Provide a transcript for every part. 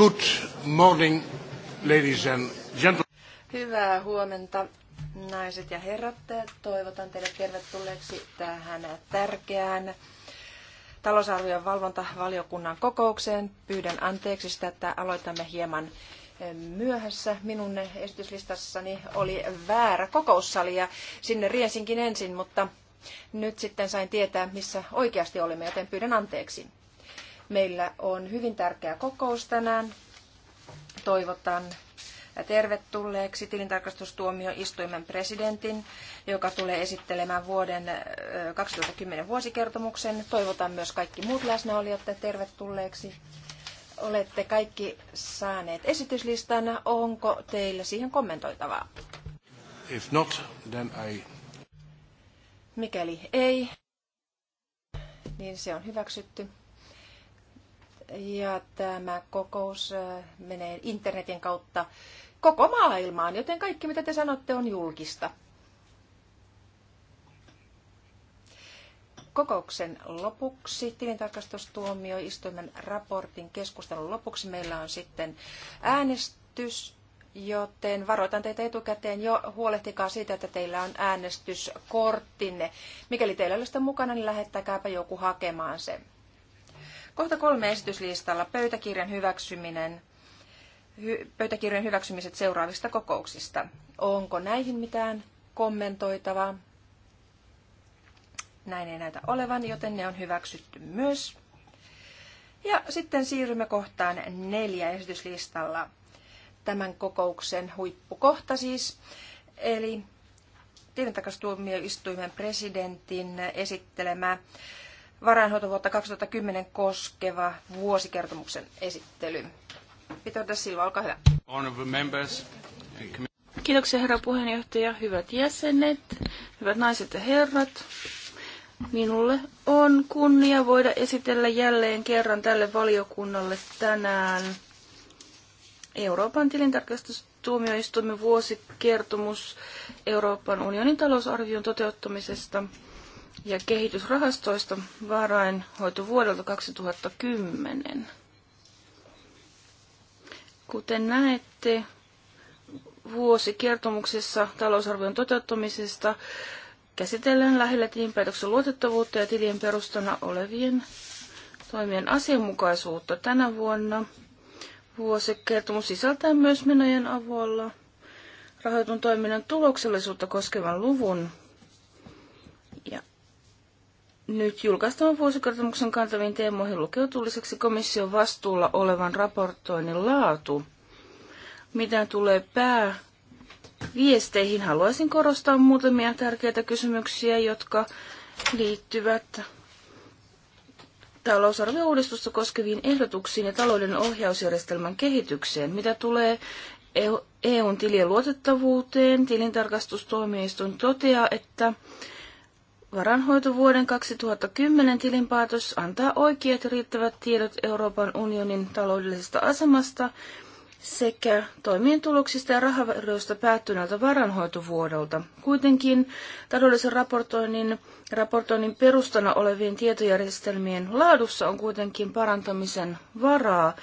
Good morning, ladies and gentlemen. Hyvää huomenta, naiset ja herrat. Toivotan teille tervetulleeksi tähän tärkeään talousarvion valvontavaliokunnan kokoukseen. Pyydän anteeksi sitä, että aloitamme hieman myöhässä. Minun esityslistassani oli väärä kokoussali ja sinne riesinkin ensin, mutta nyt sitten sain tietää, missä oikeasti olemme, joten pyydän anteeksi. Meillä on hyvin tärkeä kokous tänään. Toivotan tervetulleeksi tilintarkastustuomioistuimen presidentin, joka tulee esittelemään vuoden 2010 vuosikertomuksen. Toivotan myös kaikki muut läsnäolijat tervetulleeksi. Olette kaikki saaneet esityslistan. Onko teillä siihen kommentoitavaa? If not, then I... Mikäli ei, niin se on hyväksytty ja tämä kokous äh, menee internetin kautta koko maailmaan, joten kaikki mitä te sanotte on julkista. Kokouksen lopuksi, tilintarkastustuomioistuimen raportin keskustelun lopuksi, meillä on sitten äänestys, joten varoitan teitä etukäteen jo, huolehtikaa siitä, että teillä on äänestyskorttinne. Mikäli teillä ei ole sitä mukana, niin lähettäkääpä joku hakemaan sen. Kohta kolme esityslistalla pöytäkirjan hyväksyminen, hy, pöytäkirjan hyväksymiset seuraavista kokouksista. Onko näihin mitään kommentoitavaa? Näin ei näitä olevan, joten ne on hyväksytty myös. Ja sitten siirrymme kohtaan neljä esityslistalla. Tämän kokouksen huippukohta siis, eli istuimen presidentin esittelemä varainhoitovuotta 2010 koskeva vuosikertomuksen esittely. Peter de Silva, olkaa hyvä. Kiitoksia herra puheenjohtaja, hyvät jäsenet, hyvät naiset ja herrat. Minulle on kunnia voida esitellä jälleen kerran tälle valiokunnalle tänään Euroopan tilintarkastustuomioistuimen vuosikertomus Euroopan unionin talousarvion toteuttamisesta – ja kehitysrahastoista varainhoito vuodelta 2010. Kuten näette, vuosikertomuksessa talousarvion toteuttamisesta käsitellään lähellä tilinpäätöksen luotettavuutta ja tilien perustana olevien toimien asianmukaisuutta tänä vuonna. Vuosikertomus sisältää myös menojen avulla rahoitun toiminnan tuloksellisuutta koskevan luvun ja nyt julkaistavan vuosikertomuksen kantaviin teemoihin lukeutuu lisäksi komission vastuulla olevan raportoinnin laatu. Mitä tulee pää viesteihin, haluaisin korostaa muutamia tärkeitä kysymyksiä, jotka liittyvät talousarvio-uudistusta koskeviin ehdotuksiin ja talouden ohjausjärjestelmän kehitykseen. Mitä tulee EUn e tilien luotettavuuteen, tilintarkastustoimiston toteaa, että Varanhoitovuoden 2010 tilinpäätös antaa oikeat ja riittävät tiedot Euroopan unionin taloudellisesta asemasta sekä toimien tuloksista ja rahavirroista päättyneeltä varanhoitovuodelta. Kuitenkin taloudellisen raportoinnin, raportoinnin perustana olevien tietojärjestelmien laadussa on kuitenkin parantamisen varaa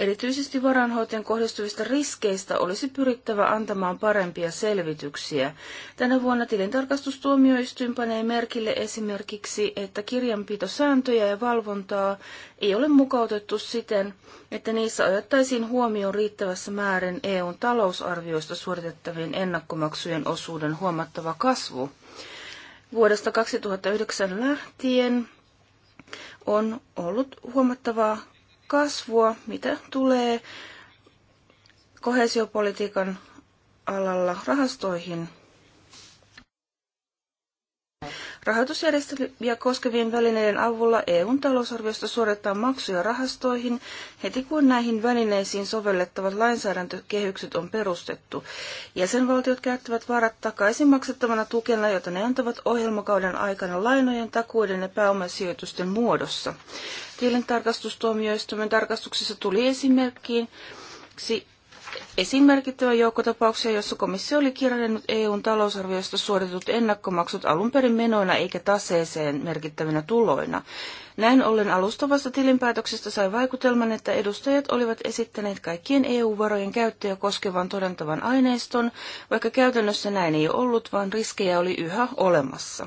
Erityisesti varanhoitajan kohdistuvista riskeistä olisi pyrittävä antamaan parempia selvityksiä. Tänä vuonna tilintarkastustuomioistuin panee merkille esimerkiksi, että kirjanpitosääntöjä ja valvontaa ei ole mukautettu siten, että niissä otettaisiin huomioon riittävässä määrin EUn talousarvioista suoritettavien ennakkomaksujen osuuden huomattava kasvu. Vuodesta 2009 lähtien on ollut huomattavaa kasvua, mitä tulee kohesiopolitiikan alalla rahastoihin – Rahoitusjärjestelmiä koskevien välineiden avulla EUn talousarviosta suoritetaan maksuja rahastoihin heti kun näihin välineisiin sovellettavat lainsäädäntökehykset on perustettu. Jäsenvaltiot käyttävät varat takaisin maksettavana tukena, jota ne antavat ohjelmakauden aikana lainojen, takuiden ja pääomasijoitusten muodossa. Tilintarkastustuomioistuimen tarkastuksessa tuli esimerkkiin esimerkittävä joukko tapauksia, jossa komissio oli kirjannut EUn talousarviosta suoritetut ennakkomaksut alun perin menoina eikä taseeseen merkittävinä tuloina. Näin ollen alustavasta tilinpäätöksestä sai vaikutelman, että edustajat olivat esittäneet kaikkien EU-varojen käyttöä koskevan todentavan aineiston, vaikka käytännössä näin ei ollut, vaan riskejä oli yhä olemassa.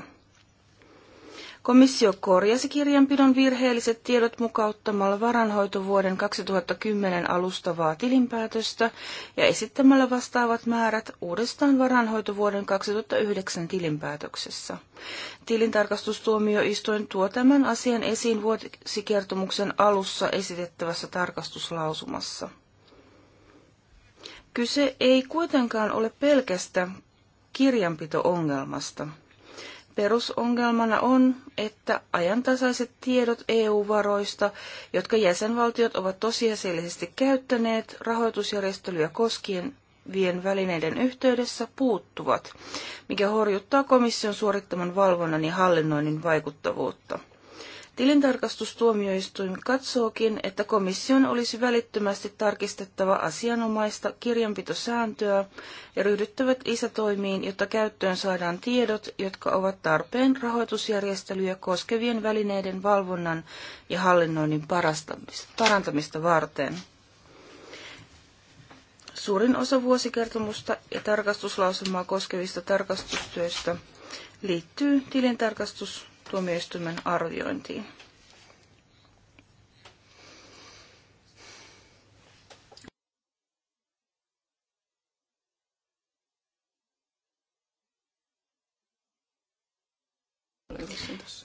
Komissio korjasi kirjanpidon virheelliset tiedot mukauttamalla varanhoitovuoden 2010 alustavaa tilinpäätöstä ja esittämällä vastaavat määrät uudestaan varanhoitovuoden 2009 tilinpäätöksessä. Tilintarkastustuomioistuin tuo tämän asian esiin vuosikertomuksen alussa esitettävässä tarkastuslausumassa. Kyse ei kuitenkaan ole pelkästä kirjanpito-ongelmasta – Perusongelmana on, että ajantasaiset tiedot EU-varoista, jotka jäsenvaltiot ovat tosiasiallisesti käyttäneet rahoitusjärjestelyä koskien vien välineiden yhteydessä, puuttuvat, mikä horjuttaa komission suorittaman valvonnan ja hallinnoinnin vaikuttavuutta. Tilintarkastustuomioistuin katsookin, että komission olisi välittömästi tarkistettava asianomaista kirjanpitosääntöä ja ryhdyttävät isätoimiin, jotta käyttöön saadaan tiedot, jotka ovat tarpeen rahoitusjärjestelyjä koskevien välineiden valvonnan ja hallinnoinnin parantamista varten. Suurin osa vuosikertomusta ja tarkastuslausumaa koskevista tarkastustyöstä liittyy tilintarkastus tuomioistuimen arviointiin.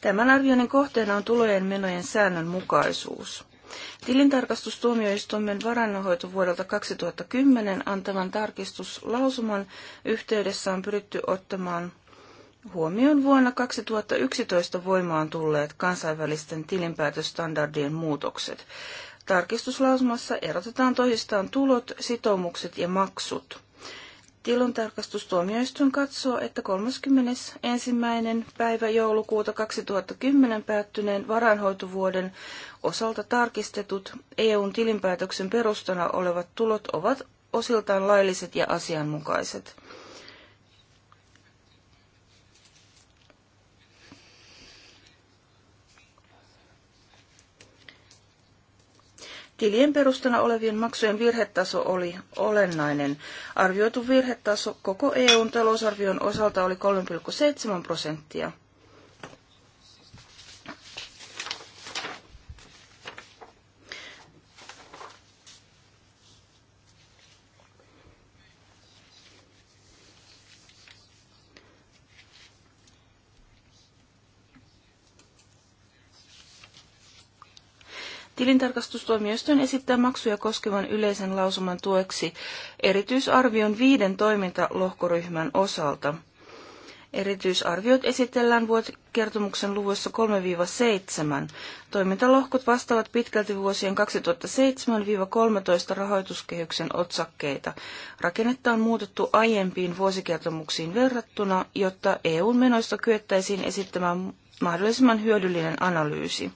Tämän arvioinnin kohteena on tulojen menojen säännönmukaisuus. Tilintarkastustuomioistuimen vuodelta 2010 antavan tarkistuslausuman yhteydessä on pyritty ottamaan huomioon vuonna 2011 voimaan tulleet kansainvälisten tilinpäätöstandardien muutokset. Tarkistuslausumassa erotetaan toisistaan tulot, sitoumukset ja maksut. Tilontarkastustuomioistuin katsoo, että 31. päivä joulukuuta 2010 päättyneen varainhoitovuoden osalta tarkistetut EUn tilinpäätöksen perustana olevat tulot ovat osiltaan lailliset ja asianmukaiset. Tilien perustana olevien maksujen virhetaso oli olennainen. Arvioitu virhetaso koko EUn talousarvion osalta oli 3,7 prosenttia. Tilintarkastustuomioistuin esittää maksuja koskevan yleisen lausuman tueksi erityisarvion viiden toimintalohkoryhmän osalta. Erityisarviot esitellään vuosikertomuksen luvuissa 3-7. Toimintalohkot vastaavat pitkälti vuosien 2007 13 rahoituskehyksen otsakkeita. Rakennetta on muutettu aiempiin vuosikertomuksiin verrattuna, jotta EU-menoista kyettäisiin esittämään mahdollisimman hyödyllinen analyysi.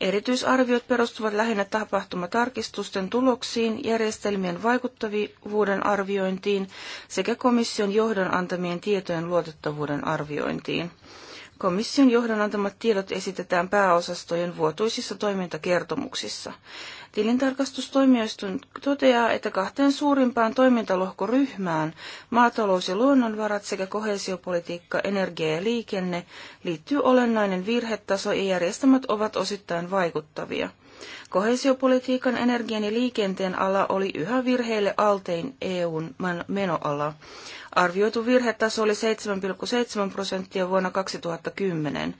Erityisarviot perustuvat lähinnä tapahtumatarkistusten tuloksiin, järjestelmien vaikuttavuuden arviointiin sekä komission johdon antamien tietojen luotettavuuden arviointiin. Komission johdon antamat tiedot esitetään pääosastojen vuotuisissa toimintakertomuksissa. Tilintarkastustoimijoistun toteaa, että kahteen suurimpaan toimintalohkoryhmään, maatalous ja luonnonvarat sekä kohesiopolitiikka, energia ja liikenne, liittyy olennainen virhetaso ja järjestelmät ovat osittain vaikuttavia. Kohesiopolitiikan, energian ja liikenteen ala oli yhä virheille altein EUn menoala. Arvioitu virhetaso oli 7,7 prosenttia vuonna 2010.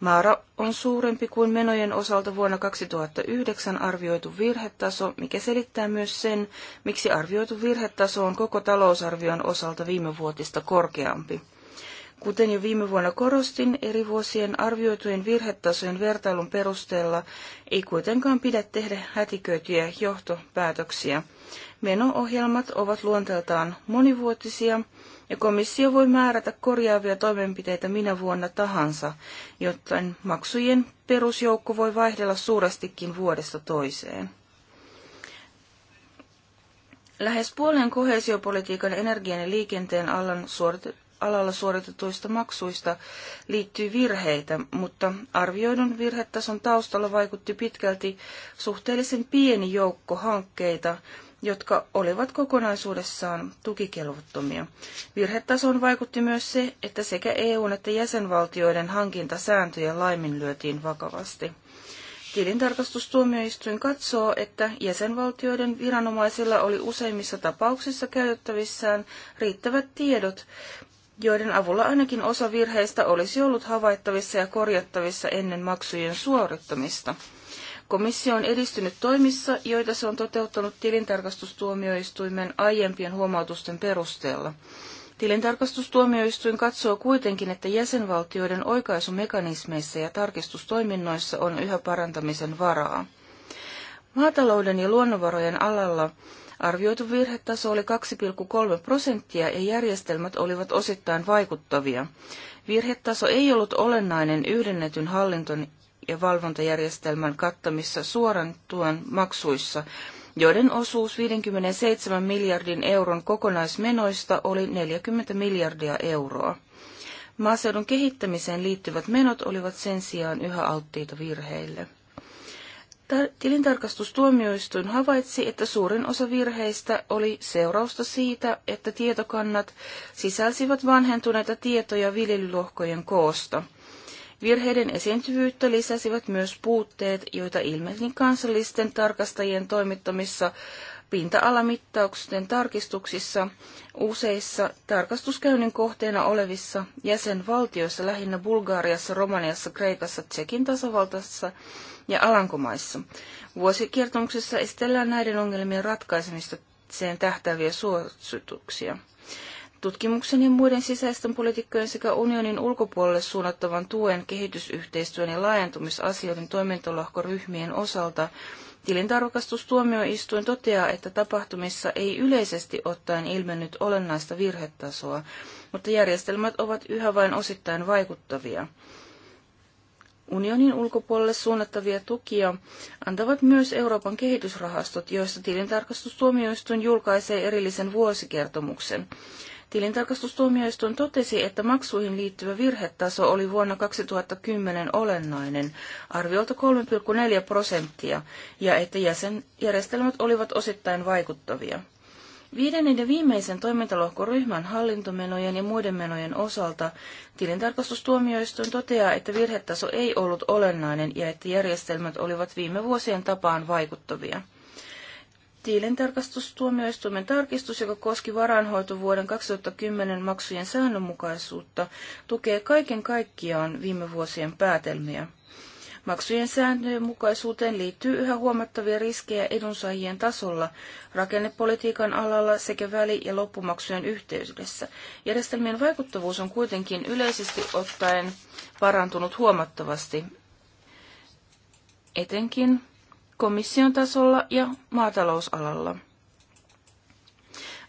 Määrä on suurempi kuin menojen osalta vuonna 2009 arvioitu virhetaso, mikä selittää myös sen, miksi arvioitu virhetaso on koko talousarvion osalta viime vuotista korkeampi. Kuten jo viime vuonna korostin, eri vuosien arvioitujen virhetasojen vertailun perusteella ei kuitenkaan pidä tehdä hätiköityjä johtopäätöksiä. Meno-ohjelmat ovat luonteeltaan monivuotisia, ja komissio voi määrätä korjaavia toimenpiteitä minä vuonna tahansa, joten maksujen perusjoukko voi vaihdella suurestikin vuodesta toiseen. Lähes puolen kohesiopolitiikan energian ja liikenteen alan suoritettu alalla suoritetuista maksuista liittyy virheitä, mutta arvioidun virhetason taustalla vaikutti pitkälti suhteellisen pieni joukko hankkeita, jotka olivat kokonaisuudessaan tukikelvottomia. Virhetasoon vaikutti myös se, että sekä EUn että jäsenvaltioiden hankintasääntöjä laiminlyötiin vakavasti. Tilintarkastustuomioistuin katsoo, että jäsenvaltioiden viranomaisilla oli useimmissa tapauksissa käytettävissään riittävät tiedot, joiden avulla ainakin osa virheistä olisi ollut havaittavissa ja korjattavissa ennen maksujen suorittamista. Komissio on edistynyt toimissa, joita se on toteuttanut tilintarkastustuomioistuimen aiempien huomautusten perusteella. Tilintarkastustuomioistuin katsoo kuitenkin, että jäsenvaltioiden oikaisumekanismeissa ja tarkistustoiminnoissa on yhä parantamisen varaa. Maatalouden ja luonnonvarojen alalla arvioitu virhetaso oli 2,3 prosenttia ja järjestelmät olivat osittain vaikuttavia. Virhetaso ei ollut olennainen yhdennetyn hallinton ja valvontajärjestelmän kattamissa suoran tuen maksuissa, joiden osuus 57 miljardin euron kokonaismenoista oli 40 miljardia euroa. Maaseudun kehittämiseen liittyvät menot olivat sen sijaan yhä alttiita virheille. Tilintarkastustuomioistuin havaitsi, että suurin osa virheistä oli seurausta siitä, että tietokannat sisälsivät vanhentuneita tietoja viljelylohkojen koosta. Virheiden esiintyvyyttä lisäsivät myös puutteet, joita ilmeni kansallisten tarkastajien toimittamissa pinta-alamittausten tarkistuksissa useissa tarkastuskäynnin kohteena olevissa jäsenvaltioissa, lähinnä Bulgaariassa, Romaniassa, Kreikassa, Tsekin tasavaltassa ja Alankomaissa. Vuosikertomuksessa esitellään näiden ongelmien ratkaisemista sen tähtäviä suosituksia tutkimuksen ja muiden sisäisten politiikkojen sekä unionin ulkopuolelle suunnattavan tuen, kehitysyhteistyön ja laajentumisasioiden toimintolohkoryhmien osalta. Tilintarkastustuomioistuin toteaa, että tapahtumissa ei yleisesti ottaen ilmennyt olennaista virhetasoa, mutta järjestelmät ovat yhä vain osittain vaikuttavia. Unionin ulkopuolelle suunnattavia tukia antavat myös Euroopan kehitysrahastot, joista tilintarkastustuomioistuin julkaisee erillisen vuosikertomuksen. Tilintarkastustuomioistuin totesi, että maksuihin liittyvä virhetaso oli vuonna 2010 olennainen, arviolta 3,4 prosenttia, ja että jäsenjärjestelmät olivat osittain vaikuttavia. Viidennen ja viimeisen toimintalohkoryhmän hallintomenojen ja muiden menojen osalta tilintarkastustuomioistuin toteaa, että virhetaso ei ollut olennainen ja että järjestelmät olivat viime vuosien tapaan vaikuttavia tilintarkastustuomioistuimen tarkistus, joka koski varainhoitovuoden 2010 maksujen säännönmukaisuutta, tukee kaiken kaikkiaan viime vuosien päätelmiä. Maksujen sääntöjen mukaisuuteen liittyy yhä huomattavia riskejä edunsaajien tasolla, rakennepolitiikan alalla sekä väli- ja loppumaksujen yhteydessä. Järjestelmien vaikuttavuus on kuitenkin yleisesti ottaen parantunut huomattavasti, etenkin komission tasolla ja maatalousalalla.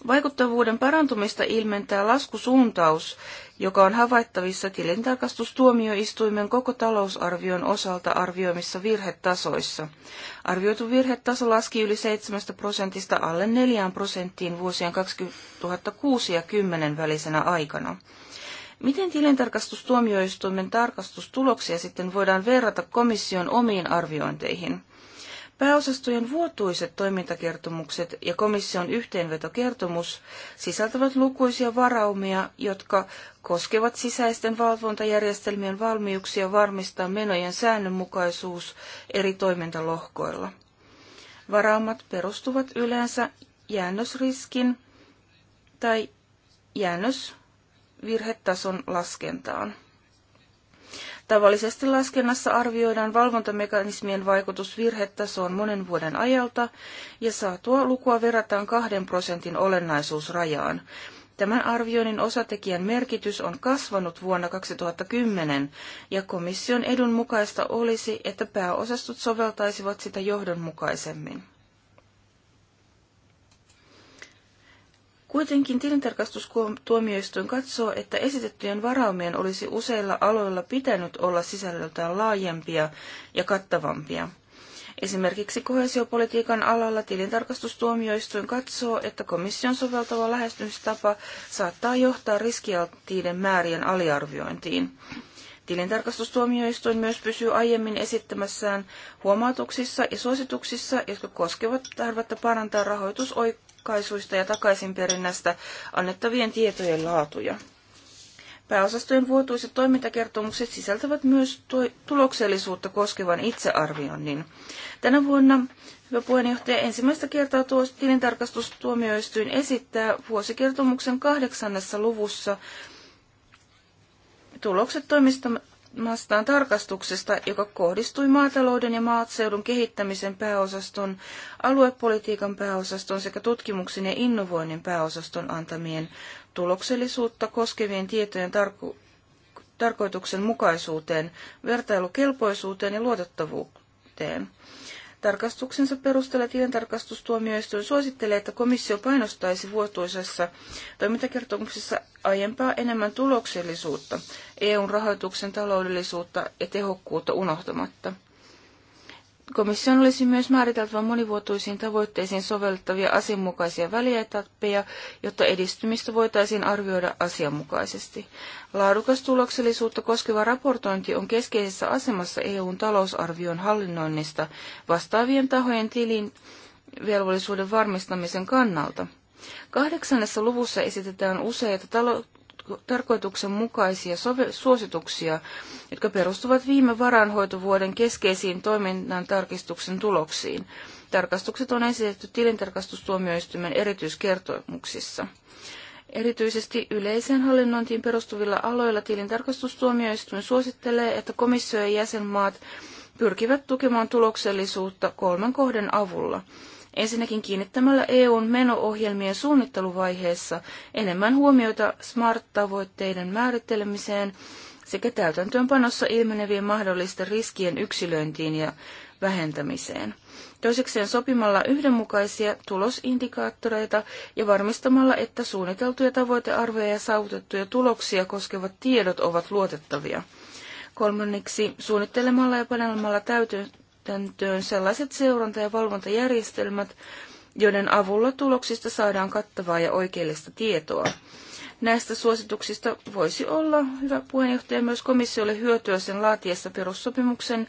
Vaikuttavuuden parantumista ilmentää laskusuuntaus, joka on havaittavissa tilintarkastustuomioistuimen koko talousarvion osalta arvioimissa virhetasoissa. Arvioitu virhetaso laski yli 7 prosentista alle 4 prosenttiin vuosien 2006 ja 10 välisenä aikana. Miten tilintarkastustuomioistuimen tarkastustuloksia sitten voidaan verrata komission omiin arviointeihin? Pääosastojen vuotuiset toimintakertomukset ja komission yhteenvetokertomus sisältävät lukuisia varaumia, jotka koskevat sisäisten valvontajärjestelmien valmiuksia varmistaa menojen säännönmukaisuus eri toimintalohkoilla. Varaumat perustuvat yleensä jäännösriskin tai jäännösvirhetason laskentaan. Tavallisesti laskennassa arvioidaan valvontamekanismien vaikutus virhetasoon monen vuoden ajalta ja saatua lukua verrataan kahden prosentin olennaisuusrajaan. Tämän arvioinnin osatekijän merkitys on kasvanut vuonna 2010, ja komission edun mukaista olisi, että pääosastot soveltaisivat sitä johdonmukaisemmin. Kuitenkin tilintarkastustuomioistuin katsoo, että esitettyjen varaumien olisi useilla aloilla pitänyt olla sisällöltään laajempia ja kattavampia. Esimerkiksi kohesiopolitiikan alalla tilintarkastustuomioistuin katsoo, että komission soveltava lähestymistapa saattaa johtaa riskialttiiden määrien aliarviointiin. Tilintarkastustuomioistuin myös pysyy aiemmin esittämässään huomautuksissa ja suosituksissa, jotka koskevat tarvetta parantaa rahoitusoikeutta ratkaisuista ja takaisinperinnästä annettavien tietojen laatuja. Pääosastojen vuotuiset toimintakertomukset sisältävät myös tuloksellisuutta koskevan itsearvioinnin. Tänä vuonna hyvä puheenjohtaja ensimmäistä kertaa tuo tilintarkastustuomioistuin esittää vuosikertomuksen kahdeksannessa luvussa tulokset toimistamme suorittumastaan tarkastuksesta, joka kohdistui maatalouden ja maatseudun kehittämisen pääosaston, aluepolitiikan pääosaston sekä tutkimuksen ja innovoinnin pääosaston antamien tuloksellisuutta koskevien tietojen tarkku- tarkoituksenmukaisuuteen, vertailukelpoisuuteen ja luotettavuuteen. Tarkastuksensa perusteella tilintarkastustuomioistuin suosittelee, että komissio painostaisi vuotuisessa toimintakertomuksessa aiempaa enemmän tuloksellisuutta, EUn rahoituksen taloudellisuutta ja tehokkuutta unohtamatta. Komission olisi myös määriteltävä monivuotuisiin tavoitteisiin sovellettavia asianmukaisia välietappeja, jotta edistymistä voitaisiin arvioida asianmukaisesti. Laadukas tuloksellisuutta koskeva raportointi on keskeisessä asemassa EUn talousarvion hallinnoinnista vastaavien tahojen tilin velvollisuuden varmistamisen kannalta. Kahdeksannessa luvussa esitetään useita talo- tarkoituksenmukaisia suosituksia, jotka perustuvat viime varainhoitovuoden keskeisiin toiminnan tarkistuksen tuloksiin. Tarkastukset on esitetty tilintarkastustuomioistuimen erityiskertomuksissa. Erityisesti yleiseen hallinnointiin perustuvilla aloilla tilintarkastustuomioistuin suosittelee, että komissio ja jäsenmaat pyrkivät tukemaan tuloksellisuutta kolmen kohden avulla – Ensinnäkin kiinnittämällä EUn menoohjelmien suunnitteluvaiheessa enemmän huomiota SMART-tavoitteiden määrittelemiseen sekä täytäntöönpanossa ilmenevien mahdollisten riskien yksilöintiin ja vähentämiseen. Toisekseen sopimalla yhdenmukaisia tulosindikaattoreita ja varmistamalla, että suunniteltuja tavoitearvoja ja saavutettuja tuloksia koskevat tiedot ovat luotettavia. Kolmanneksi suunnittelemalla ja panelemalla täyty- täytäntöön sellaiset seuranta- ja valvontajärjestelmät, joiden avulla tuloksista saadaan kattavaa ja oikeellista tietoa. Näistä suosituksista voisi olla, hyvä puheenjohtaja, myös komissiolle hyötyä sen laatiessa perussopimuksen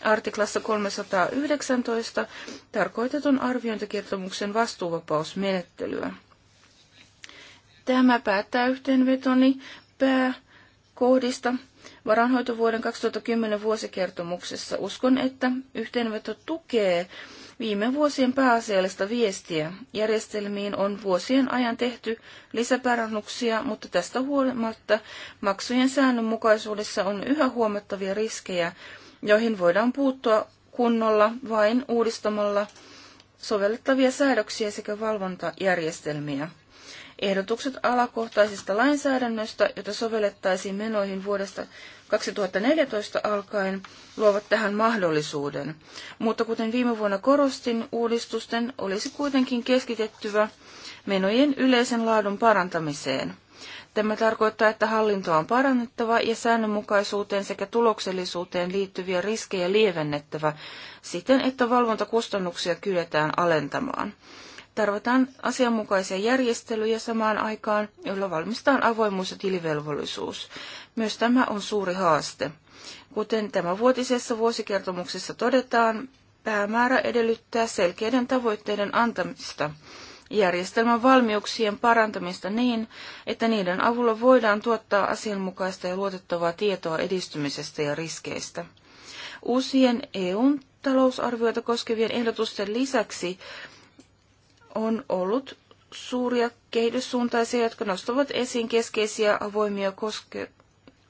artiklassa 319 tarkoitetun arviointikertomuksen vastuuvapausmenettelyä. Tämä päättää yhteenvetoni pääkohdista varanhoitovuoden 2010 vuosikertomuksessa. Uskon, että yhteenveto tukee viime vuosien pääasiallista viestiä. Järjestelmiin on vuosien ajan tehty lisäparannuksia, mutta tästä huolimatta maksujen säännönmukaisuudessa on yhä huomattavia riskejä, joihin voidaan puuttua kunnolla vain uudistamalla sovellettavia säädöksiä sekä valvontajärjestelmiä. Ehdotukset alakohtaisesta lainsäädännöstä, jota sovellettaisiin menoihin vuodesta 2014 alkaen, luovat tähän mahdollisuuden. Mutta kuten viime vuonna korostin, uudistusten olisi kuitenkin keskitettyvä menojen yleisen laadun parantamiseen. Tämä tarkoittaa, että hallintoa on parannettava ja säännönmukaisuuteen sekä tuloksellisuuteen liittyviä riskejä lievennettävä siten, että valvontakustannuksia kyetään alentamaan. Tarvitaan asianmukaisia järjestelyjä samaan aikaan, joilla valmistetaan avoimuus ja tilivelvollisuus. Myös tämä on suuri haaste. Kuten tämä vuotisessa vuosikertomuksessa todetaan, päämäärä edellyttää selkeiden tavoitteiden antamista järjestelmän valmiuksien parantamista niin, että niiden avulla voidaan tuottaa asianmukaista ja luotettavaa tietoa edistymisestä ja riskeistä. Uusien EUn talousarvioita koskevien ehdotusten lisäksi on ollut suuria kehityssuuntaisia, jotka nostavat esiin keskeisiä avoimia koske-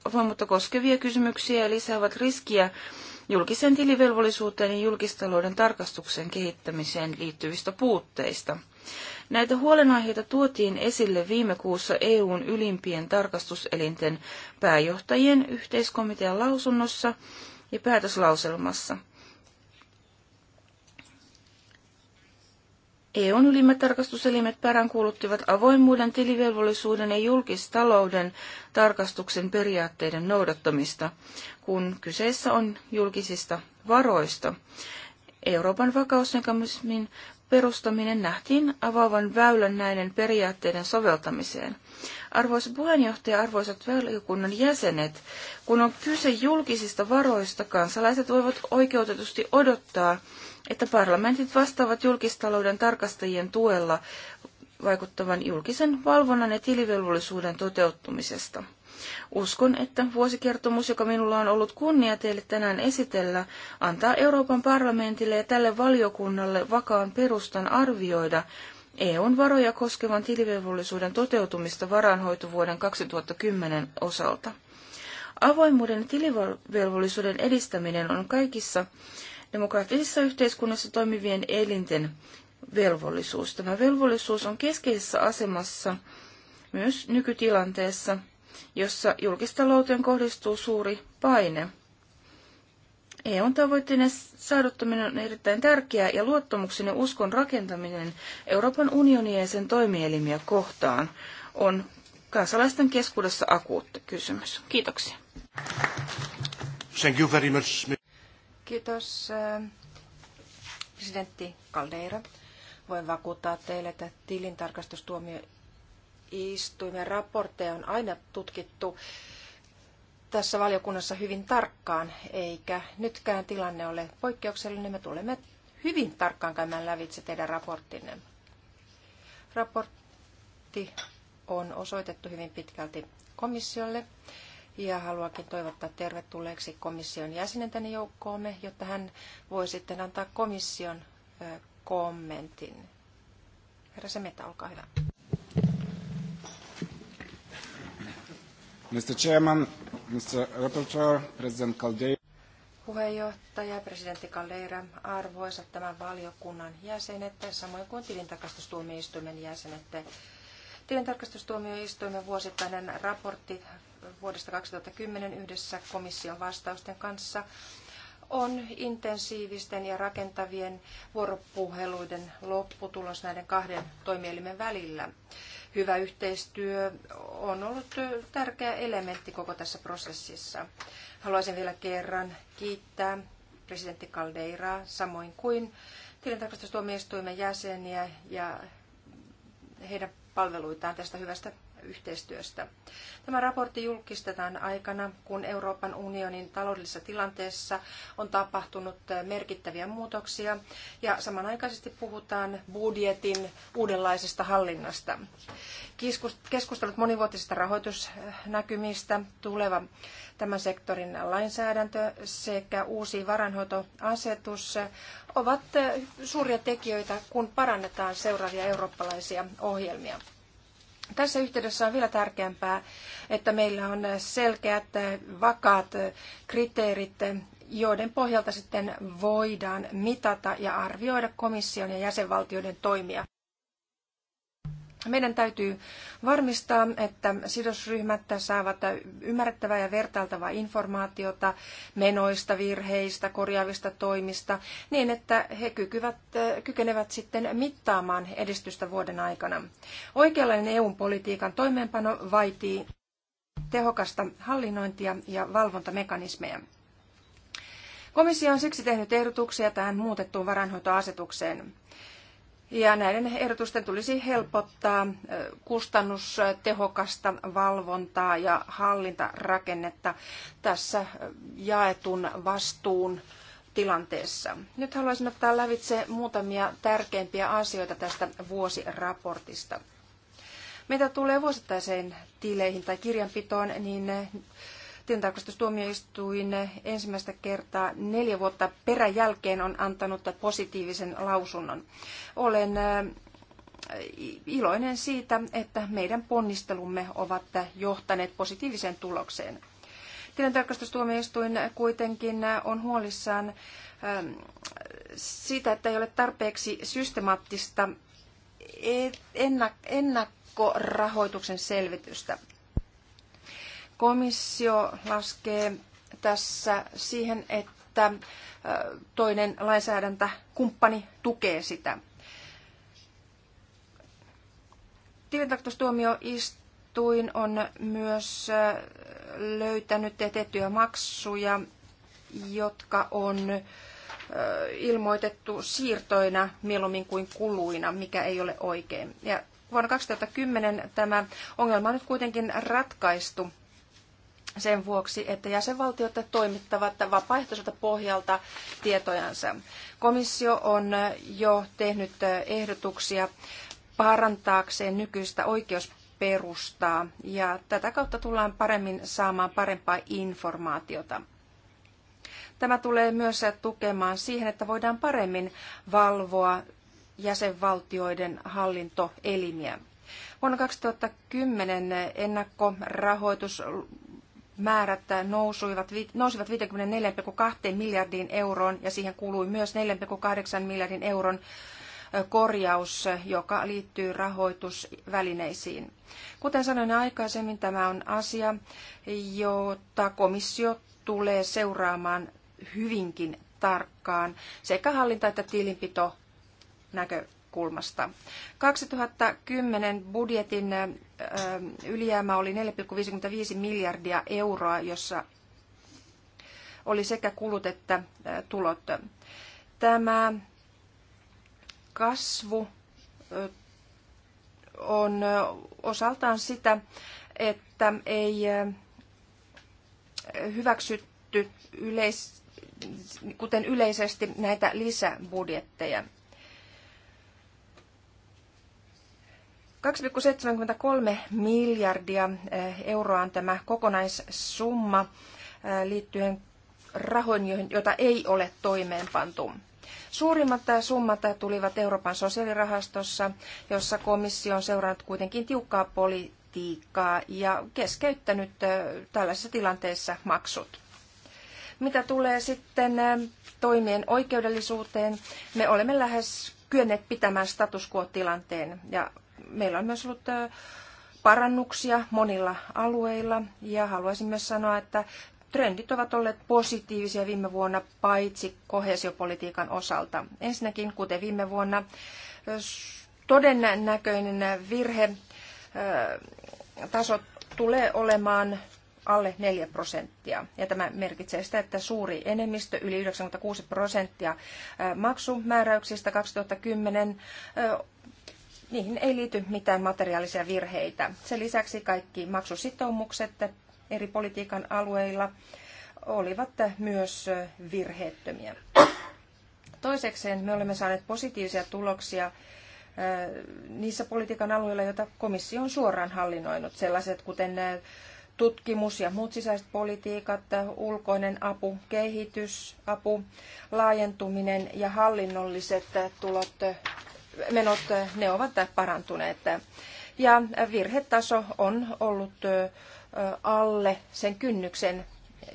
avoimuutta koskevia kysymyksiä ja lisäävät riskiä julkisen tilivelvollisuuteen ja julkistalouden tarkastuksen kehittämiseen liittyvistä puutteista. Näitä huolenaiheita tuotiin esille viime kuussa EUn ylimpien tarkastuselinten pääjohtajien yhteiskomitean lausunnossa ja päätöslauselmassa – EUn ylimmät tarkastuselimet peräänkuuluttivat avoimuuden, tilivelvollisuuden ja julkistalouden tarkastuksen periaatteiden noudattamista, kun kyseessä on julkisista varoista. Euroopan vakausmekanismin perustaminen nähtiin avaavan väylän näiden periaatteiden soveltamiseen. Arvoisa puheenjohtaja, arvoisat valiokunnan jäsenet, kun on kyse julkisista varoista, kansalaiset voivat oikeutetusti odottaa, että parlamentit vastaavat julkistalouden tarkastajien tuella vaikuttavan julkisen valvonnan ja tilivelvollisuuden toteuttumisesta. Uskon, että vuosikertomus, joka minulla on ollut kunnia teille tänään esitellä, antaa Euroopan parlamentille ja tälle valiokunnalle vakaan perustan arvioida EUn varoja koskevan tilivelvollisuuden toteutumista varainhoitovuoden 2010 osalta. Avoimuuden ja tilivelvollisuuden edistäminen on kaikissa demokraattisissa yhteiskunnissa toimivien elinten velvollisuus. Tämä velvollisuus on keskeisessä asemassa myös nykytilanteessa, jossa julkistalouteen kohdistuu suuri paine. EUn tavoitteiden saadottaminen on erittäin tärkeää ja luottamuksen ja uskon rakentaminen Euroopan unionia ja sen toimielimiä kohtaan on kansalaisten keskuudessa akuutti kysymys. Kiitoksia. Thank you very much. Kiitos äh, presidentti Caldeira. Voin vakuuttaa teille, että tilintarkastustuomioistuimen raportteja on aina tutkittu tässä valiokunnassa hyvin tarkkaan, eikä nytkään tilanne ole poikkeuksellinen. Me tulemme hyvin tarkkaan käymään lävitse teidän raporttinne. Raportti on osoitettu hyvin pitkälti komissiolle ja haluankin toivottaa tervetulleeksi komission jäsenen tänne joukkoomme, jotta hän voi sitten antaa komission kommentin. Herra Semeta, olkaa hyvä. Mr. Chairman, Mr. Rapporteur, President Caldeira. Puheenjohtaja, presidentti Caldeira, arvoisat tämän valiokunnan jäsenet, samoin kuin tilintarkastustuomioistuimen jäsenet. Tilintarkastustuomioistuimen vuosittainen raportti vuodesta 2010 yhdessä komission vastausten kanssa on intensiivisten ja rakentavien vuoropuheluiden lopputulos näiden kahden toimielimen välillä. Hyvä yhteistyö on ollut tärkeä elementti koko tässä prosessissa. Haluaisin vielä kerran kiittää presidentti Caldeiraa, samoin kuin tilintarkastustuomioistuimen jäseniä ja heidän palveluitaan tästä hyvästä yhteistyöstä. Tämä raportti julkistetaan aikana, kun Euroopan unionin taloudellisessa tilanteessa on tapahtunut merkittäviä muutoksia ja samanaikaisesti puhutaan budjetin uudenlaisesta hallinnasta. Keskustelut monivuotisista rahoitusnäkymistä, tuleva tämän sektorin lainsäädäntö sekä uusi varanhoitoasetus ovat suuria tekijöitä, kun parannetaan seuraavia eurooppalaisia ohjelmia. Tässä yhteydessä on vielä tärkeämpää, että meillä on selkeät, vakaat kriteerit, joiden pohjalta sitten voidaan mitata ja arvioida komission ja jäsenvaltioiden toimia. Meidän täytyy varmistaa, että sidosryhmät saavat ymmärrettävää ja vertailtavaa informaatiota menoista, virheistä, korjaavista toimista, niin että he kykyvät, kykenevät sitten mittaamaan edistystä vuoden aikana. Oikeanlainen EU-politiikan toimeenpano vaitii tehokasta hallinnointia ja valvontamekanismeja. Komissio on siksi tehnyt ehdotuksia tähän muutettuun varainhoitoasetukseen. Ja näiden ehdotusten tulisi helpottaa kustannustehokasta valvontaa ja hallintarakennetta tässä jaetun vastuun tilanteessa. Nyt haluaisin ottaa lävitse muutamia tärkeimpiä asioita tästä vuosiraportista. Mitä tulee vuosittaiseen tileihin tai kirjanpitoon, niin Tintarkastustuomioistuin ensimmäistä kertaa neljä vuotta peräjälkeen on antanut positiivisen lausunnon. Olen iloinen siitä, että meidän ponnistelumme ovat johtaneet positiiviseen tulokseen. Tilintarkastustuomioistuin kuitenkin on huolissaan siitä, että ei ole tarpeeksi systemaattista e- ennakkorahoituksen selvitystä. Komissio laskee tässä siihen, että toinen lainsäädäntökumppani tukee sitä. Tilintarkastustuomioistuin on myös löytänyt tehtyjä maksuja, jotka on ilmoitettu siirtoina mieluummin kuin kuluina, mikä ei ole oikein. Ja vuonna 2010 tämä ongelma on nyt kuitenkin ratkaistu sen vuoksi, että jäsenvaltiot toimittavat vapaaehtoiselta pohjalta tietojansa. Komissio on jo tehnyt ehdotuksia parantaakseen nykyistä oikeusperustaa ja tätä kautta tullaan paremmin saamaan parempaa informaatiota. Tämä tulee myös tukemaan siihen, että voidaan paremmin valvoa jäsenvaltioiden hallintoelimiä. Vuonna 2010 ennakkorahoitus määrät nousuivat, nousivat 54,2 miljardiin euroon ja siihen kuului myös 4,8 miljardin euron korjaus, joka liittyy rahoitusvälineisiin. Kuten sanoin aikaisemmin, tämä on asia, jota komissio tulee seuraamaan hyvinkin tarkkaan sekä hallinta- että tilinpito näkö näkökulmasta. 2010 budjetin ylijäämä oli 4,55 miljardia euroa, jossa oli sekä kulut että tulot. Tämä kasvu on osaltaan sitä, että ei hyväksytty yleis, kuten yleisesti näitä lisäbudjetteja. 2,73 miljardia eh, euroa on tämä kokonaissumma eh, liittyen rahoihin, joita ei ole toimeenpantu. Suurimmat eh, summat tulivat Euroopan sosiaalirahastossa, jossa komissio on seurannut kuitenkin tiukkaa politiikkaa ja keskeyttänyt tällaisissa tilanteissa maksut. Mitä tulee sitten toimien oikeudellisuuteen, me olemme lähes kyenneet pitämään status quo-tilanteen ja meillä on myös ollut parannuksia monilla alueilla ja haluaisin myös sanoa, että trendit ovat olleet positiivisia viime vuonna paitsi kohesiopolitiikan osalta. Ensinnäkin, kuten viime vuonna, todennäköinen virhe taso tulee olemaan alle 4 prosenttia. Ja tämä merkitsee sitä, että suuri enemmistö, yli 96 prosenttia maksumääräyksistä 2010 niihin ei liity mitään materiaalisia virheitä. Sen lisäksi kaikki maksusitoumukset eri politiikan alueilla olivat myös virheettömiä. Toisekseen me olemme saaneet positiivisia tuloksia niissä politiikan alueilla, joita komissio on suoraan hallinnoinut, sellaiset kuten tutkimus ja muut sisäiset politiikat, ulkoinen apu, kehitysapu, laajentuminen ja hallinnolliset tulot menot, ne ovat parantuneet. Ja virhetaso on ollut alle sen kynnyksen,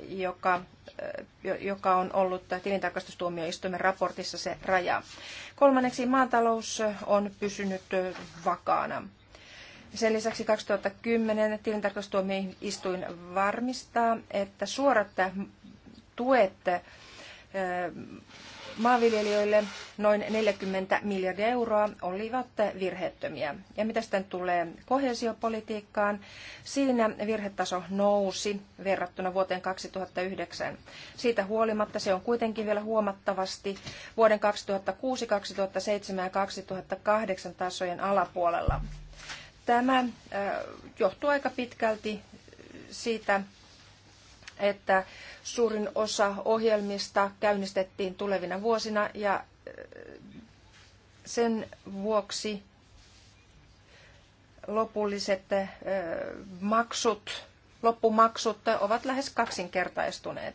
joka, joka on ollut tilintarkastustuomioistuimen raportissa se raja. Kolmanneksi maatalous on pysynyt vakaana. Sen lisäksi 2010 tilintarkastustuomioistuin varmistaa, että suorat tuet maanviljelijöille noin 40 miljardia euroa olivat virheettömiä. Ja mitä sitten tulee kohesiopolitiikkaan, siinä virhetaso nousi verrattuna vuoteen 2009. Siitä huolimatta se on kuitenkin vielä huomattavasti vuoden 2006, 2007 ja 2008 tasojen alapuolella. Tämä johtuu aika pitkälti siitä että suurin osa ohjelmista käynnistettiin tulevina vuosina ja äh, sen vuoksi lopulliset äh, maksut, loppumaksut ovat lähes kaksinkertaistuneet.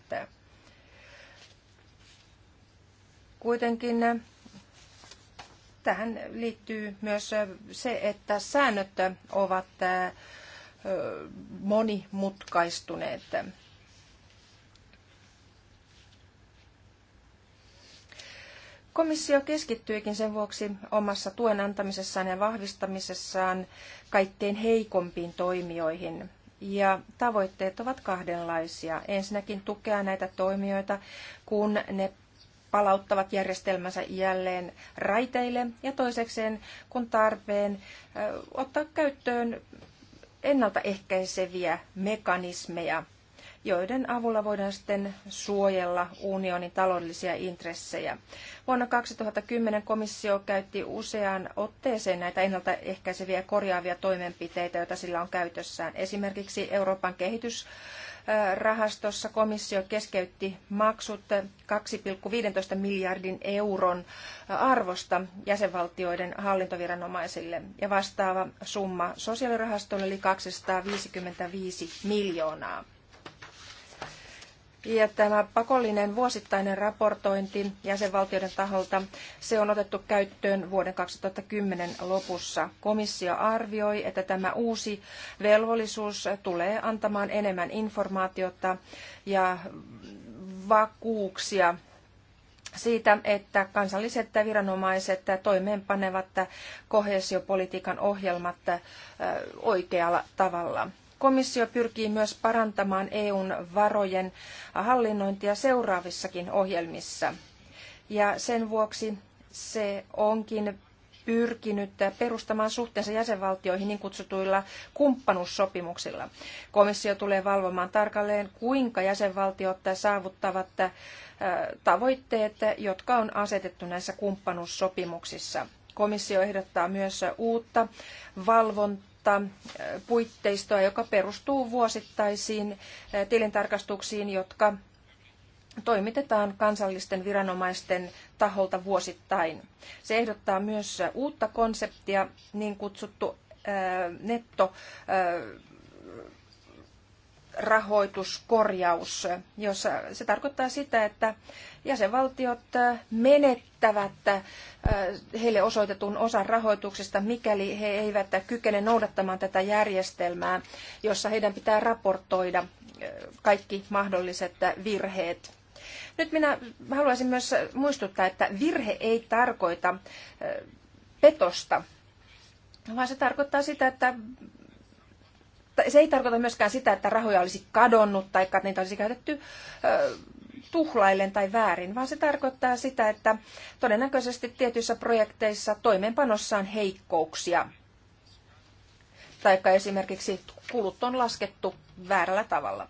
Kuitenkin äh, tähän liittyy myös se, että säännöt ovat monimutkaistuneet. Komissio keskittyikin sen vuoksi omassa tuen antamisessaan ja vahvistamisessaan kaikkein heikompiin toimijoihin. Ja tavoitteet ovat kahdenlaisia. Ensinnäkin tukea näitä toimijoita, kun ne palauttavat järjestelmänsä jälleen raiteille ja toisekseen, kun tarpeen, ottaa käyttöön ennaltaehkäiseviä mekanismeja joiden avulla voidaan sitten suojella unionin taloudellisia intressejä. Vuonna 2010 komissio käytti useaan otteeseen näitä ennaltaehkäiseviä ja korjaavia toimenpiteitä, joita sillä on käytössään. Esimerkiksi Euroopan kehitys rahastossa komissio keskeytti maksut 2,15 miljardin euron arvosta jäsenvaltioiden hallintoviranomaisille ja vastaava summa sosiaalirahastolle eli 255 miljoonaa. Ja tämä pakollinen vuosittainen raportointi jäsenvaltioiden taholta, se on otettu käyttöön vuoden 2010 lopussa. Komissio arvioi, että tämä uusi velvollisuus tulee antamaan enemmän informaatiota ja vakuuksia siitä, että kansalliset viranomaiset toimeenpanevat kohesiopolitiikan ohjelmat oikealla tavalla. Komissio pyrkii myös parantamaan EUn varojen hallinnointia seuraavissakin ohjelmissa. Ja sen vuoksi se onkin pyrkinyt perustamaan suhteensa jäsenvaltioihin niin kutsutuilla kumppanuussopimuksilla. Komissio tulee valvomaan tarkalleen, kuinka jäsenvaltiot saavuttavat äh, tavoitteet, jotka on asetettu näissä kumppanuussopimuksissa. Komissio ehdottaa myös uutta valvontaa uutta eh, puitteistoa, joka perustuu vuosittaisiin eh, tilintarkastuksiin, jotka toimitetaan kansallisten viranomaisten taholta vuosittain. Se ehdottaa myös uutta konseptia, niin kutsuttu eh, netto rahoituskorjaus, jossa se tarkoittaa sitä, että jäsenvaltiot menettävät äh, heille osoitetun osan rahoituksesta, mikäli he eivät kykene noudattamaan tätä järjestelmää, jossa heidän pitää raportoida äh, kaikki mahdolliset virheet. Nyt minä haluaisin myös muistuttaa, että virhe ei tarkoita äh, petosta, vaan se tarkoittaa sitä, että se ei tarkoita myöskään sitä, että rahoja olisi kadonnut tai että niitä olisi käytetty ö, tuhlaillen tai väärin, vaan se tarkoittaa sitä, että todennäköisesti tietyissä projekteissa toimeenpanossa on heikkouksia. Taikka esimerkiksi kulut on laskettu väärällä tavalla.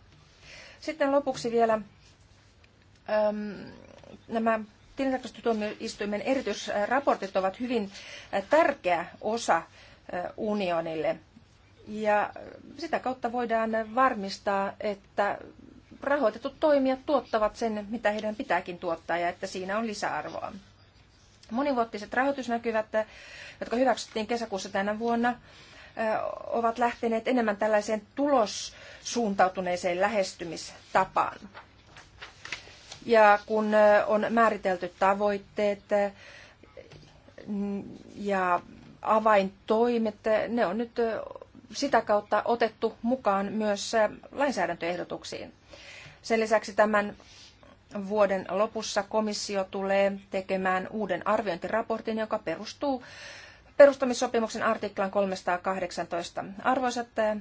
Sitten lopuksi vielä äm, nämä tilintarkastustuomioistuimen erityisraportit ovat hyvin tärkeä osa unionille – ja sitä kautta voidaan varmistaa, että rahoitetut toimijat tuottavat sen, mitä heidän pitääkin tuottaa ja että siinä on lisäarvoa. Monivuotiset rahoitusnäkyvät, jotka hyväksyttiin kesäkuussa tänä vuonna, ovat lähteneet enemmän tällaiseen tulossuuntautuneeseen lähestymistapaan. Ja kun on määritelty tavoitteet ja avaintoimet, ne on nyt sitä kautta otettu mukaan myös äh, lainsäädäntöehdotuksiin. Sen lisäksi tämän vuoden lopussa komissio tulee tekemään uuden arviointiraportin, joka perustuu perustamissopimuksen artiklan 318. Arvoisat äh,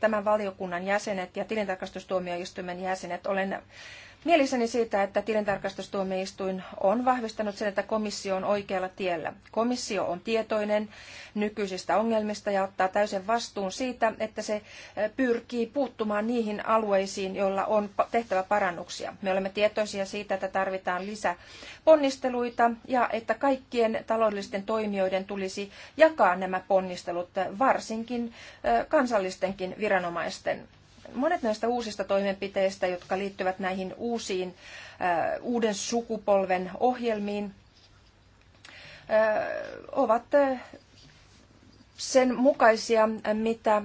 tämän valiokunnan jäsenet ja tilintarkastustuomioistuimen jäsenet, olen mielissäni siitä, että tilintarkastustuomioistuin on vahvistanut sen, että komissio on oikealla tiellä. Komissio on tietoinen nykyisistä ongelmista ja ottaa täysin vastuun siitä, että se eh, pyrkii puuttumaan niihin alueisiin, joilla on tehtävä parannuksia. Me olemme tietoisia siitä, että tarvitaan lisäponnisteluita ja että kaikkien taloudellisten toimijoiden tulisi jakaa nämä ponnistelut, eh, varsinkin eh, kansallistenkin viranomaisten Monet näistä uusista toimenpiteistä, jotka liittyvät näihin uusiin äh, uuden sukupolven ohjelmiin, äh, ovat äh, sen mukaisia, mitä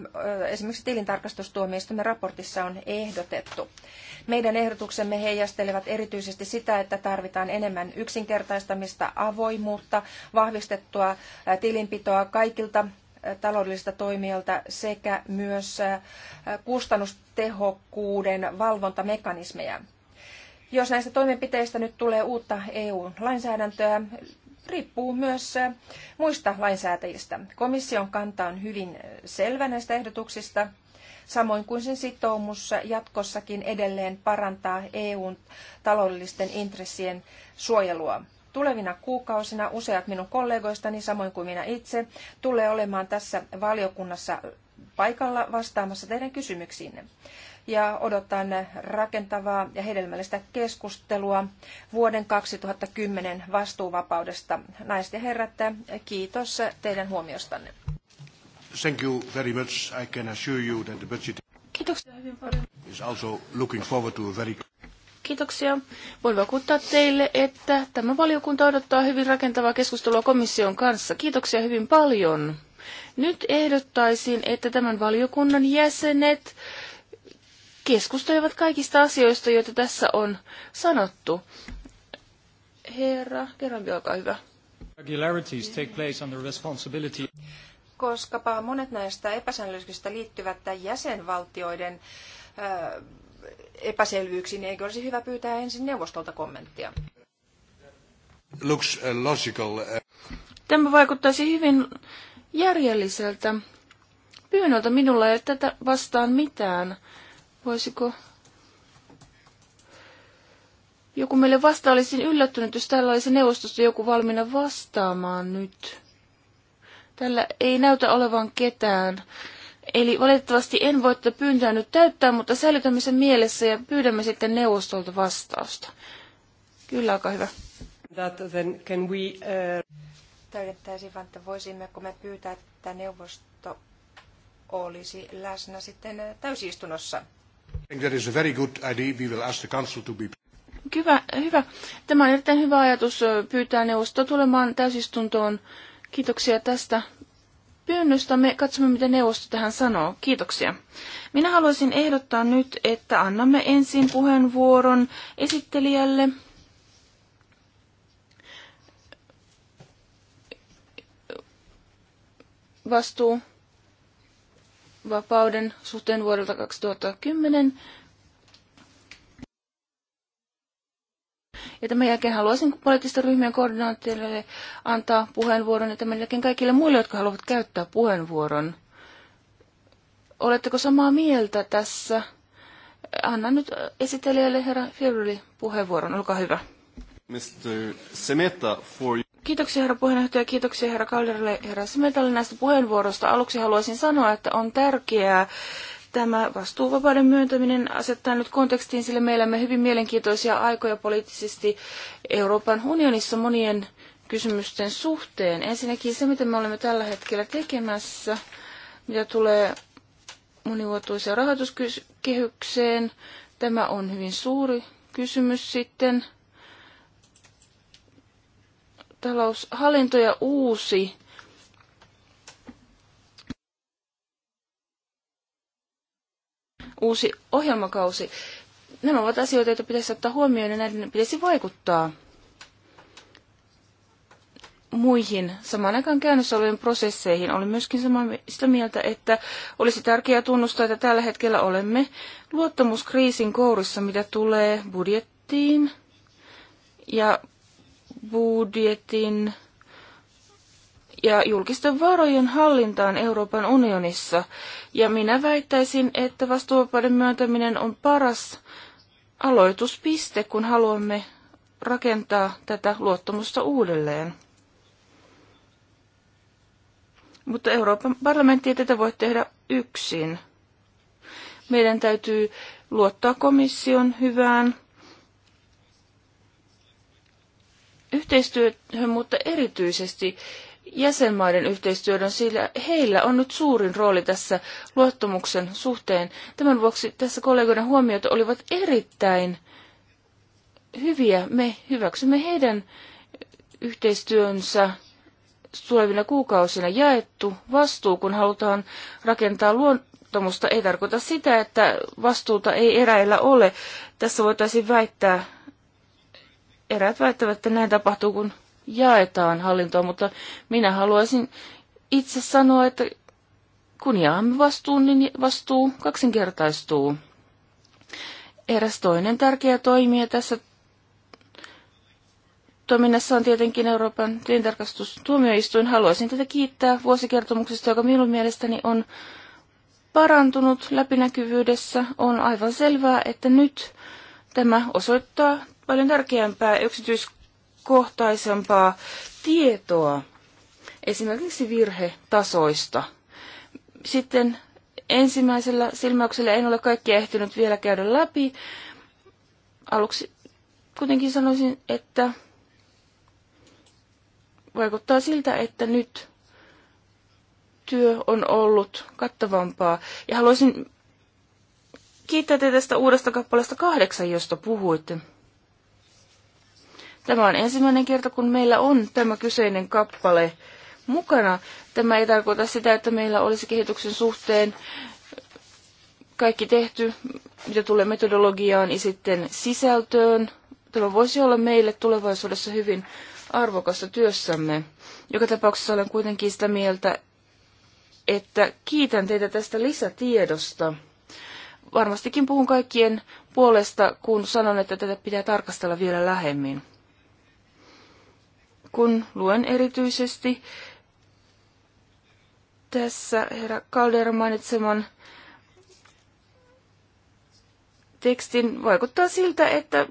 esimerkiksi tilintarkastustuomioistuimen raportissa on ehdotettu. Meidän ehdotuksemme heijastelevat erityisesti sitä, että tarvitaan enemmän yksinkertaistamista, avoimuutta, vahvistettua tilinpitoa kaikilta taloudellista toimijoilta sekä myös kustannustehokkuuden valvontamekanismeja. Jos näistä toimenpiteistä nyt tulee uutta EU-lainsäädäntöä, riippuu myös muista lainsäätäjistä. Komission kanta on hyvin selvä näistä ehdotuksista, samoin kuin sen sitoumus jatkossakin edelleen parantaa EUn taloudellisten intressien suojelua. Tulevina kuukausina useat minun kollegoistani, samoin kuin minä itse, tulee olemaan tässä valiokunnassa paikalla vastaamassa teidän kysymyksiinne. Ja odotan rakentavaa ja hedelmällistä keskustelua vuoden 2010 vastuuvapaudesta. Naiset ja herrat, kiitos teidän huomiostanne. Thank you very much. I can assure you that the budget is also looking forward to a very Kiitoksia. Voin vakuuttaa teille, että tämä valiokunta odottaa hyvin rakentavaa keskustelua komission kanssa. Kiitoksia hyvin paljon. Nyt ehdottaisin, että tämän valiokunnan jäsenet keskustelevat kaikista asioista, joita tässä on sanottu. Herra, kerran olkaa hyvä. Regularities take place under responsibility. Koskapa monet näistä epäsäännöllisyyksistä liittyvät jäsenvaltioiden epäselvyyksiin, niin eikö olisi hyvä pyytää ensin neuvostolta kommenttia? Looks uh, logical. Uh, Tämä vaikuttaisi hyvin järjelliseltä pyynnöltä. Minulla ei ole tätä vastaan mitään. Voisiko joku meille vastaa? Olisin yllättynyt, jos täällä olisi neuvostosta joku valmiina vastaamaan nyt. Tällä ei näytä olevan ketään. Eli valitettavasti en voi tätä pyyntöä nyt täyttää, mutta säilytämme sen mielessä ja pyydämme sitten neuvostolta vastausta. Kyllä, aika hyvä. That then can we, uh... Täydettäisiin vain, että voisimmeko me pyytää, että neuvosto olisi läsnä sitten uh, täysistunnossa. Hyvä, hyvä. Tämä on erittäin hyvä ajatus uh, pyytää neuvosto tulemaan täysistuntoon. Kiitoksia tästä pyynnöstämme. Katsomme, mitä neuvosto tähän sanoo. Kiitoksia. Minä haluaisin ehdottaa nyt, että annamme ensin puheenvuoron esittelijälle. Vastuu vapauden suhteen vuodelta 2010 Ja tämän jälkeen haluaisin poliittisten ryhmien koordinaattorille antaa puheenvuoron ja tämän jälkeen kaikille muille, jotka haluavat käyttää puheenvuoron. Oletteko samaa mieltä tässä? Annan nyt esittelijälle herra Fierrelli puheenvuoron. Olkaa hyvä. Mr. Semeta for... Kiitoksia herra puheenjohtaja, kiitoksia herra Kalderille ja herra Semetalle näistä puheenvuoroista. Aluksi haluaisin sanoa, että on tärkeää, Tämä vastuuvapauden myöntäminen asettaa nyt kontekstiin, sillä meillä on hyvin mielenkiintoisia aikoja poliittisesti Euroopan unionissa monien kysymysten suhteen. Ensinnäkin se, mitä me olemme tällä hetkellä tekemässä, mitä tulee monivuotuiseen rahoituskehykseen. Tämä on hyvin suuri kysymys sitten. Taloushallinto ja uusi uusi ohjelmakausi. Nämä ovat asioita, joita pitäisi ottaa huomioon ja näiden pitäisi vaikuttaa muihin samaan aikaan käynnissä oleviin prosesseihin. Olen myöskin sitä mieltä, että olisi tärkeää tunnustaa, että tällä hetkellä olemme luottamuskriisin kourissa, mitä tulee budjettiin ja budjetin ja julkisten varojen hallintaan Euroopan unionissa. Ja minä väittäisin, että vastuuvapauden myöntäminen on paras aloituspiste, kun haluamme rakentaa tätä luottamusta uudelleen. Mutta Euroopan parlamentti ei tätä voi tehdä yksin. Meidän täytyy luottaa komission hyvään yhteistyöhön, mutta erityisesti jäsenmaiden yhteistyötä, sillä heillä on nyt suurin rooli tässä luottamuksen suhteen. Tämän vuoksi tässä kollegoiden huomiot olivat erittäin hyviä. Me hyväksymme heidän yhteistyönsä tulevina kuukausina jaettu vastuu, kun halutaan rakentaa luottamusta, ei tarkoita sitä, että vastuuta ei eräillä ole. Tässä voitaisiin väittää, eräät väittävät, että näin tapahtuu, kun jaetaan hallintoa, mutta minä haluaisin itse sanoa, että kun jaamme vastuun, niin vastuu kaksinkertaistuu. Eräs toinen tärkeä toimija tässä toiminnassa on tietenkin Euroopan tilintarkastustuomioistuin. Haluaisin tätä kiittää vuosikertomuksesta, joka minun mielestäni on parantunut läpinäkyvyydessä. On aivan selvää, että nyt tämä osoittaa paljon tärkeämpää yksityiskohtaa yksityiskohtaisempaa tietoa esimerkiksi virhetasoista. Sitten ensimmäisellä silmäyksellä en ole kaikkia ehtinyt vielä käydä läpi. Aluksi kuitenkin sanoisin, että vaikuttaa siltä, että nyt työ on ollut kattavampaa. Ja haluaisin kiittää teitä tästä uudesta kappaleesta kahdeksan, josta puhuitte. Tämä on ensimmäinen kerta, kun meillä on tämä kyseinen kappale mukana. Tämä ei tarkoita sitä, että meillä olisi kehityksen suhteen kaikki tehty, mitä tulee metodologiaan ja sitten sisältöön. Tämä voisi olla meille tulevaisuudessa hyvin arvokasta työssämme. Joka tapauksessa olen kuitenkin sitä mieltä, että kiitän teitä tästä lisätiedosta. Varmastikin puhun kaikkien puolesta, kun sanon, että tätä pitää tarkastella vielä lähemmin kun luen erityisesti tässä herra Kaldera mainitseman tekstin, vaikuttaa siltä, että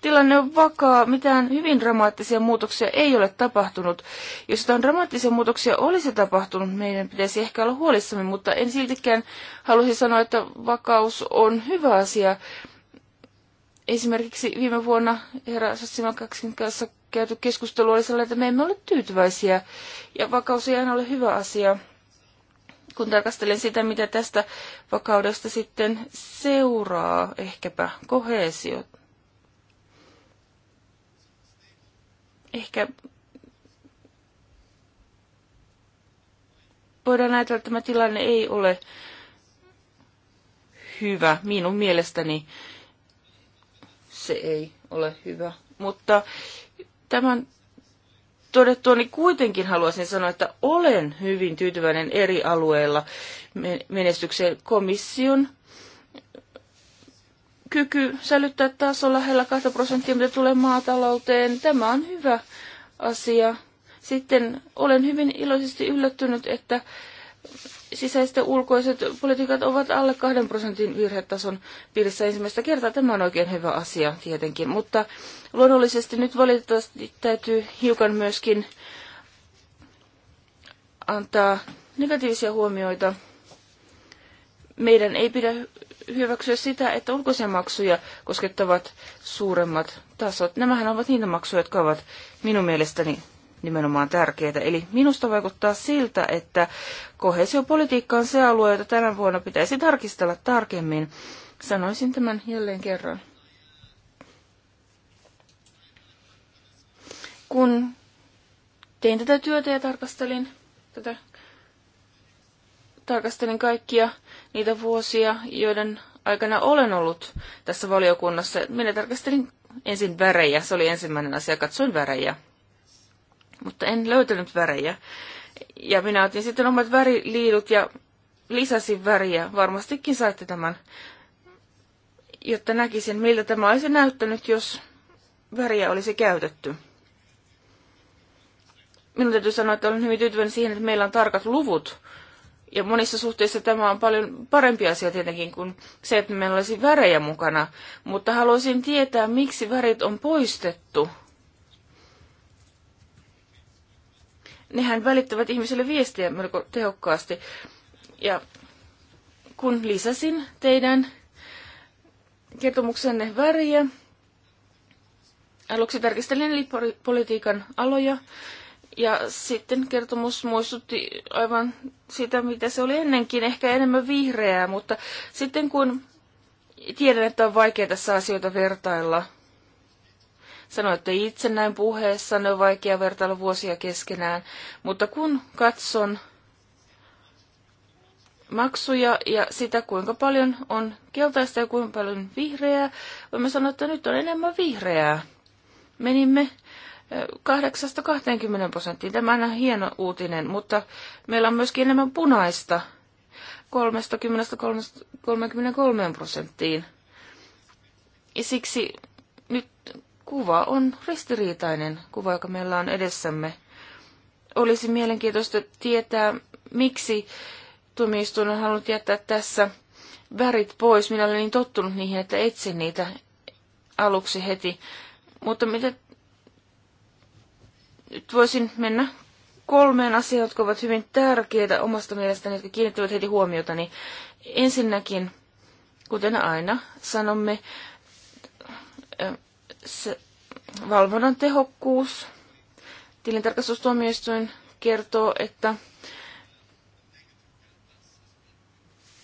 tilanne on vakaa, mitään hyvin dramaattisia muutoksia ei ole tapahtunut. Jos jotain dramaattisia muutoksia olisi tapahtunut, meidän pitäisi ehkä olla huolissamme, mutta en siltikään halusi sanoa, että vakaus on hyvä asia. Esimerkiksi viime vuonna herra Sassimakaksin kanssa käyty keskustelu oli sellainen, että me emme ole tyytyväisiä. Ja vakaus ei aina ole hyvä asia. Kun tarkastelen sitä, mitä tästä vakaudesta sitten seuraa, ehkäpä kohesio. Ehkä voidaan ajatella, että tämä tilanne ei ole hyvä. Minun mielestäni se ei ole hyvä. Mutta tämän todettua, niin kuitenkin haluaisin sanoa, että olen hyvin tyytyväinen eri alueilla menestykseen komission kyky säilyttää taso lähellä 2 prosenttia, mitä tulee maatalouteen. Tämä on hyvä asia. Sitten olen hyvin iloisesti yllättynyt, että sisäiset ja ulkoiset politiikat ovat alle kahden prosentin virhetason piirissä ensimmäistä kertaa. Tämä on oikein hyvä asia tietenkin, mutta luonnollisesti nyt valitettavasti täytyy hiukan myöskin antaa negatiivisia huomioita. Meidän ei pidä hyväksyä sitä, että ulkoisia maksuja koskettavat suuremmat tasot. Nämähän ovat niitä maksuja, jotka ovat minun mielestäni nimenomaan tärkeää. Eli minusta vaikuttaa siltä, että kohesiopolitiikka on se alue, jota tänä vuonna pitäisi tarkistella tarkemmin. Sanoisin tämän jälleen kerran. Kun tein tätä työtä ja tarkastelin tätä tarkastelin kaikkia niitä vuosia, joiden aikana olen ollut tässä valiokunnassa. Minä tarkastelin ensin värejä, se oli ensimmäinen asia, katsoin värejä mutta en löytänyt värejä. Ja minä otin sitten omat väriliidut ja lisäsin väriä. Varmastikin saitte tämän, jotta näkisin, miltä tämä olisi näyttänyt, jos väriä olisi käytetty. Minun täytyy sanoa, että olen hyvin tyytyväinen siihen, että meillä on tarkat luvut. Ja monissa suhteissa tämä on paljon parempi asia tietenkin kuin se, että meillä olisi värejä mukana. Mutta haluaisin tietää, miksi värit on poistettu nehän välittävät ihmisille viestiä melko tehokkaasti. Ja kun lisäsin teidän kertomuksenne väriä, aluksi tarkistelin politiikan aloja, ja sitten kertomus muistutti aivan sitä, mitä se oli ennenkin, ehkä enemmän vihreää, mutta sitten kun tiedän, että on vaikea tässä asioita vertailla, Sanoitte itse näin puheessa, ne on vaikea vertailla vuosia keskenään, mutta kun katson maksuja ja sitä, kuinka paljon on keltaista ja kuinka paljon vihreää, voimme sanoa, että nyt on enemmän vihreää. Menimme 8-20 eh, prosenttiin. Tämä on hieno uutinen, mutta meillä on myöskin enemmän punaista 30-33 prosenttiin. Ja siksi nyt kuva on ristiriitainen kuva, joka meillä on edessämme. Olisi mielenkiintoista tietää, miksi tuomioistuin on halunnut jättää tässä värit pois. Minä olen niin tottunut niihin, että etsin niitä aluksi heti. Mutta mitä nyt voisin mennä kolmeen asiaan, jotka ovat hyvin tärkeitä omasta mielestäni, jotka kiinnittävät heti huomiota. Niin ensinnäkin, kuten aina sanomme, valvonnan tehokkuus. Tilintarkastustuomioistuin kertoo, että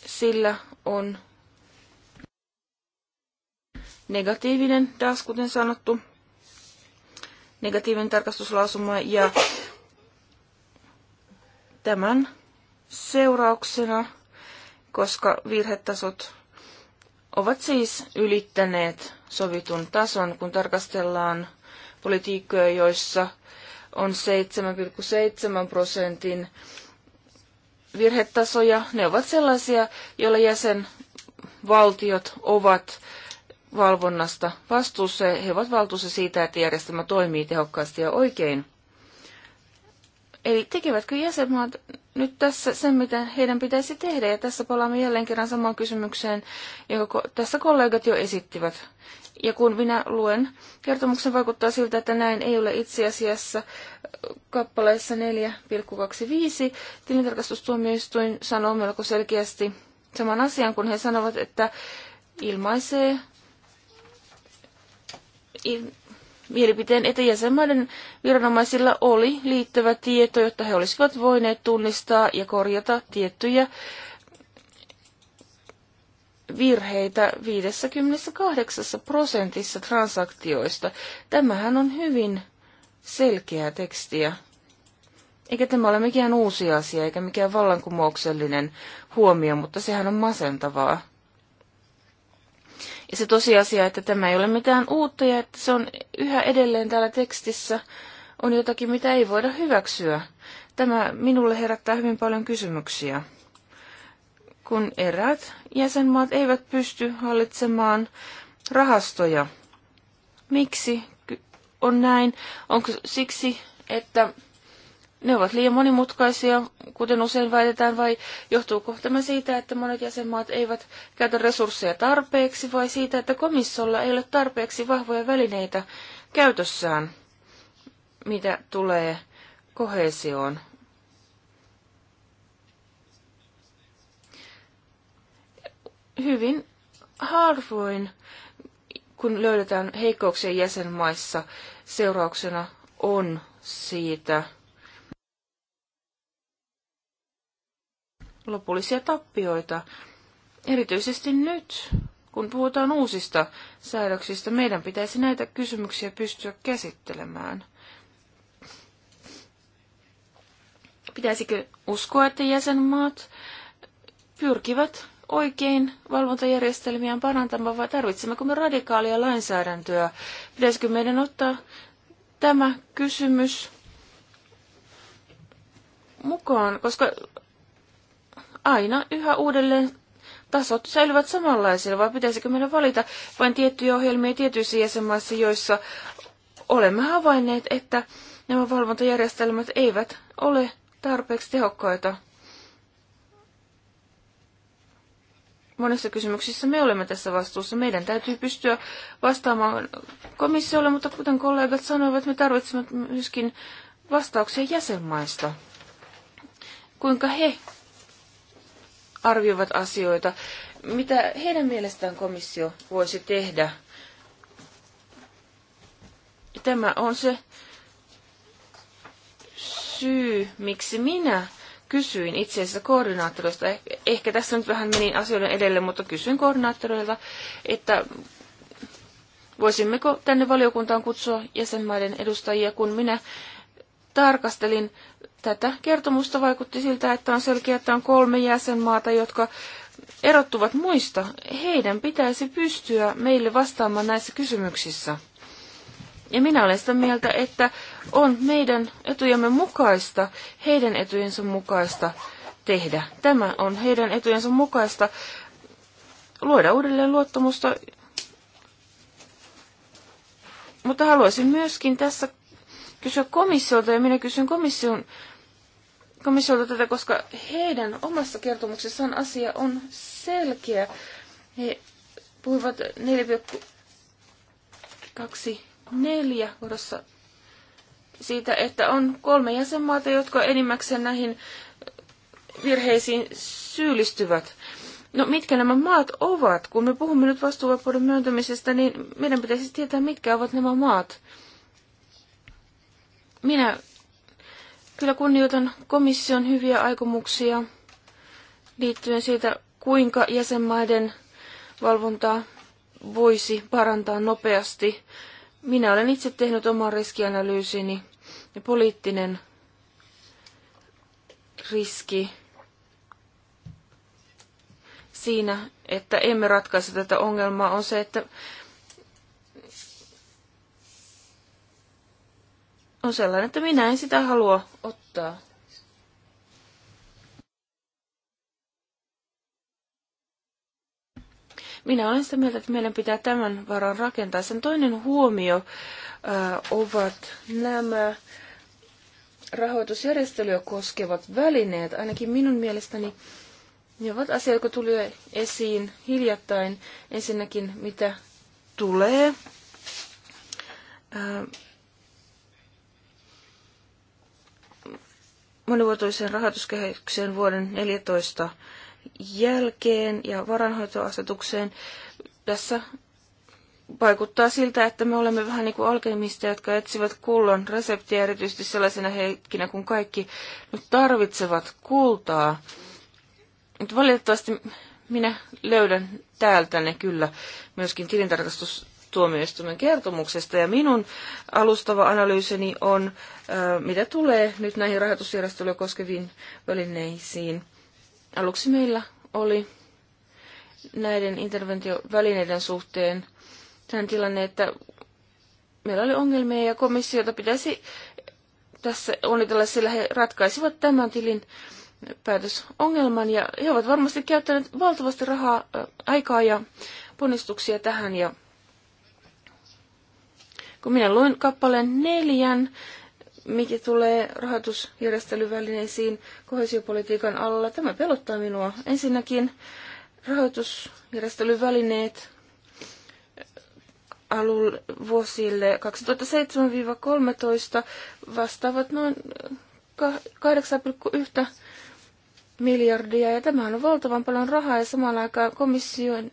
sillä on negatiivinen taas, kuten sanottu, negatiivinen tarkastuslausuma ja tämän seurauksena, koska virhetasot ovat siis ylittäneet sovitun tason, kun tarkastellaan politiikkoja, joissa on 7,7 prosentin virhetasoja. Ne ovat sellaisia, joilla jäsenvaltiot ovat valvonnasta vastuussa. He ovat valtuussa siitä, että järjestelmä toimii tehokkaasti ja oikein. Eli tekevätkö jäsenmaat nyt tässä sen, mitä heidän pitäisi tehdä. Ja tässä palaamme jälleen kerran samaan kysymykseen, jonka tässä kollegat jo esittivät. Ja kun minä luen kertomuksen, vaikuttaa siltä, että näin ei ole itse asiassa kappaleessa 4,25. Tilintarkastustuomioistuin sanoo melko selkeästi saman asian, kun he sanovat, että ilmaisee mielipiteen, että jäsenmaiden viranomaisilla oli liittävä tieto, jotta he olisivat voineet tunnistaa ja korjata tiettyjä virheitä 58 prosentissa transaktioista. Tämähän on hyvin selkeää tekstiä. Eikä tämä ole mikään uusi asia, eikä mikään vallankumouksellinen huomio, mutta sehän on masentavaa. Ja se tosiasia, että tämä ei ole mitään uutta ja että se on yhä edelleen täällä tekstissä, on jotakin, mitä ei voida hyväksyä. Tämä minulle herättää hyvin paljon kysymyksiä. Kun eräät jäsenmaat eivät pysty hallitsemaan rahastoja. Miksi on näin? Onko siksi, että ne ovat liian monimutkaisia, kuten usein väitetään, vai johtuuko tämä siitä, että monet jäsenmaat eivät käytä resursseja tarpeeksi, vai siitä, että komissiolla ei ole tarpeeksi vahvoja välineitä käytössään, mitä tulee kohesioon? Hyvin harvoin, kun löydetään heikkouksia jäsenmaissa, seurauksena on siitä, lopullisia tappioita. Erityisesti nyt, kun puhutaan uusista säädöksistä, meidän pitäisi näitä kysymyksiä pystyä käsittelemään. Pitäisikö uskoa, että jäsenmaat pyrkivät oikein valvontajärjestelmiään parantamaan vai tarvitsemmeko me radikaalia lainsäädäntöä? Pitäisikö meidän ottaa tämä kysymys mukaan, koska aina yhä uudelleen tasot säilyvät samanlaisilla, vai pitäisikö meidän valita vain tiettyjä ohjelmia tietyissä jäsenmaissa, joissa olemme havainneet, että nämä valvontajärjestelmät eivät ole tarpeeksi tehokkaita. Monessa kysymyksissä me olemme tässä vastuussa. Meidän täytyy pystyä vastaamaan komissiolle, mutta kuten kollegat sanoivat, me tarvitsemme myöskin vastauksia jäsenmaista. Kuinka he arvioivat asioita. Mitä heidän mielestään komissio voisi tehdä? Tämä on se syy, miksi minä kysyin itse asiassa koordinaattoreilta, eh, ehkä tässä nyt vähän menin asioiden edelle, mutta kysyin koordinaattoreilta, että voisimmeko tänne valiokuntaan kutsua jäsenmaiden edustajia, kun minä tarkastelin tätä kertomusta vaikutti siltä, että on selkeä, että on kolme jäsenmaata, jotka erottuvat muista. Heidän pitäisi pystyä meille vastaamaan näissä kysymyksissä. Ja minä olen sitä mieltä, että on meidän etujemme mukaista, heidän etujensa mukaista tehdä. Tämä on heidän etujensa mukaista luoda uudelleen luottamusta. Mutta haluaisin myöskin tässä kysyä komissiolta, ja minä kysyn komission komissiolta tätä, koska heidän omassa kertomuksessaan asia on selkeä. He puhuivat 4,24 kohdassa siitä, että on kolme jäsenmaata, jotka enimmäkseen näihin virheisiin syyllistyvät. No mitkä nämä maat ovat? Kun me puhumme nyt vastuuvapauden myöntämisestä, niin meidän pitäisi tietää, mitkä ovat nämä maat. Minä Kyllä kunnioitan komission hyviä aikomuksia liittyen siitä, kuinka jäsenmaiden valvontaa voisi parantaa nopeasti. Minä olen itse tehnyt oman riskianalyysini ja poliittinen riski siinä, että emme ratkaise tätä ongelmaa, on se, että on sellainen, että minä en sitä halua ottaa. Minä olen sitä mieltä, että meidän pitää tämän varan rakentaa. Sen toinen huomio ää, äh, ovat nämä rahoitusjärjestelyä koskevat välineet. Ainakin minun mielestäni ne ovat asia, joka tuli esiin hiljattain. Ensinnäkin, mitä tulee ää, äh, monivuotoisen rahoituskehykseen vuoden 14 jälkeen ja varanhoitoasetukseen. Tässä vaikuttaa siltä, että me olemme vähän niin kuin alkemista, jotka etsivät kullon reseptiä erityisesti sellaisena hetkinä, kun kaikki nyt tarvitsevat kultaa. Mutta valitettavasti minä löydän täältä ne kyllä myöskin tilintarkastus tuomioistuimen kertomuksesta ja minun alustava analyysini on, mitä tulee nyt näihin rahoitusjärjestelyä koskeviin välineisiin. Aluksi meillä oli näiden interventiovälineiden suhteen tämän tilanne, että meillä oli ongelmia ja komissiota pitäisi tässä onnitella, sillä he ratkaisivat tämän tilin päätösongelman ja he ovat varmasti käyttäneet valtavasti rahaa, aikaa ja ponnistuksia tähän ja kun minä luin kappaleen neljän, mikä tulee rahoitusjärjestelyvälineisiin kohesiopolitiikan alla, tämä pelottaa minua. Ensinnäkin rahoitusjärjestelyvälineet alun vuosille 2007-2013 vastaavat noin 8,1 miljardia, ja tämä on valtavan paljon rahaa, ja samaan aikaan komission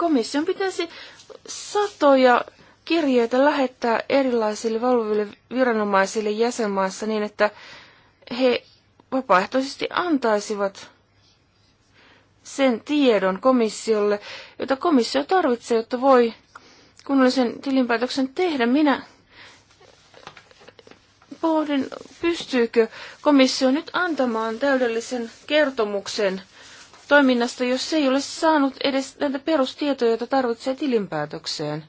Komission pitäisi satoja kirjeitä lähettää erilaisille valvoville viranomaisille jäsenmaissa niin, että he vapaaehtoisesti antaisivat sen tiedon komissiolle, jota komissio tarvitsee, jotta voi kunnollisen tilinpäätöksen tehdä. Minä pohdin, pystyykö komissio nyt antamaan täydellisen kertomuksen – toiminnasta, jos se ei ole saanut edes näitä perustietoja, joita tarvitsee tilinpäätökseen.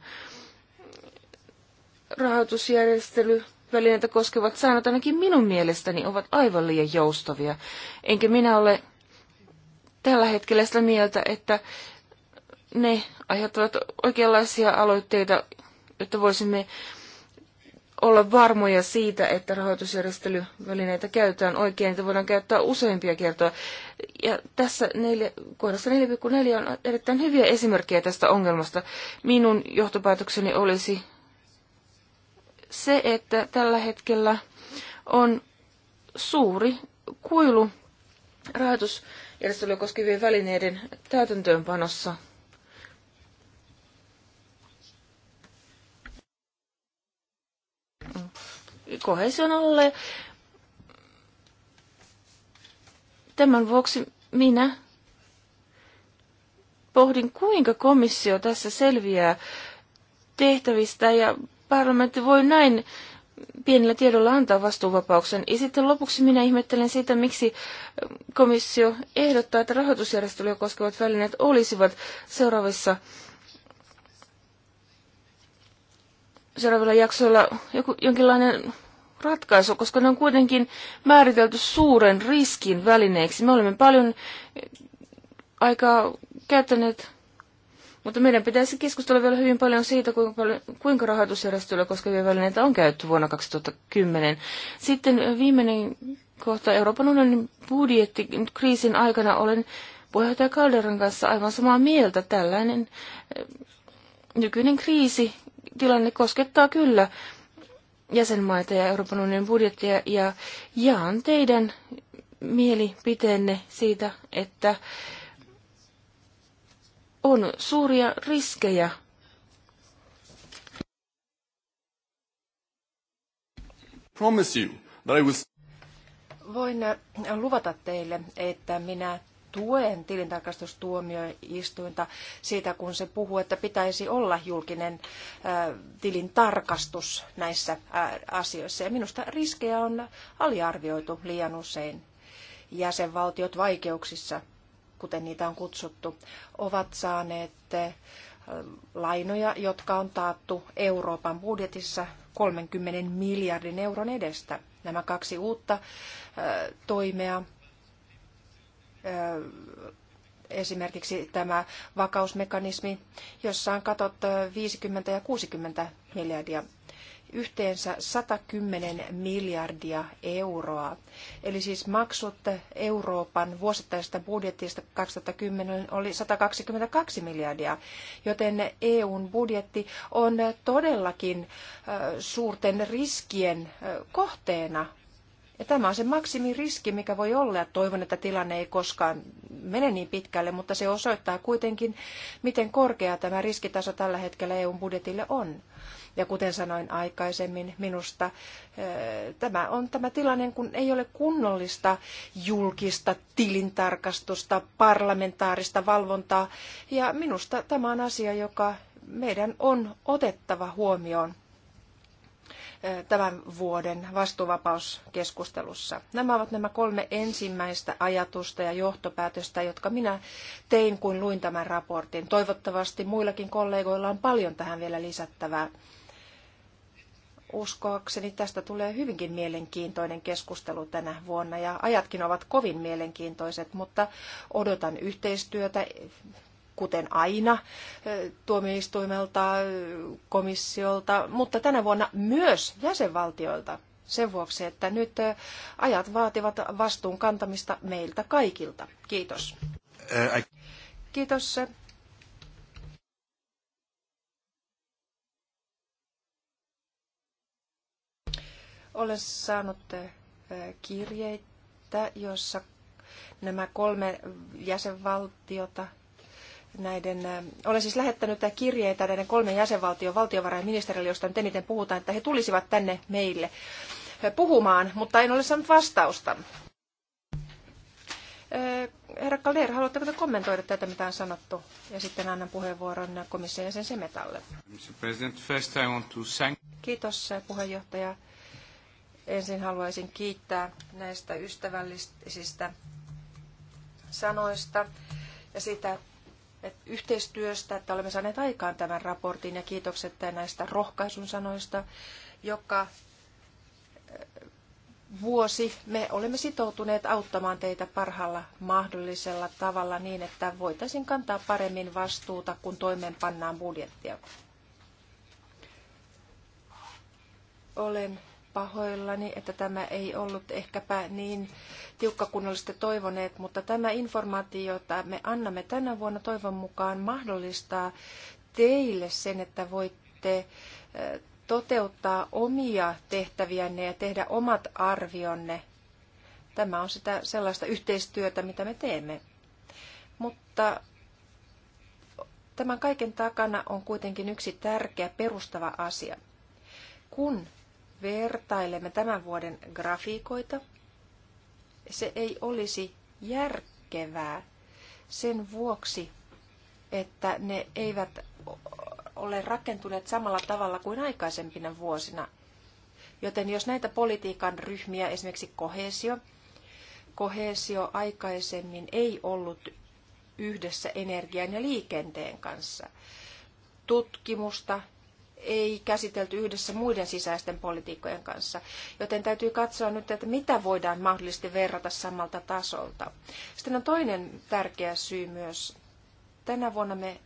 Rahoitusjärjestely välineitä koskevat säännöt ainakin minun mielestäni ovat aivan liian joustavia. Enkä minä ole tällä hetkellä sitä mieltä, että ne aiheuttavat oikeanlaisia aloitteita, että voisimme olla varmoja siitä, että rahoitusjärjestelyvälineitä käytetään oikein, niitä voidaan käyttää useampia kertoja. Ja tässä neljä, kohdassa 4,4 on erittäin hyviä esimerkkejä tästä ongelmasta. Minun johtopäätökseni olisi se, että tällä hetkellä on suuri kuilu rahoitusjärjestelyä koskevien välineiden täytäntöönpanossa – kohesion Tämän vuoksi minä pohdin, kuinka komissio tässä selviää tehtävistä ja parlamentti voi näin pienellä tiedolla antaa vastuuvapauksen. Ja sitten lopuksi minä ihmettelen sitä, miksi komissio ehdottaa, että rahoitusjärjestelyä koskevat välineet olisivat seuraavissa seuraavilla jaksoilla joku, jonkinlainen ratkaisu, koska ne on kuitenkin määritelty suuren riskin välineiksi. Me olemme paljon aikaa käyttäneet, mutta meidän pitäisi keskustella vielä hyvin paljon siitä, kuinka, paljon, kuinka rahoitusjärjestelyä koskevia välineitä on käytetty vuonna 2010. Sitten viimeinen kohta Euroopan unionin budjetti kriisin aikana olen puheenjohtaja Calderan kanssa aivan samaa mieltä. Tällainen eh, nykyinen kriisi tilanne koskettaa kyllä jäsenmaita ja Euroopan unionin budjettia ja jaan teidän mielipiteenne siitä, että on suuria riskejä Promise you that I Voin luvata teille, että minä tuen tilintarkastustuomioistuinta siitä, kun se puhuu, että pitäisi olla julkinen tilintarkastus näissä asioissa. Ja minusta riskejä on aliarvioitu liian usein. Jäsenvaltiot vaikeuksissa, kuten niitä on kutsuttu, ovat saaneet lainoja, jotka on taattu Euroopan budjetissa 30 miljardin euron edestä. Nämä kaksi uutta toimea esimerkiksi tämä vakausmekanismi, jossa on katot 50 ja 60 miljardia yhteensä 110 miljardia euroa. Eli siis maksut Euroopan vuosittaisesta budjetista 2010 oli 122 miljardia, joten EUn budjetti on todellakin suurten riskien kohteena ja tämä on se maksimiriski, mikä voi olla, ja toivon, että tilanne ei koskaan mene niin pitkälle, mutta se osoittaa kuitenkin, miten korkea tämä riskitaso tällä hetkellä eu budjetille on. Ja kuten sanoin aikaisemmin, minusta eh, tämä on tämä tilanne, kun ei ole kunnollista julkista tilintarkastusta, parlamentaarista valvontaa. Ja minusta tämä on asia, joka meidän on otettava huomioon tämän vuoden vastuuvapauskeskustelussa. Nämä ovat nämä kolme ensimmäistä ajatusta ja johtopäätöstä, jotka minä tein, kun luin tämän raportin. Toivottavasti muillakin kollegoilla on paljon tähän vielä lisättävää. Uskoakseni tästä tulee hyvinkin mielenkiintoinen keskustelu tänä vuonna ja ajatkin ovat kovin mielenkiintoiset, mutta odotan yhteistyötä kuten aina tuomioistuimelta, komissiolta, mutta tänä vuonna myös jäsenvaltioilta sen vuoksi, että nyt ajat vaativat vastuun kantamista meiltä kaikilta. Kiitos. Kiitos. Olen saanut kirjeitä, jossa nämä kolme jäsenvaltiota – näiden, olen siis lähettänyt kirjeitä näiden kolmen jäsenvaltion valtiovarainministerille, josta nyt eniten puhutaan, että he tulisivat tänne meille puhumaan, mutta en ole saanut vastausta. Herra Kaldeer, haluatteko te kommentoida tätä, mitä on sanottu? Ja sitten annan puheenvuoron komission jäsen Semetalle. Kiitos puheenjohtaja. Ensin haluaisin kiittää näistä ystävällisistä sanoista ja sitä, yhteistyöstä, että olemme saaneet aikaan tämän raportin ja kiitokset näistä rohkaisun sanoista, joka vuosi me olemme sitoutuneet auttamaan teitä parhaalla mahdollisella tavalla niin, että voitaisiin kantaa paremmin vastuuta, kun toimeenpannaan budjettia. Olen pahoillani, että tämä ei ollut ehkäpä niin tiukka kuin olisitte toivoneet, mutta tämä informaatio, jota me annamme tänä vuonna toivon mukaan, mahdollistaa teille sen, että voitte toteuttaa omia tehtäviänne ja tehdä omat arvionne. Tämä on sitä sellaista yhteistyötä, mitä me teemme. Mutta tämän kaiken takana on kuitenkin yksi tärkeä perustava asia. Kun vertailemme tämän vuoden grafiikoita, se ei olisi järkevää sen vuoksi, että ne eivät ole rakentuneet samalla tavalla kuin aikaisempina vuosina. Joten jos näitä politiikan ryhmiä, esimerkiksi kohesio, kohesio aikaisemmin ei ollut yhdessä energian ja liikenteen kanssa. Tutkimusta ei käsitelty yhdessä muiden sisäisten politiikkojen kanssa. Joten täytyy katsoa nyt, että mitä voidaan mahdollisesti verrata samalta tasolta. Sitten on toinen tärkeä syy myös. Tänä vuonna me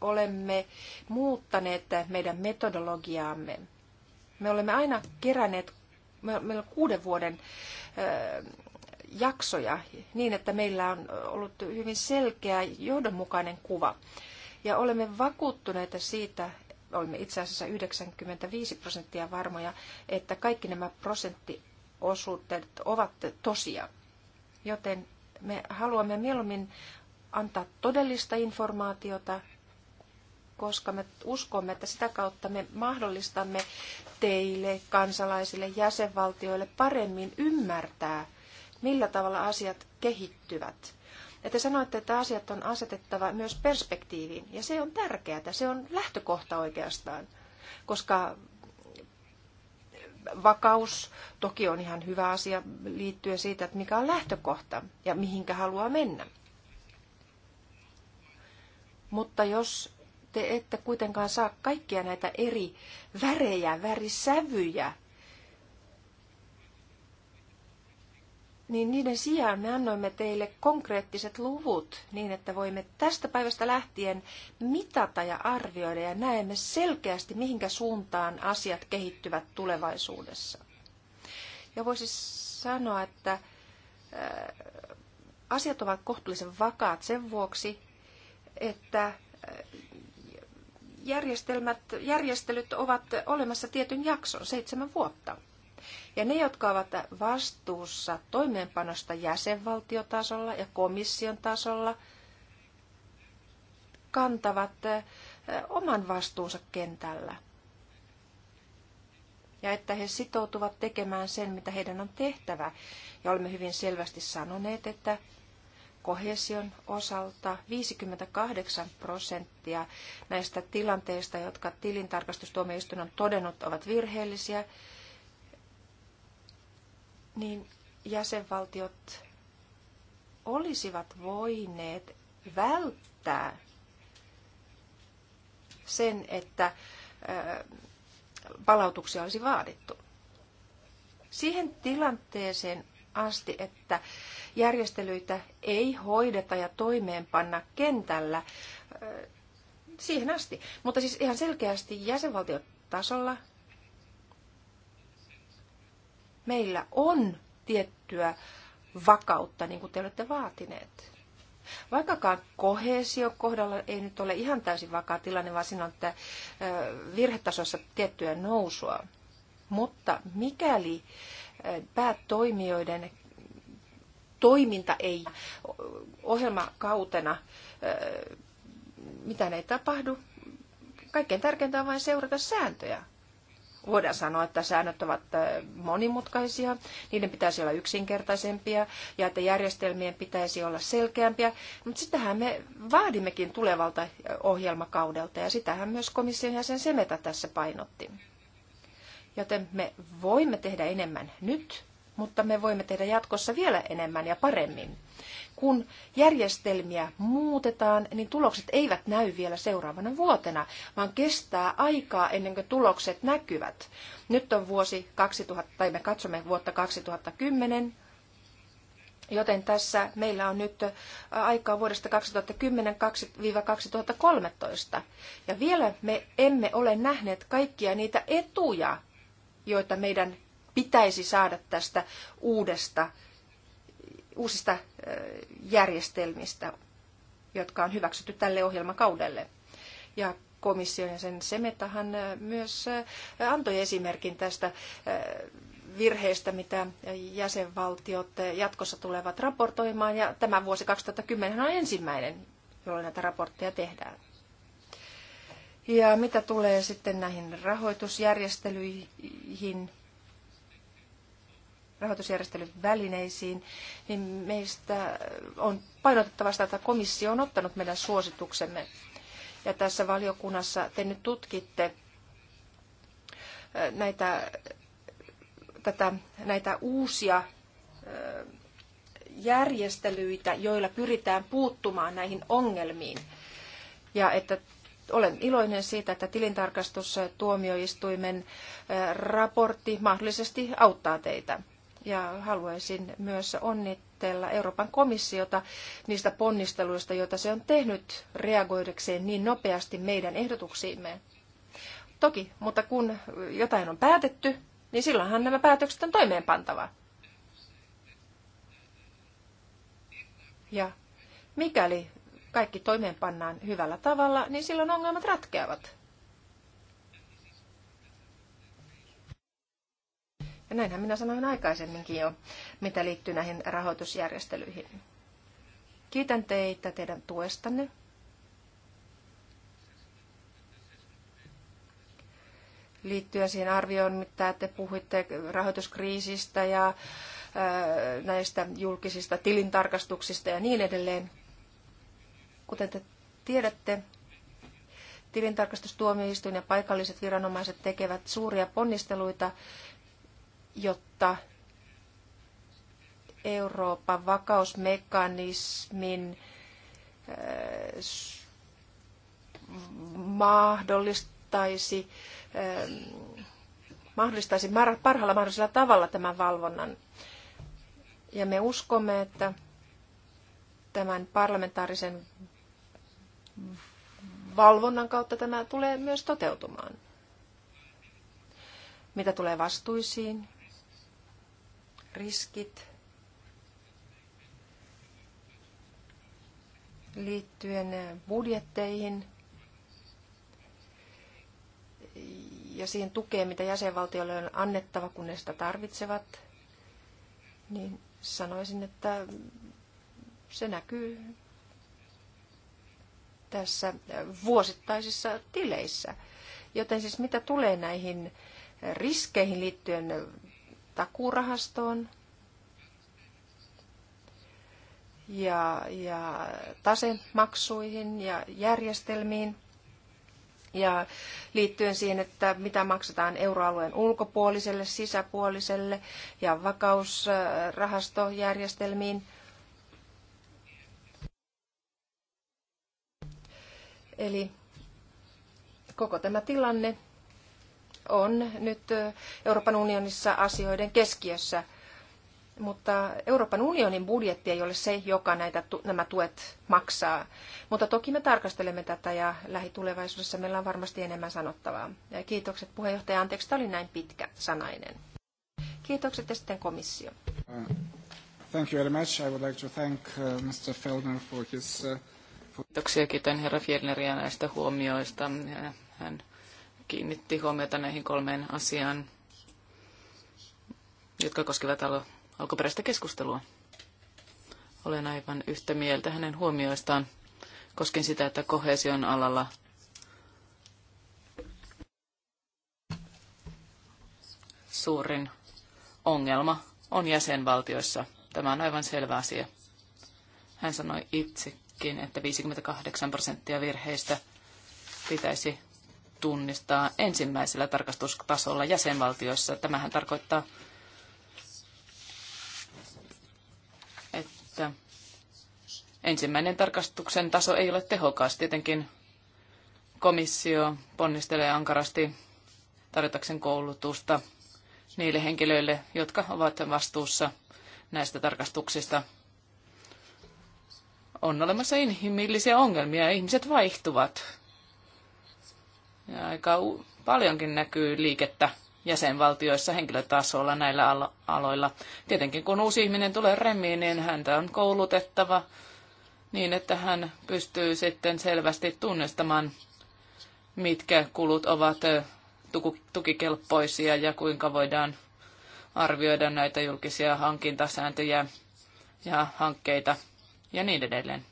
olemme muuttaneet meidän metodologiaamme. Me olemme aina keränneet, meillä on kuuden vuoden jaksoja niin, että meillä on ollut hyvin selkeä johdonmukainen kuva. Ja olemme vakuuttuneita siitä, olimme itse asiassa 95 prosenttia varmoja, että kaikki nämä prosenttiosuudet ovat tosia. Joten me haluamme mieluummin antaa todellista informaatiota, koska me uskomme, että sitä kautta me mahdollistamme teille, kansalaisille, jäsenvaltioille paremmin ymmärtää, millä tavalla asiat kehittyvät. Ja te sanoitte, että asiat on asetettava myös perspektiiviin. Ja se on tärkeää, se on lähtökohta oikeastaan, koska vakaus toki on ihan hyvä asia liittyen siitä, että mikä on lähtökohta ja mihinkä haluaa mennä. Mutta jos te ette kuitenkaan saa kaikkia näitä eri värejä, värisävyjä niin niiden sijaan me annoimme teille konkreettiset luvut niin, että voimme tästä päivästä lähtien mitata ja arvioida ja näemme selkeästi, mihinkä suuntaan asiat kehittyvät tulevaisuudessa. Ja voisi sanoa, että äh, asiat ovat kohtuullisen vakaat sen vuoksi, että äh, järjestelmät, järjestelyt ovat olemassa tietyn jakson, seitsemän vuotta – ja ne, jotka ovat vastuussa toimeenpanosta jäsenvaltiotasolla ja komission tasolla, kantavat eh, oman vastuunsa kentällä. Ja että he sitoutuvat tekemään sen, mitä heidän on tehtävä. Ja olemme hyvin selvästi sanoneet, että kohesion osalta 58 prosenttia näistä tilanteista, jotka tilintarkastustuomioistuin on todennut, ovat virheellisiä niin jäsenvaltiot olisivat voineet välttää sen, että palautuksia olisi vaadittu. Siihen tilanteeseen asti, että järjestelyitä ei hoideta ja toimeenpanna kentällä, siihen asti. Mutta siis ihan selkeästi jäsenvaltiot tasolla meillä on tiettyä vakautta, niin kuin te olette vaatineet. Vaikkakaan kohesion kohdalla ei nyt ole ihan täysin vakaa tilanne, vaan siinä on tämä virhetasossa tiettyä nousua. Mutta mikäli päätoimijoiden toiminta ei ohjelmakautena, mitä ei tapahdu, kaikkein tärkeintä on vain seurata sääntöjä voidaan sanoa, että säännöt ovat monimutkaisia, niiden pitäisi olla yksinkertaisempia ja että järjestelmien pitäisi olla selkeämpiä, mutta sitähän me vaadimmekin tulevalta ohjelmakaudelta ja sitähän myös komission jäsen Semeta tässä painotti. Joten me voimme tehdä enemmän nyt, mutta me voimme tehdä jatkossa vielä enemmän ja paremmin kun järjestelmiä muutetaan, niin tulokset eivät näy vielä seuraavana vuotena, vaan kestää aikaa ennen kuin tulokset näkyvät. Nyt on vuosi 2000, tai me katsomme vuotta 2010, Joten tässä meillä on nyt äh, aikaa vuodesta 2010-2013. Ja vielä me emme ole nähneet kaikkia niitä etuja, joita meidän pitäisi saada tästä uudesta uusista järjestelmistä, jotka on hyväksytty tälle ohjelmakaudelle. Ja komission ja sen Semetahan myös antoi esimerkin tästä virheestä, mitä jäsenvaltiot jatkossa tulevat raportoimaan. Ja tämä vuosi 2010 on ensimmäinen, jolloin näitä raportteja tehdään. Ja mitä tulee sitten näihin rahoitusjärjestelyihin, rahoitusjärjestelyn välineisiin, niin meistä on painotettava sitä, että komissio on ottanut meidän suosituksemme. Ja tässä valiokunnassa te nyt tutkitte äh, näitä, tätä, näitä uusia äh, järjestelyitä, joilla pyritään puuttumaan näihin ongelmiin. Ja että olen iloinen siitä, että tilintarkastustuomioistuimen äh, raportti mahdollisesti auttaa teitä ja haluaisin myös onnittella Euroopan komissiota niistä ponnisteluista, joita se on tehnyt reagoidakseen niin nopeasti meidän ehdotuksiimme. Toki, mutta kun jotain on päätetty, niin silloinhan nämä päätökset on toimeenpantava. Ja mikäli kaikki toimeenpannaan hyvällä tavalla, niin silloin ongelmat ratkeavat. Ja näinhän minä sanoin aikaisemminkin jo, mitä liittyy näihin rahoitusjärjestelyihin. Kiitän teitä teidän tuestanne. Liittyen siihen arvioon, mitä te puhuitte rahoituskriisistä ja näistä julkisista tilintarkastuksista ja niin edelleen. Kuten te tiedätte, tilintarkastustuomioistuin ja paikalliset viranomaiset tekevät suuria ponnisteluita jotta Euroopan vakausmekanismin äh, mahdollistaisi, ähm, mahdollistaisi parhaalla mahdollisella tavalla tämän valvonnan. Ja me uskomme, että tämän parlamentaarisen valvonnan kautta tämä tulee myös toteutumaan. Mitä tulee vastuisiin, riskit liittyen budjetteihin ja siihen tukeen, mitä jäsenvaltioille on annettava, kun ne sitä tarvitsevat, niin sanoisin, että se näkyy tässä vuosittaisissa tileissä. Joten siis mitä tulee näihin riskeihin liittyen takurahastoon ja, ja tasemaksuihin ja järjestelmiin ja liittyen siihen, että mitä maksetaan euroalueen ulkopuoliselle, sisäpuoliselle ja vakausrahastojärjestelmiin. Eli koko tämä tilanne on nyt Euroopan unionissa asioiden keskiössä. Mutta Euroopan unionin budjetti ei ole se, joka näitä, nämä tuet maksaa. Mutta toki me tarkastelemme tätä ja lähitulevaisuudessa meillä on varmasti enemmän sanottavaa. Ja kiitokset puheenjohtaja. Anteeksi, tämä oli näin pitkä sanainen. Kiitokset ja sitten komissio. Uh, thank you very much. I would like to thank uh, Mr. Feldner for his... Uh, Kiitoksia, kiitän herra Fjellneriä näistä huomioista. Hän kiinnitti huomiota näihin kolmeen asiaan, jotka koskevat al- alkuperäistä keskustelua. Olen aivan yhtä mieltä hänen huomioistaan koskien sitä, että kohesion alalla suurin ongelma on jäsenvaltioissa. Tämä on aivan selvä asia. Hän sanoi itsekin, että 58 prosenttia virheistä pitäisi tunnistaa ensimmäisellä tarkastustasolla jäsenvaltioissa. Tämähän tarkoittaa, että ensimmäinen tarkastuksen taso ei ole tehokas. Tietenkin komissio ponnistelee ankarasti tarjotakseen koulutusta niille henkilöille, jotka ovat vastuussa näistä tarkastuksista. On olemassa inhimillisiä ongelmia, ihmiset vaihtuvat ja aika paljonkin näkyy liikettä jäsenvaltioissa henkilötasolla näillä aloilla. Tietenkin kun uusi ihminen tulee remiin, niin häntä on koulutettava niin, että hän pystyy sitten selvästi tunnistamaan, mitkä kulut ovat tukikelpoisia ja kuinka voidaan arvioida näitä julkisia hankintasääntöjä ja hankkeita ja niin edelleen.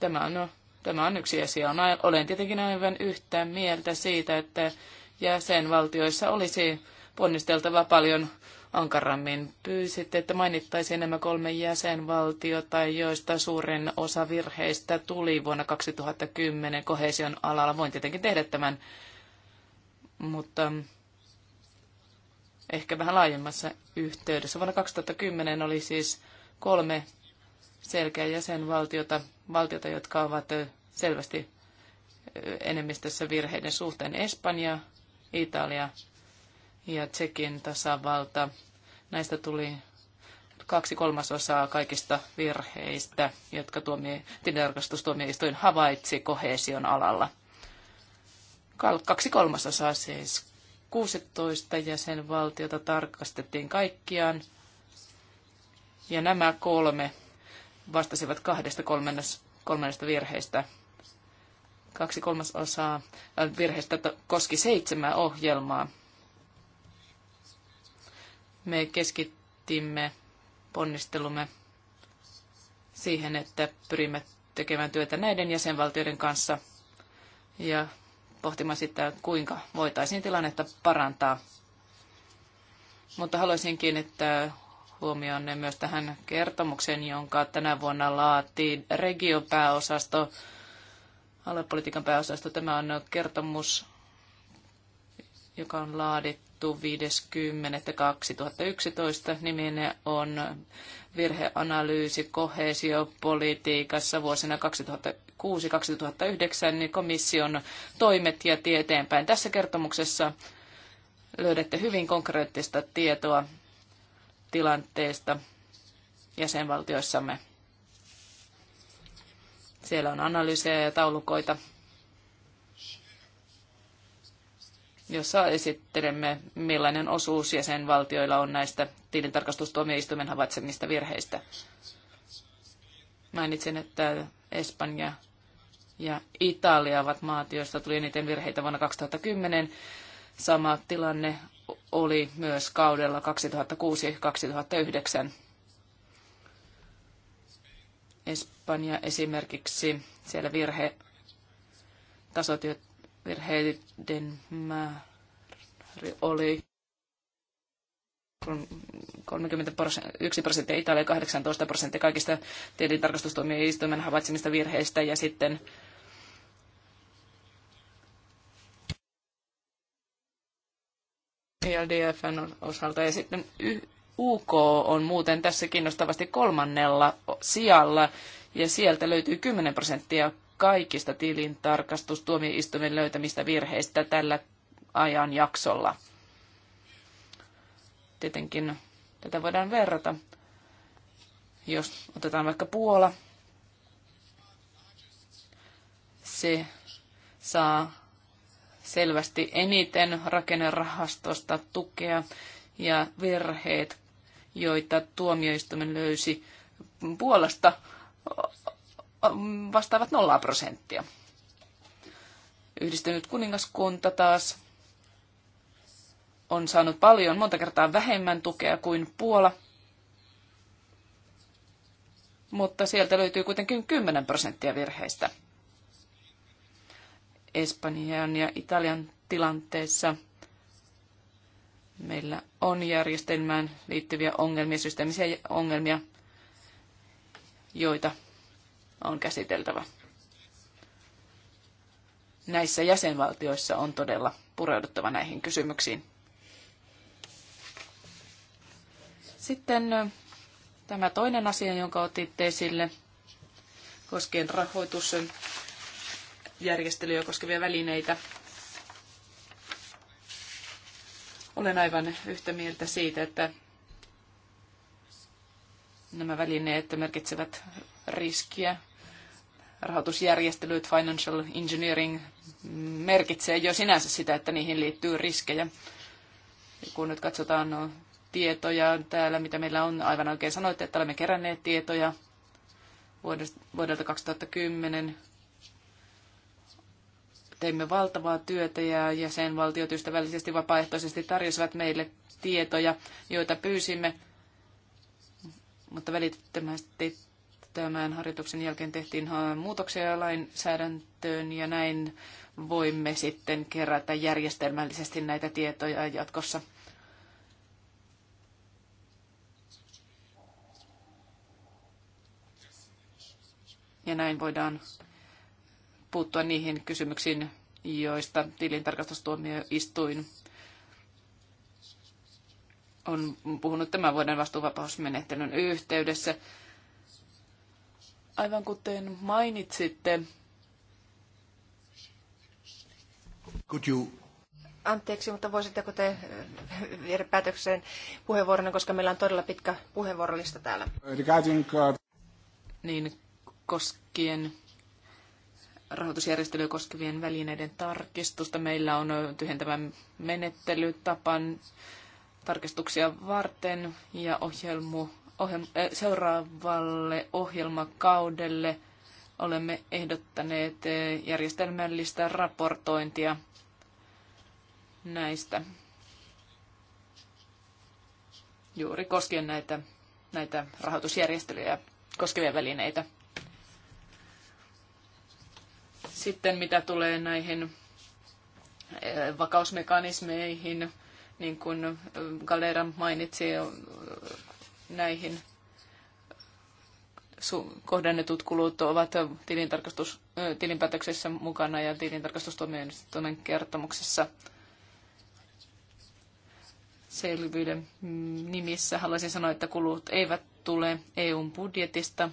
Tämä on Tämä on yksi asia. Olen tietenkin aivan yhtä mieltä siitä, että jäsenvaltioissa olisi ponnisteltava paljon ankarammin. Pyysitte, että mainittaisiin nämä kolme jäsenvaltiota, joista suurin osa virheistä tuli vuonna 2010 kohesion alalla. Voin tietenkin tehdä tämän, mutta ehkä vähän laajemmassa yhteydessä. Vuonna 2010 oli siis kolme selkeä jäsenvaltiota, valtiota, jotka ovat selvästi enemmistössä virheiden suhteen Espanja, Italia ja Tsekin tasavalta. Näistä tuli kaksi kolmasosaa kaikista virheistä, jotka tilintarkastustuomioistuin havaitsi kohesion alalla. Kaksi kolmasosaa siis 16 jäsenvaltiota tarkastettiin kaikkiaan. Ja nämä kolme vastasivat kahdesta kolmennes, kolmannesta virheestä. Kaksi kolmasosaa äh, virheestä koski seitsemää ohjelmaa. Me keskittimme ponnistelumme siihen, että pyrimme tekemään työtä näiden jäsenvaltioiden kanssa ja pohtimaan sitä, kuinka voitaisiin tilannetta parantaa. Mutta haluaisin kiinnittää ne myös tähän kertomukseen, jonka tänä vuonna laati regiopääosasto, aluepolitiikan pääosasto. Tämä on kertomus, joka on laadittu 50.2011. Niminen on virheanalyysi kohesiopolitiikassa vuosina 2006-2009 niin komission toimet ja tie eteenpäin. Tässä kertomuksessa löydätte hyvin konkreettista tietoa tilanteesta jäsenvaltioissamme. Siellä on analyysejä ja taulukoita, jossa esittelemme, millainen osuus jäsenvaltioilla on näistä tilintarkastustuomioistuimen havaitsemista virheistä. Mainitsen, että Espanja ja Italia ovat maat, joista tuli eniten virheitä vuonna 2010. Sama tilanne oli myös kaudella 2006-2009. Espanja esimerkiksi, siellä virhe, tasotyövirheiden virheiden määrä oli 31 prosenttia Italia, 18 prosenttia kaikista tilintarkastustuomioistuimen havaitsemista virheistä ja sitten ELDFn osalta. Ja sitten UK on muuten tässä kiinnostavasti kolmannella sijalla, ja sieltä löytyy 10 prosenttia kaikista tilintarkastustuomioistuimen löytämistä virheistä tällä ajanjaksolla. Tietenkin tätä voidaan verrata. Jos otetaan vaikka Puola, se saa selvästi eniten rakennerahastosta tukea ja virheet, joita tuomioistuimen löysi Puolasta, vastaavat nollaa prosenttia. Yhdistynyt kuningaskunta taas on saanut paljon, monta kertaa vähemmän tukea kuin Puola, mutta sieltä löytyy kuitenkin 10 prosenttia virheistä. Espanjan ja Italian tilanteessa meillä on järjestelmään liittyviä ongelmia, systeemisiä ongelmia, joita on käsiteltävä. Näissä jäsenvaltioissa on todella pureuduttava näihin kysymyksiin. Sitten tämä toinen asia, jonka otitte esille, koskien rahoitus järjestelyjä koskevia välineitä. Olen aivan yhtä mieltä siitä, että nämä välineet merkitsevät riskiä. Rahoitusjärjestelyt, financial engineering merkitsee jo sinänsä sitä, että niihin liittyy riskejä. Ja kun nyt katsotaan no, tietoja täällä, mitä meillä on, aivan oikein sanoitte, että olemme keränneet tietoja vuodelta 2010 teimme valtavaa työtä ja jäsenvaltiot ystävällisesti vapaaehtoisesti tarjosivat meille tietoja, joita pyysimme. Mutta välittömästi tämän harjoituksen jälkeen tehtiin muutoksia lainsäädäntöön ja näin voimme sitten kerätä järjestelmällisesti näitä tietoja jatkossa. Ja näin voidaan puuttua niihin kysymyksiin, joista tilintarkastustuomioistuin on puhunut tämän vuoden vastuuvapausmenettelyn yhteydessä. Aivan kuten mainitsitte, Could you anteeksi, mutta voisitteko te eh, viedä päätökseen puheenvuoronne, koska meillä on todella pitkä puheenvuorolista täällä. Uh, niin, koskien rahoitusjärjestelyä koskevien välineiden tarkistusta. Meillä on tyhjentävän menettelytapan tarkistuksia varten ja ohjelmu, ohjelma, eh, seuraavalle ohjelmakaudelle olemme ehdottaneet eh, järjestelmällistä raportointia näistä juuri koskien näitä, näitä rahoitusjärjestelyjä koskevia välineitä. Sitten mitä tulee näihin eh, vakausmekanismeihin, niin kuin eh, Galera mainitsi, eh, näihin kohdennetut kulut ovat tilintarkastus, tilinpäätöksessä mukana ja tilintarkastustoimen kertomuksessa selvyyden nimissä. Haluaisin sanoa, että kulut eivät tule EUn budjetista,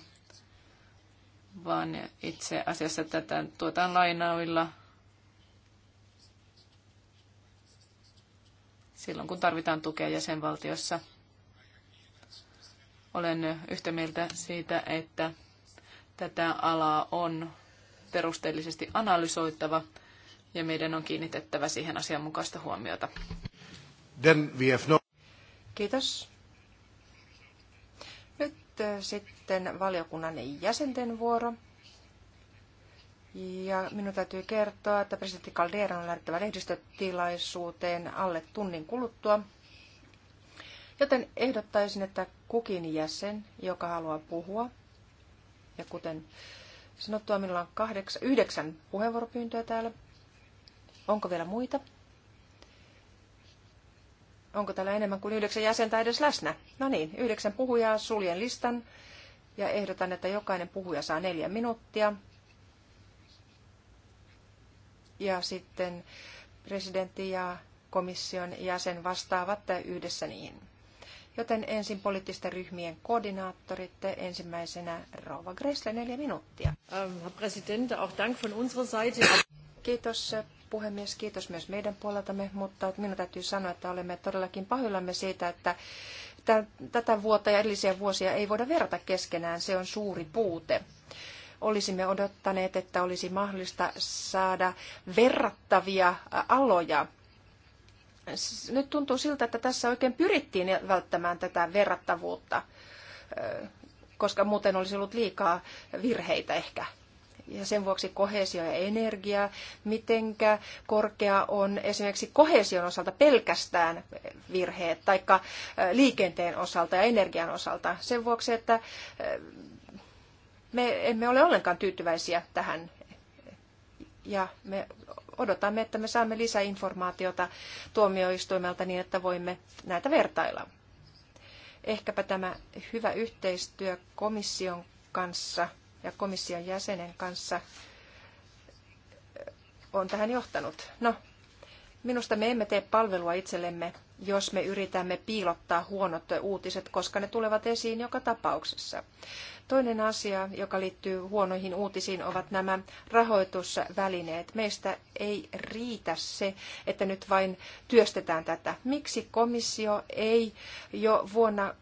vaan itse asiassa tätä tuotaan lainauilla silloin, kun tarvitaan tukea jäsenvaltiossa. Olen yhtä mieltä siitä, että tätä alaa on perusteellisesti analysoitava ja meidän on kiinnitettävä siihen asianmukaista huomiota. Then we have no... Kiitos. Äh, sitten valiokunnan jäsenten vuoro. Ja minun täytyy kertoa, että presidentti Caldera on lähdettävä lehdistötilaisuuteen alle tunnin kuluttua. Joten ehdottaisin, että kukin jäsen, joka haluaa puhua, ja kuten sanottua, minulla on kahdeksan, yhdeksän puheenvuoropyyntöä täällä. Onko vielä muita? Onko täällä enemmän kuin yhdeksän jäsentä edes läsnä? No niin, yhdeksän puhujaa, suljen listan ja ehdotan, että jokainen puhuja saa neljä minuuttia. Ja sitten presidentti ja komission jäsen vastaavat yhdessä niihin. Joten ensin poliittisten ryhmien koordinaattorit, ensimmäisenä Rova Gressle, neljä minuuttia. Ähm, Herr Präsident, auch Dank von unserer Seite. Kiitos puhemies, kiitos myös meidän puoleltamme, mutta minun täytyy sanoa, että olemme todellakin pahoillamme siitä, että tätä vuotta ja edellisiä vuosia ei voida verrata keskenään. Se on suuri puute. Olisimme odottaneet, että olisi mahdollista saada verrattavia aloja. Nyt tuntuu siltä, että tässä oikein pyrittiin välttämään tätä verrattavuutta, koska muuten olisi ollut liikaa virheitä ehkä ja sen vuoksi kohesio ja energia. Mitenkä korkea on esimerkiksi kohesion osalta pelkästään virheet, taikka liikenteen osalta ja energian osalta sen vuoksi, että me emme ole ollenkaan tyytyväisiä tähän ja me odotamme, että me saamme lisäinformaatiota tuomioistuimelta niin, että voimme näitä vertailla. Ehkäpä tämä hyvä yhteistyö komission kanssa – ja komission jäsenen kanssa on tähän johtanut. No, minusta me emme tee palvelua itsellemme, jos me yritämme piilottaa huonot uutiset, koska ne tulevat esiin joka tapauksessa. Toinen asia, joka liittyy huonoihin uutisiin, ovat nämä rahoitusvälineet. Meistä ei riitä se, että nyt vain työstetään tätä. Miksi komissio ei jo vuonna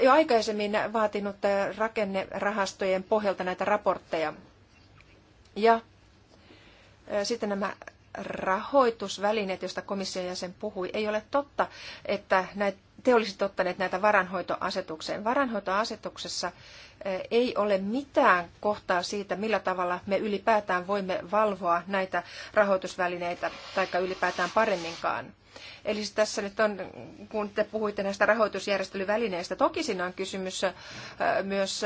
jo aikaisemmin vaatinut rakennerahastojen pohjalta näitä raportteja. Ja sitten nämä rahoitusvälineet, joista komission jäsen puhui, ei ole totta, että näitä, te olisitte ottaneet näitä varanhoitoasetukseen. Varanhoitoasetuksessa ei ole mitään kohtaa siitä, millä tavalla me ylipäätään voimme valvoa näitä rahoitusvälineitä, tai ylipäätään paremminkaan. Eli siis tässä nyt on, kun te puhuitte näistä rahoitusjärjestelyvälineistä, toki siinä on kysymys myös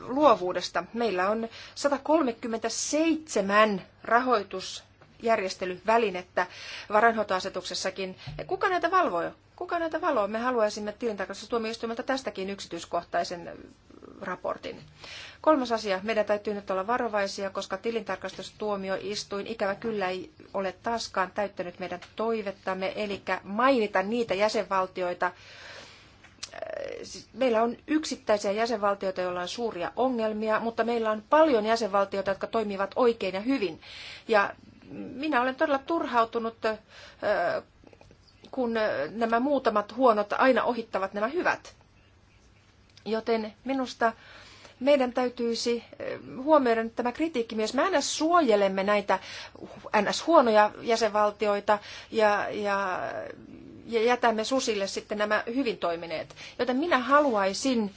luovuudesta. Meillä on 137 rahoitus järjestelyvälinettä varainhoitoasetuksessakin. kuka näitä valvoi? Kuka näitä valvoo? Me haluaisimme tilintarkastustuomioistuimelta tästäkin yksityiskohtaisen raportin. Kolmas asia, meidän täytyy nyt olla varovaisia, koska tilintarkastustuomioistuin ikävä kyllä ei ole taaskaan täyttänyt meidän toivettamme, eli mainita niitä jäsenvaltioita, siis meillä on yksittäisiä jäsenvaltioita, joilla on suuria ongelmia, mutta meillä on paljon jäsenvaltioita, jotka toimivat oikein ja hyvin. Ja minä olen todella turhautunut, kun nämä muutamat huonot aina ohittavat nämä hyvät. Joten minusta meidän täytyisi huomioida nyt tämä kritiikki myös. Me aina suojelemme näitä NS-huonoja jäsenvaltioita ja, ja, ja jätämme susille sitten nämä hyvin toimineet. Joten minä haluaisin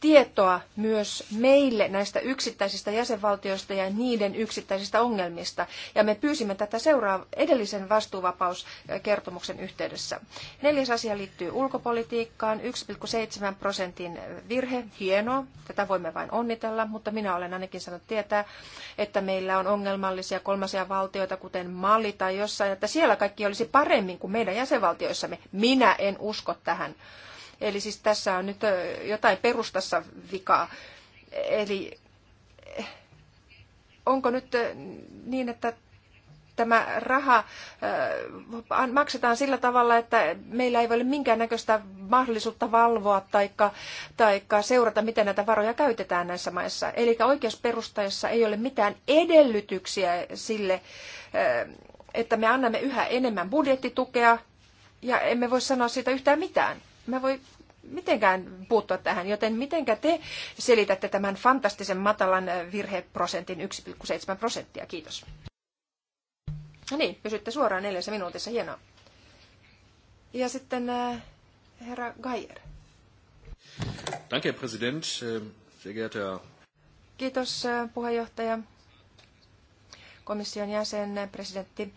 tietoa myös meille näistä yksittäisistä jäsenvaltioista ja niiden yksittäisistä ongelmista. Ja me pyysimme tätä seuraa edellisen vastuuvapauskertomuksen yhteydessä. Neljäs asia liittyy ulkopolitiikkaan. 1,7 prosentin virhe, hienoa. Tätä voimme vain onnitella, mutta minä olen ainakin saanut tietää, että meillä on ongelmallisia kolmasia valtioita, kuten Mali tai jossain, että siellä kaikki olisi paremmin kuin meidän jäsenvaltioissamme. Minä en usko tähän Eli siis tässä on nyt jotain perustassa vikaa. Eli eh, onko nyt niin, että tämä raha maksetaan sillä tavalla, että meillä ei ole minkäännäköistä mahdollisuutta valvoa tai taikka seurata, miten näitä varoja käytetään näissä maissa. Eli oikeusperustaessa ei ole mitään edellytyksiä sille, että me annamme yhä enemmän budjettitukea ja emme voi sanoa siitä yhtään mitään me voi mitenkään puuttua tähän, joten mitenkä te selitätte tämän fantastisen matalan virheprosentin 1,7 prosenttia? Kiitos. No niin, pysytte suoraan neljässä minuutissa, hienoa. Ja sitten äh, herra Geier. Danke, president. Äh, Kiitos äh, puheenjohtaja, komission jäsen, presidentti.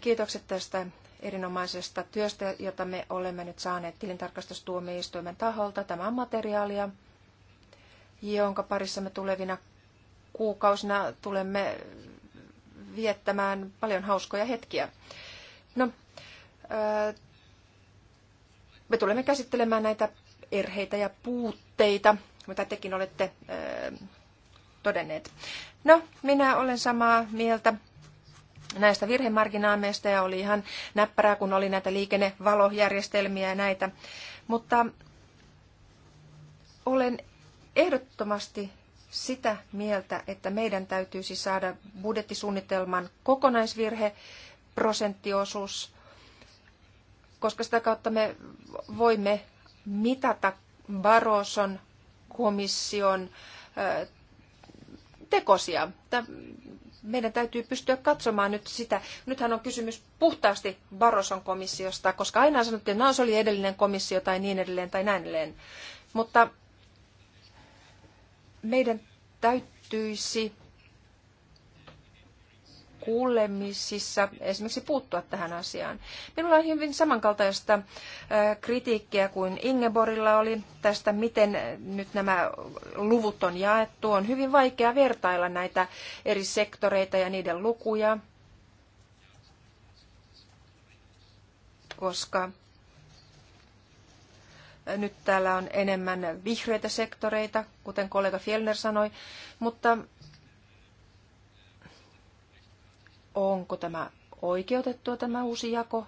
Kiitokset tästä erinomaisesta työstä, jota me olemme nyt saaneet tilintarkastustuomioistuimen taholta. Tämä on materiaalia, jonka parissa me tulevina kuukausina tulemme viettämään paljon hauskoja hetkiä. No, me tulemme käsittelemään näitä erheitä ja puutteita, mitä tekin olette todenneet. No, minä olen samaa mieltä näistä virhemarginaameista ja oli ihan näppärää, kun oli näitä liikennevalojärjestelmiä ja näitä. Mutta olen ehdottomasti sitä mieltä, että meidän täytyisi saada budjettisuunnitelman kokonaisvirhe prosenttiosuus, koska sitä kautta me voimme mitata Baroson komission tekosia meidän täytyy pystyä katsomaan nyt sitä. Nythän on kysymys puhtaasti Barroson komissiosta, koska aina sanottiin, että no, se oli edellinen komissio tai niin edelleen tai näin edelleen. Mutta meidän täytyisi kuulemisissa esimerkiksi puuttua tähän asiaan. Minulla on hyvin samankaltaista kritiikkiä kuin Ingeborilla oli tästä, miten nyt nämä luvut on jaettu. On hyvin vaikea vertailla näitä eri sektoreita ja niiden lukuja, koska nyt täällä on enemmän vihreitä sektoreita, kuten kollega Fjellner sanoi, mutta onko tämä oikeutettua tämä uusi jako,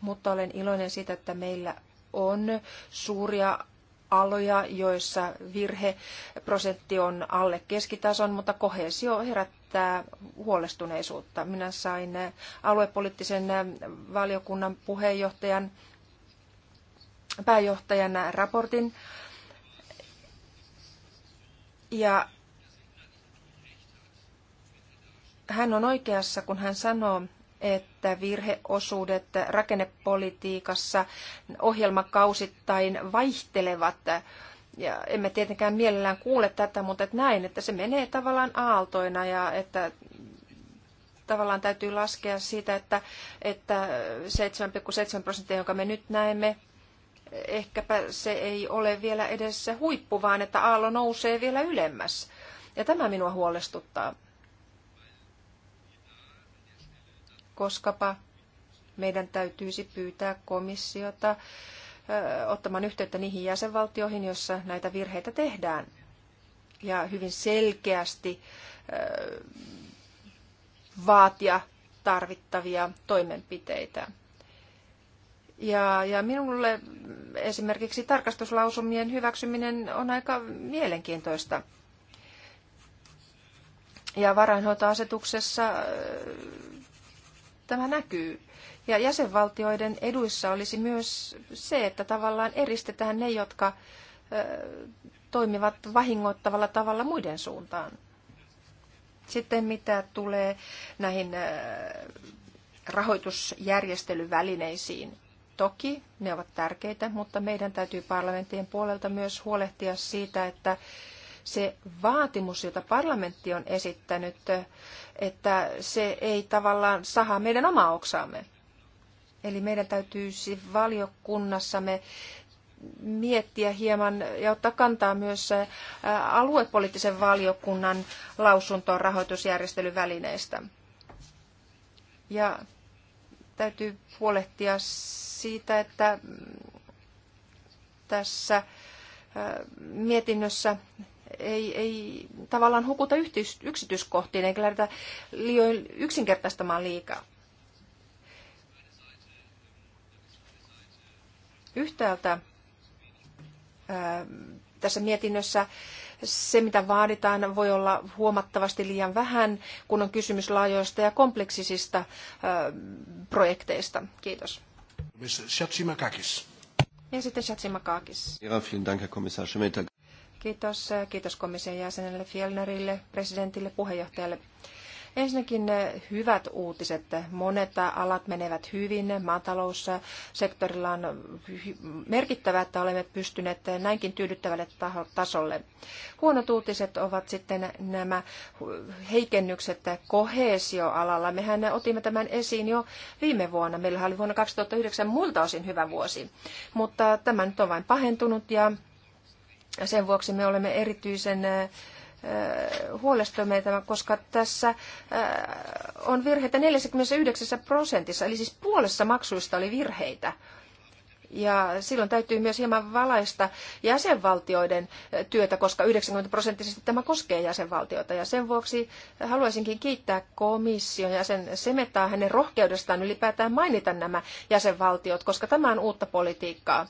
mutta olen iloinen siitä, että meillä on suuria aloja, joissa virheprosentti on alle keskitason, mutta kohesio herättää huolestuneisuutta. Minä sain aluepoliittisen valiokunnan puheenjohtajan pääjohtajan raportin ja hän on oikeassa, kun hän sanoo, että virheosuudet rakennepolitiikassa ohjelmakausittain vaihtelevat. Ja emme tietenkään mielellään kuule tätä, mutta että näin, että se menee tavallaan aaltoina ja että tavallaan täytyy laskea siitä, että, että 7,7 prosenttia, jonka me nyt näemme, ehkäpä se ei ole vielä edessä huippu, vaan että aallo nousee vielä ylemmäs. Ja tämä minua huolestuttaa. koskapa meidän täytyisi pyytää komissiota ottamaan yhteyttä niihin jäsenvaltioihin, joissa näitä virheitä tehdään. Ja hyvin selkeästi vaatia tarvittavia toimenpiteitä. Ja, ja minulle esimerkiksi tarkastuslausumien hyväksyminen on aika mielenkiintoista. Ja varainhoitoasetuksessa tämä näkyy. Ja jäsenvaltioiden eduissa olisi myös se, että tavallaan eristetään ne, jotka toimivat vahingoittavalla tavalla muiden suuntaan. Sitten mitä tulee näihin rahoitusjärjestelyvälineisiin. Toki ne ovat tärkeitä, mutta meidän täytyy parlamenttien puolelta myös huolehtia siitä, että se vaatimus, jota parlamentti on esittänyt, että se ei tavallaan saha meidän omaa oksaamme. Eli meidän täytyy valiokunnassamme miettiä hieman ja ottaa kantaa myös aluepoliittisen valiokunnan lausuntoon rahoitusjärjestelyvälineistä. Ja täytyy huolehtia siitä, että mm, tässä mietinnössä ei, ei tavallaan hukuta yksityiskohtiin eikä lähdetä liioin yksinkertaistamaan liikaa. Yhtäältä ää, tässä mietinnössä se, mitä vaaditaan, voi olla huomattavasti liian vähän, kun on kysymys laajoista ja kompleksisista ää, projekteista. Kiitos. Ja sitten Shatsimakakis. Ja, vielen Dank, Herr Kommissar Schemeta. Kiitos. Kiitos komission jäsenelle Fjellnerille, presidentille, puheenjohtajalle. Ensinnäkin eh, hyvät uutiset. Monet alat menevät hyvin. Maataloussektorilla on merkittävää, että olemme pystyneet näinkin tyydyttävälle tasolle. Huonot uutiset ovat sitten nämä heikennykset kohesioalalla. Mehän otimme tämän esiin jo viime vuonna. Meillähän oli vuonna 2009 muilta osin hyvä vuosi, mutta tämä nyt on vain pahentunut ja sen vuoksi me olemme erityisen huolestuneita, koska tässä on virheitä 49 prosentissa, eli siis puolessa maksuista oli virheitä. Ja silloin täytyy myös hieman valaista jäsenvaltioiden eh, työtä, koska 90 prosenttisesti tämä koskee jäsenvaltioita. Ja sen vuoksi haluaisinkin kiittää komission jäsen Semetaa hänen rohkeudestaan ylipäätään mainita nämä jäsenvaltiot, koska tämä on uutta politiikkaa.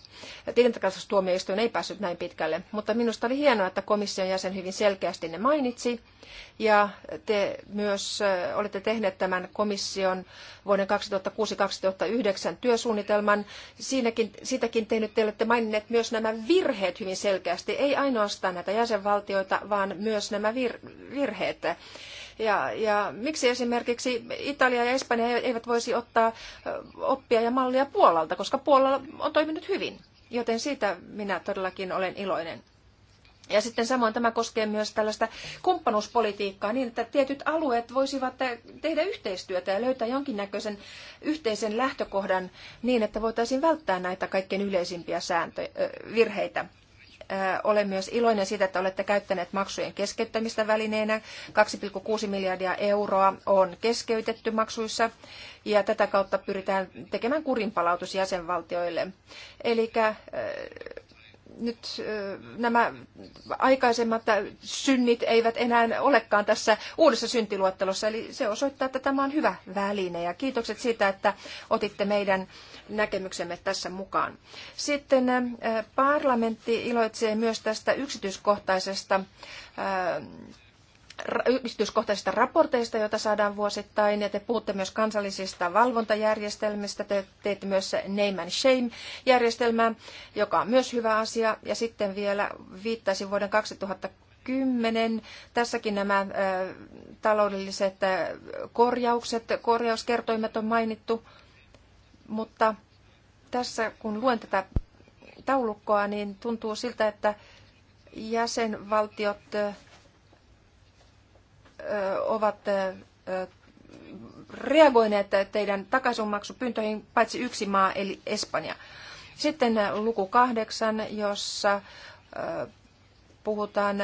Tilintarkastustuomioistuin ei päässyt näin pitkälle, mutta minusta oli hienoa, että komission jäsen hyvin selkeästi ne mainitsi. Ja te myös eh, olette tehneet tämän komission vuoden 2006-2009 työsuunnitelman. Siinäkin sitäkin tehnyt, te olette maininneet myös nämä virheet hyvin selkeästi, ei ainoastaan näitä jäsenvaltioita, vaan myös nämä vir- virheet. Ja, ja miksi esimerkiksi Italia ja Espanja eivät voisi ottaa oppia ja mallia Puolalta, koska Puolalla on toiminut hyvin. Joten siitä minä todellakin olen iloinen. Ja sitten samoin tämä koskee myös tällaista kumppanuuspolitiikkaa niin, että tietyt alueet voisivat tehdä yhteistyötä ja löytää jonkinnäköisen yhteisen lähtökohdan niin, että voitaisiin välttää näitä kaikkein yleisimpiä sääntö, virheitä. Olen myös iloinen siitä, että olette käyttäneet maksujen keskeyttämistä välineenä. 2,6 miljardia euroa on keskeytetty maksuissa ja tätä kautta pyritään tekemään kurinpalautus jäsenvaltioille. Eli nyt nämä aikaisemmat synnit eivät enää olekaan tässä uudessa syntiluettelossa. Eli se osoittaa, että tämä on hyvä väline. Ja kiitokset siitä, että otitte meidän näkemyksemme tässä mukaan. Sitten parlamentti iloitsee myös tästä yksityiskohtaisesta yksityiskohtaisista raporteista, joita saadaan vuosittain, ja te puhutte myös kansallisista valvontajärjestelmistä, te teette myös name and shame-järjestelmää, joka on myös hyvä asia, ja sitten vielä viittaisin vuoden 2010. Tässäkin nämä taloudelliset korjaukset, korjauskertoimet on mainittu, mutta tässä kun luen tätä taulukkoa, niin tuntuu siltä, että jäsenvaltiot ovat reagoineet teidän takaisinmaksupyyntöihin, paitsi yksi maa, eli Espanja. Sitten luku kahdeksan, jossa puhutaan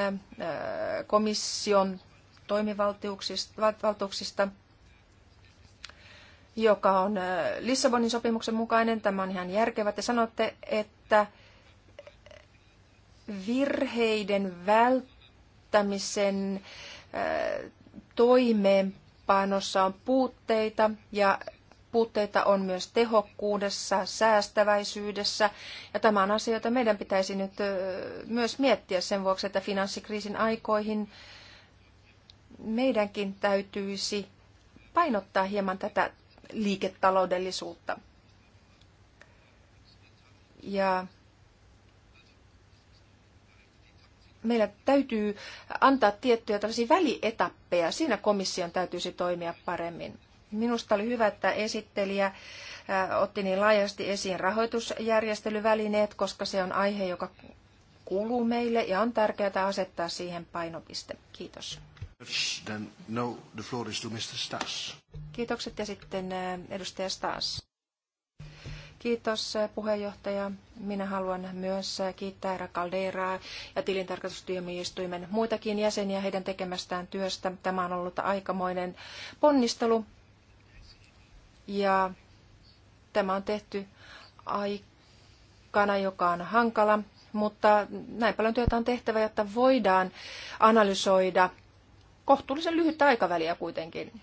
komission toimivaltuuksista, joka on Lissabonin sopimuksen mukainen. Tämä on ihan järkevä. Te sanotte, että virheiden välttämisen toimeenpanossa on puutteita ja puutteita on myös tehokkuudessa, säästäväisyydessä ja tämä on asia, jota meidän pitäisi nyt myös miettiä sen vuoksi, että finanssikriisin aikoihin meidänkin täytyisi painottaa hieman tätä liiketaloudellisuutta. Ja meillä täytyy antaa tiettyjä tällaisia välietappeja. Siinä komission täytyisi toimia paremmin. Minusta oli hyvä, että esittelijä otti niin laajasti esiin rahoitusjärjestelyvälineet, koska se on aihe, joka kuuluu meille ja on tärkeää asettaa siihen painopiste. Kiitos. Then, no, the floor is to Mr. Stas. Kiitokset ja sitten edustaja Stas. Kiitos eh, puheenjohtaja. Minä haluan myös eh, kiittää herra Kaldeiraa ja tilintarkastustyömiistuimen muitakin jäseniä heidän tekemästään työstä. Tämä on ollut aikamoinen ponnistelu ja tämä on tehty aikana, joka on hankala, mutta näin paljon työtä on tehtävä, jotta voidaan analysoida kohtuullisen lyhyttä aikaväliä kuitenkin.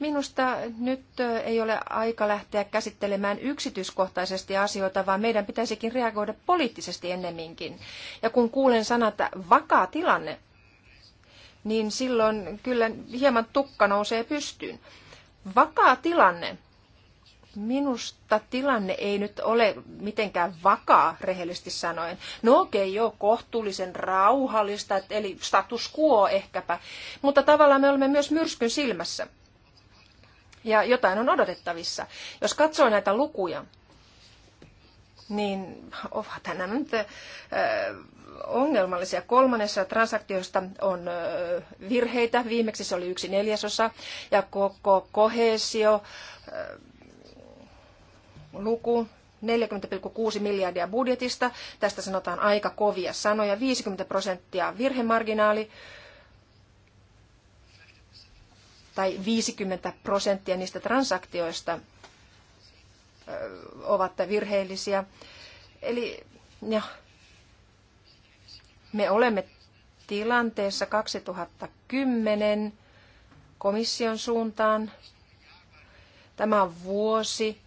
Minusta nyt ei ole aika lähteä käsittelemään yksityiskohtaisesti asioita, vaan meidän pitäisikin reagoida poliittisesti ennemminkin. Ja kun kuulen sanat vakaa tilanne, niin silloin kyllä hieman tukka nousee pystyyn. Vakaa tilanne. Minusta tilanne ei nyt ole mitenkään vakaa, rehellisesti sanoen. No okei, okay, joo, kohtuullisen rauhallista, eli status quo ehkäpä. Mutta tavallaan me olemme myös myrskyn silmässä. Ja jotain on odotettavissa. Jos katsoo näitä lukuja, niin ovat nämä nyt ongelmallisia. Kolmannessa transaktiosta on virheitä, viimeksi se oli yksi neljäsosa, ja koko kohesio luku 40,6 miljardia budjetista, tästä sanotaan aika kovia sanoja, 50 prosenttia virhemarginaali, tai 50 prosenttia niistä transaktioista ovat virheellisiä. Eli ja, me olemme tilanteessa 2010 komission suuntaan. Tämä on vuosi,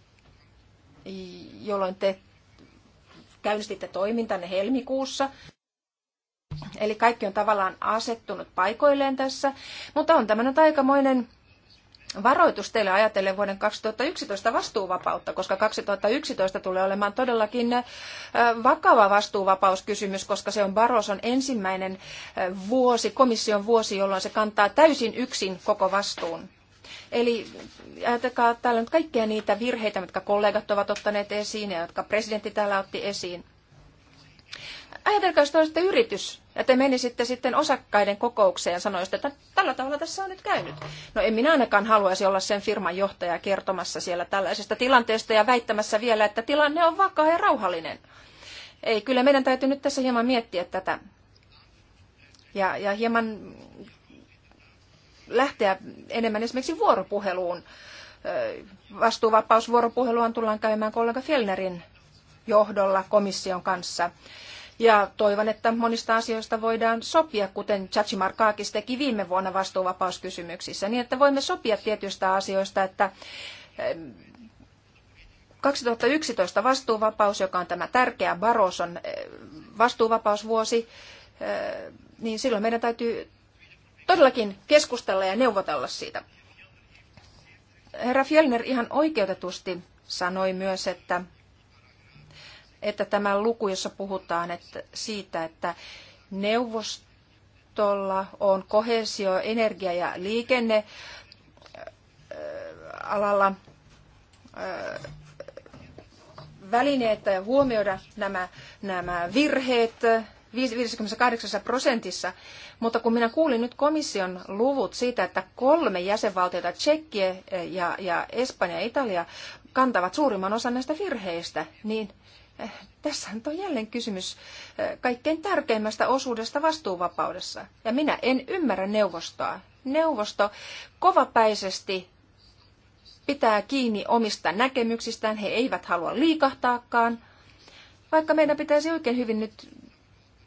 jolloin te käynnistitte toimintanne helmikuussa. Eli kaikki on tavallaan asettunut paikoilleen tässä, mutta on tämmöinen aikamoinen varoitus teille ajatellen vuoden 2011 vastuuvapautta, koska 2011 tulee olemaan todellakin vakava vastuuvapauskysymys, koska se on Baroson ensimmäinen vuosi, komission vuosi, jolloin se kantaa täysin yksin koko vastuun. Eli ajatelkaa täällä nyt kaikkia niitä virheitä, jotka kollegat ovat ottaneet esiin ja jotka presidentti täällä otti esiin. Ajatelkaa, jos te yritys ja te menisitte sitten osakkaiden kokoukseen ja sanoisitte, että tällä tavalla tässä on nyt käynyt. No en minä ainakaan haluaisi olla sen firman johtaja kertomassa siellä tällaisesta tilanteesta ja väittämässä vielä, että tilanne on vakaa ja rauhallinen. Ei, kyllä meidän täytyy nyt tässä hieman miettiä tätä ja, ja hieman lähteä enemmän esimerkiksi vuoropuheluun. Vastuuvapausvuoropuhelua tullaan käymään kollega Fellnerin johdolla komission kanssa. Ja toivon, että monista asioista voidaan sopia, kuten Chachimarkaakis teki viime vuonna vastuuvapauskysymyksissä, niin että voimme sopia tietyistä asioista, että 2011 vastuuvapaus, joka on tämä tärkeä Baroson vastuuvapausvuosi, niin silloin meidän täytyy todellakin keskustella ja neuvotella siitä. Herra Fjellner ihan oikeutetusti sanoi myös, että että tämä luku, jossa puhutaan että siitä, että neuvostolla on kohesio, energia ja liikenne äh, alalla äh, välineet huomioida nämä, nämä virheet 58 prosentissa, mutta kun minä kuulin nyt komission luvut siitä, että kolme jäsenvaltiota, Tsekkiä ja, ja Espanja ja Italia, kantavat suurimman osan näistä virheistä, niin Eh, tässä on jälleen kysymys eh, kaikkein tärkeimmästä osuudesta vastuuvapaudessa. Ja minä en ymmärrä neuvostoa. Neuvosto kovapäisesti pitää kiinni omista näkemyksistään, he eivät halua liikahtaakaan, vaikka meidän pitäisi oikein hyvin nyt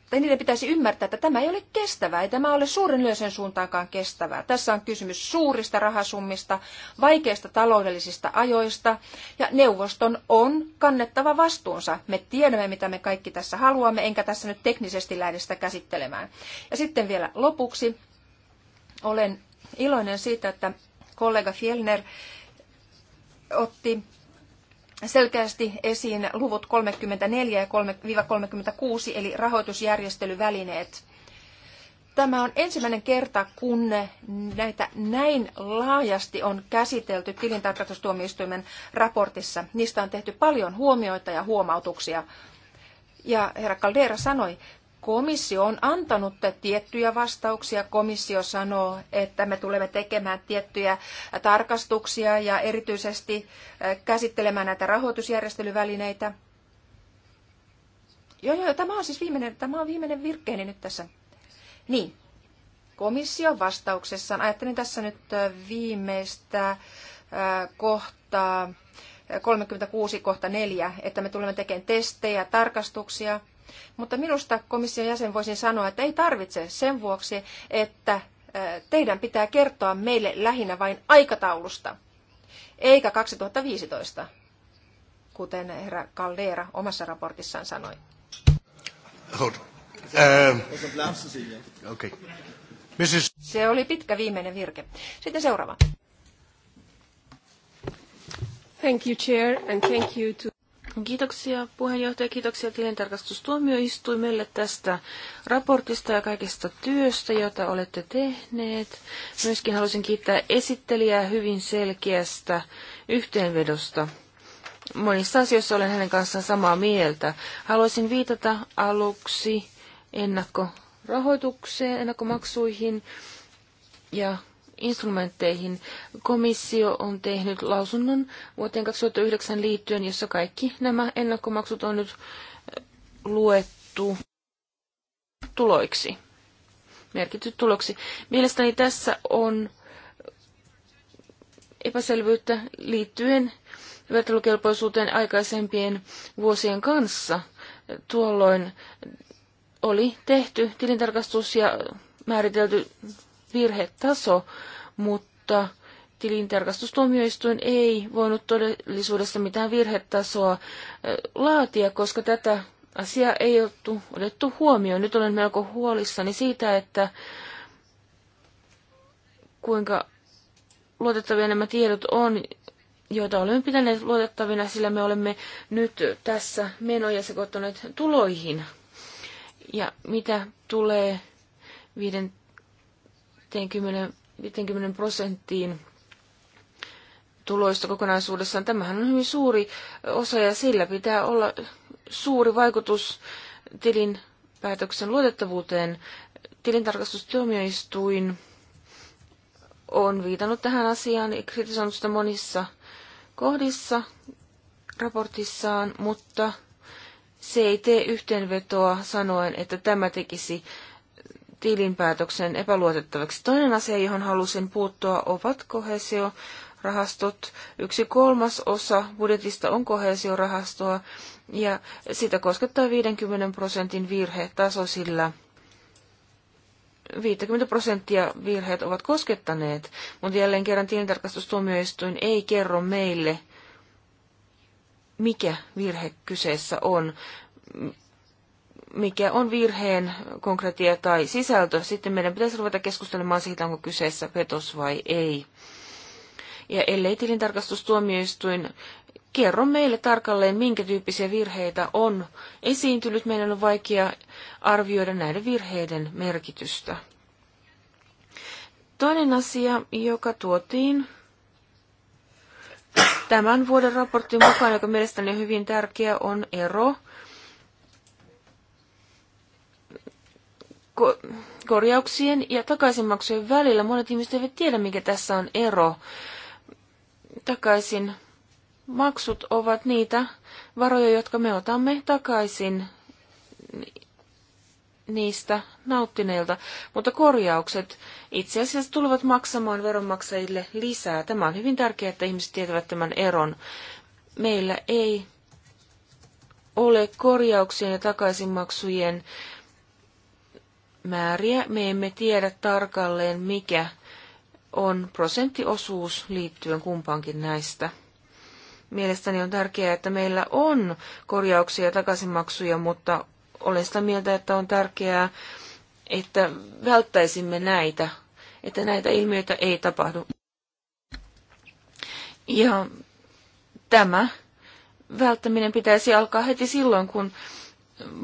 tai niiden pitäisi ymmärtää, että tämä ei ole kestävää, ei tämä ole suuren yleisön suuntaankaan kestävää. Tässä on kysymys suurista rahasummista, vaikeista taloudellisista ajoista, ja neuvoston on kannettava vastuunsa. Me tiedämme, mitä me kaikki tässä haluamme, enkä tässä nyt teknisesti lähde sitä käsittelemään. Ja sitten vielä lopuksi, olen iloinen siitä, että kollega Fjellner otti selkeästi esiin luvut 34 ja 36, eli rahoitusjärjestelyvälineet. Tämä on ensimmäinen kerta, kun näitä näin laajasti on käsitelty tilintarkastustuomioistuimen raportissa. Niistä on tehty paljon huomioita ja huomautuksia. Ja herra Caldera sanoi, komissio on antanut tiettyjä vastauksia. Komissio sanoo, että me tulemme tekemään tiettyjä tarkastuksia ja erityisesti eh, käsittelemään näitä rahoitusjärjestelyvälineitä. Joo, joo, tämä on siis viimeinen, tämä on viimeinen virkkeeni nyt tässä. Niin, komission vastauksessaan, ajattelin tässä nyt eh, viimeistä eh, kohtaa 36 kohta 4, että me tulemme tekemään testejä, tarkastuksia, mutta minusta komission jäsen voisin sanoa, että ei tarvitse sen vuoksi, että teidän pitää kertoa meille lähinnä vain aikataulusta, eikä 2015, kuten herra Caldera omassa raportissaan sanoi. Hold. Ähm, okay. Mrs. Se oli pitkä viimeinen virke. Sitten seuraava. Thank you, Chair, and thank you to... Kiitoksia puheenjohtaja, kiitoksia tilintarkastustuomioistuimelle tästä raportista ja kaikesta työstä, jota olette tehneet. Myöskin haluaisin kiittää esittelijää hyvin selkeästä yhteenvedosta. Monissa asioissa olen hänen kanssaan samaa mieltä. Haluaisin viitata aluksi ennakkorahoitukseen, ennakkomaksuihin ja instrumentteihin. Komissio on tehnyt lausunnon vuoteen 2009 liittyen, jossa kaikki nämä ennakkomaksut on nyt äh, luettu tuloiksi, merkitty tuloksi. Mielestäni tässä on epäselvyyttä liittyen vertailukelpoisuuteen aikaisempien vuosien kanssa. Tuolloin oli tehty tilintarkastus ja määritelty virhetaso, mutta tilintarkastustuomioistuin ei voinut todellisuudessa mitään virhetasoa laatia, koska tätä asiaa ei ole otettu huomioon. Nyt olen melko huolissani siitä, että kuinka luotettavia nämä tiedot on, joita olemme pitäneet luotettavina, sillä me olemme nyt tässä menoja sekoittaneet tuloihin. Ja mitä tulee viiden 50, prosenttiin tuloista kokonaisuudessaan. Tämähän on hyvin suuri osa ja sillä pitää olla suuri vaikutus tilin päätöksen luotettavuuteen. Tilintarkastustuomioistuin on viitannut tähän asiaan ja kritisoinut sitä monissa kohdissa raportissaan, mutta se ei tee yhteenvetoa sanoen, että tämä tekisi tilinpäätöksen epäluotettavaksi. Toinen asia, johon halusin puuttua, ovat kohesiorahastot. Yksi kolmas osa budjetista on kohesiorahastoa ja sitä koskettaa 50 prosentin virhetaso, sillä 50 prosenttia virheet ovat koskettaneet, mutta jälleen kerran tilintarkastustuomioistuin ei kerro meille, mikä virhe kyseessä on mikä on virheen konkreettia tai sisältö. Sitten meidän pitäisi ruveta keskustelemaan siitä, onko kyseessä petos vai ei. Ja ellei tilintarkastustuomioistuin kerro meille tarkalleen, minkä tyyppisiä virheitä on esiintynyt, meidän on vaikea arvioida näiden virheiden merkitystä. Toinen asia, joka tuotiin tämän vuoden raportin mukaan, joka mielestäni on hyvin tärkeä, on ero korjauksien ja takaisinmaksujen välillä. Monet ihmiset eivät tiedä, mikä tässä on ero. Takaisin maksut ovat niitä varoja, jotka me otamme takaisin niistä nauttineilta, mutta korjaukset itse asiassa tulevat maksamaan veronmaksajille lisää. Tämä on hyvin tärkeää, että ihmiset tietävät tämän eron. Meillä ei ole korjauksien ja takaisinmaksujen määriä. Me emme tiedä tarkalleen, mikä on prosenttiosuus liittyen kumpaankin näistä. Mielestäni on tärkeää, että meillä on korjauksia ja takaisinmaksuja, mutta olen sitä mieltä, että on tärkeää, että välttäisimme näitä, että näitä ilmiöitä ei tapahdu. Ja tämä välttäminen pitäisi alkaa heti silloin, kun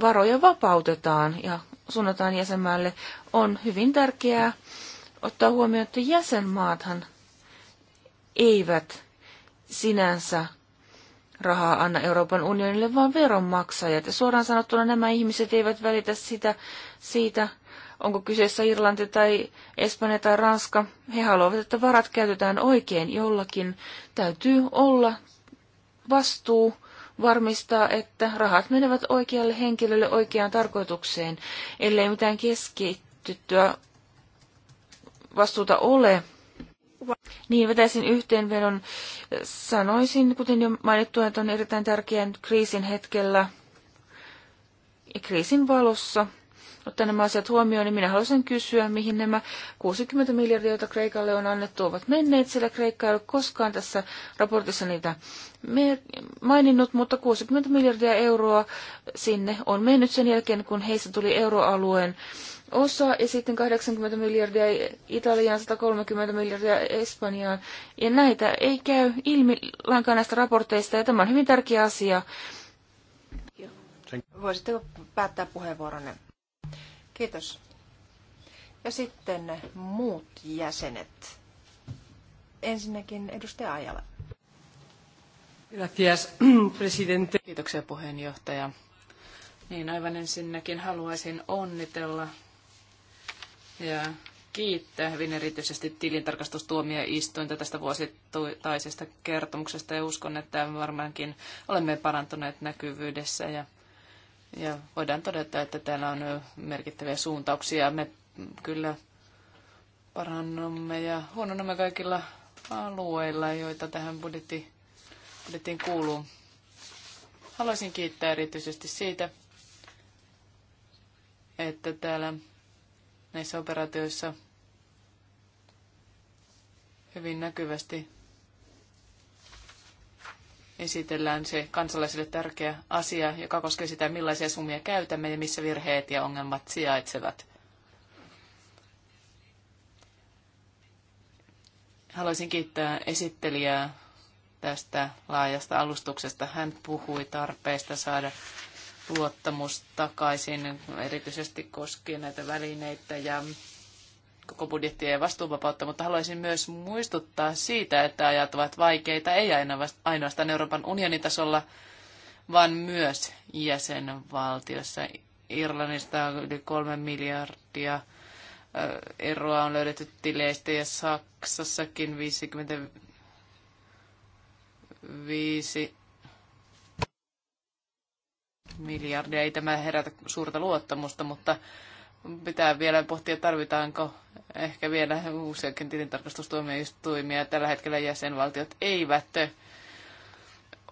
varoja vapautetaan ja suunnataan jäsenmaalle, on hyvin tärkeää ottaa huomioon, että jäsenmaathan eivät sinänsä rahaa anna Euroopan unionille, vaan veronmaksajat. Ja suoraan sanottuna nämä ihmiset eivät välitä sitä, siitä, onko kyseessä Irlanti tai Espanja tai Ranska. He haluavat, että varat käytetään oikein jollakin. Täytyy olla vastuu varmistaa, että rahat menevät oikealle henkilölle oikeaan tarkoitukseen, ellei mitään keskityttyä vastuuta ole. Niin, vetäisin yhteenvedon. Sanoisin, kuten jo mainittu, että on erittäin tärkeän kriisin hetkellä ja kriisin valossa – ottaa nämä asiat huomioon, niin minä haluaisin kysyä, mihin nämä 60 miljardia, joita Kreikalle on annettu, ovat menneet, sillä Kreikka ei ole koskaan tässä raportissa niitä maininnut, mutta 60 miljardia euroa sinne on mennyt sen jälkeen, kun heistä tuli euroalueen osa ja sitten 80 miljardia Italiaan, 130 miljardia Espanjaan. Ja näitä ei käy ilmi lainkaan näistä raporteista ja tämä on hyvin tärkeä asia. Voisitteko päättää puheenvuoronne? Kiitos. Ja sitten muut jäsenet. Ensinnäkin edustaja Ajala. Gracias, presidente. Kiitoksia puheenjohtaja. Niin aivan ensinnäkin haluaisin onnitella ja kiittää hyvin erityisesti tilintarkastustuomioistuinta tästä vuosittaisesta kertomuksesta ja uskon, että varmaankin olemme parantuneet näkyvyydessä ja ja voidaan todeta, että täällä on merkittäviä suuntauksia. Me kyllä parannamme ja huononamme kaikilla alueilla, joita tähän budjetti, budjettiin kuuluu. Haluaisin kiittää erityisesti siitä, että täällä näissä operaatioissa hyvin näkyvästi esitellään se kansalaisille tärkeä asia, joka koskee sitä, millaisia summia käytämme ja missä virheet ja ongelmat sijaitsevat. Haluaisin kiittää esittelijää tästä laajasta alustuksesta. Hän puhui tarpeesta saada luottamus takaisin, erityisesti koskien näitä välineitä ja koko budjettia ja vastuunvapautta, mutta haluaisin myös muistuttaa siitä, että ajat ovat vaikeita, ei aina ainoastaan Euroopan unionin tasolla, vaan myös jäsenvaltiossa. Irlannista yli kolme miljardia eroa on löydetty tileistä ja Saksassakin 55 miljardia. Ei tämä herätä suurta luottamusta, mutta pitää vielä pohtia, tarvitaanko ehkä vielä uusiakin tilintarkastustuomioistuimia. Tällä hetkellä jäsenvaltiot eivät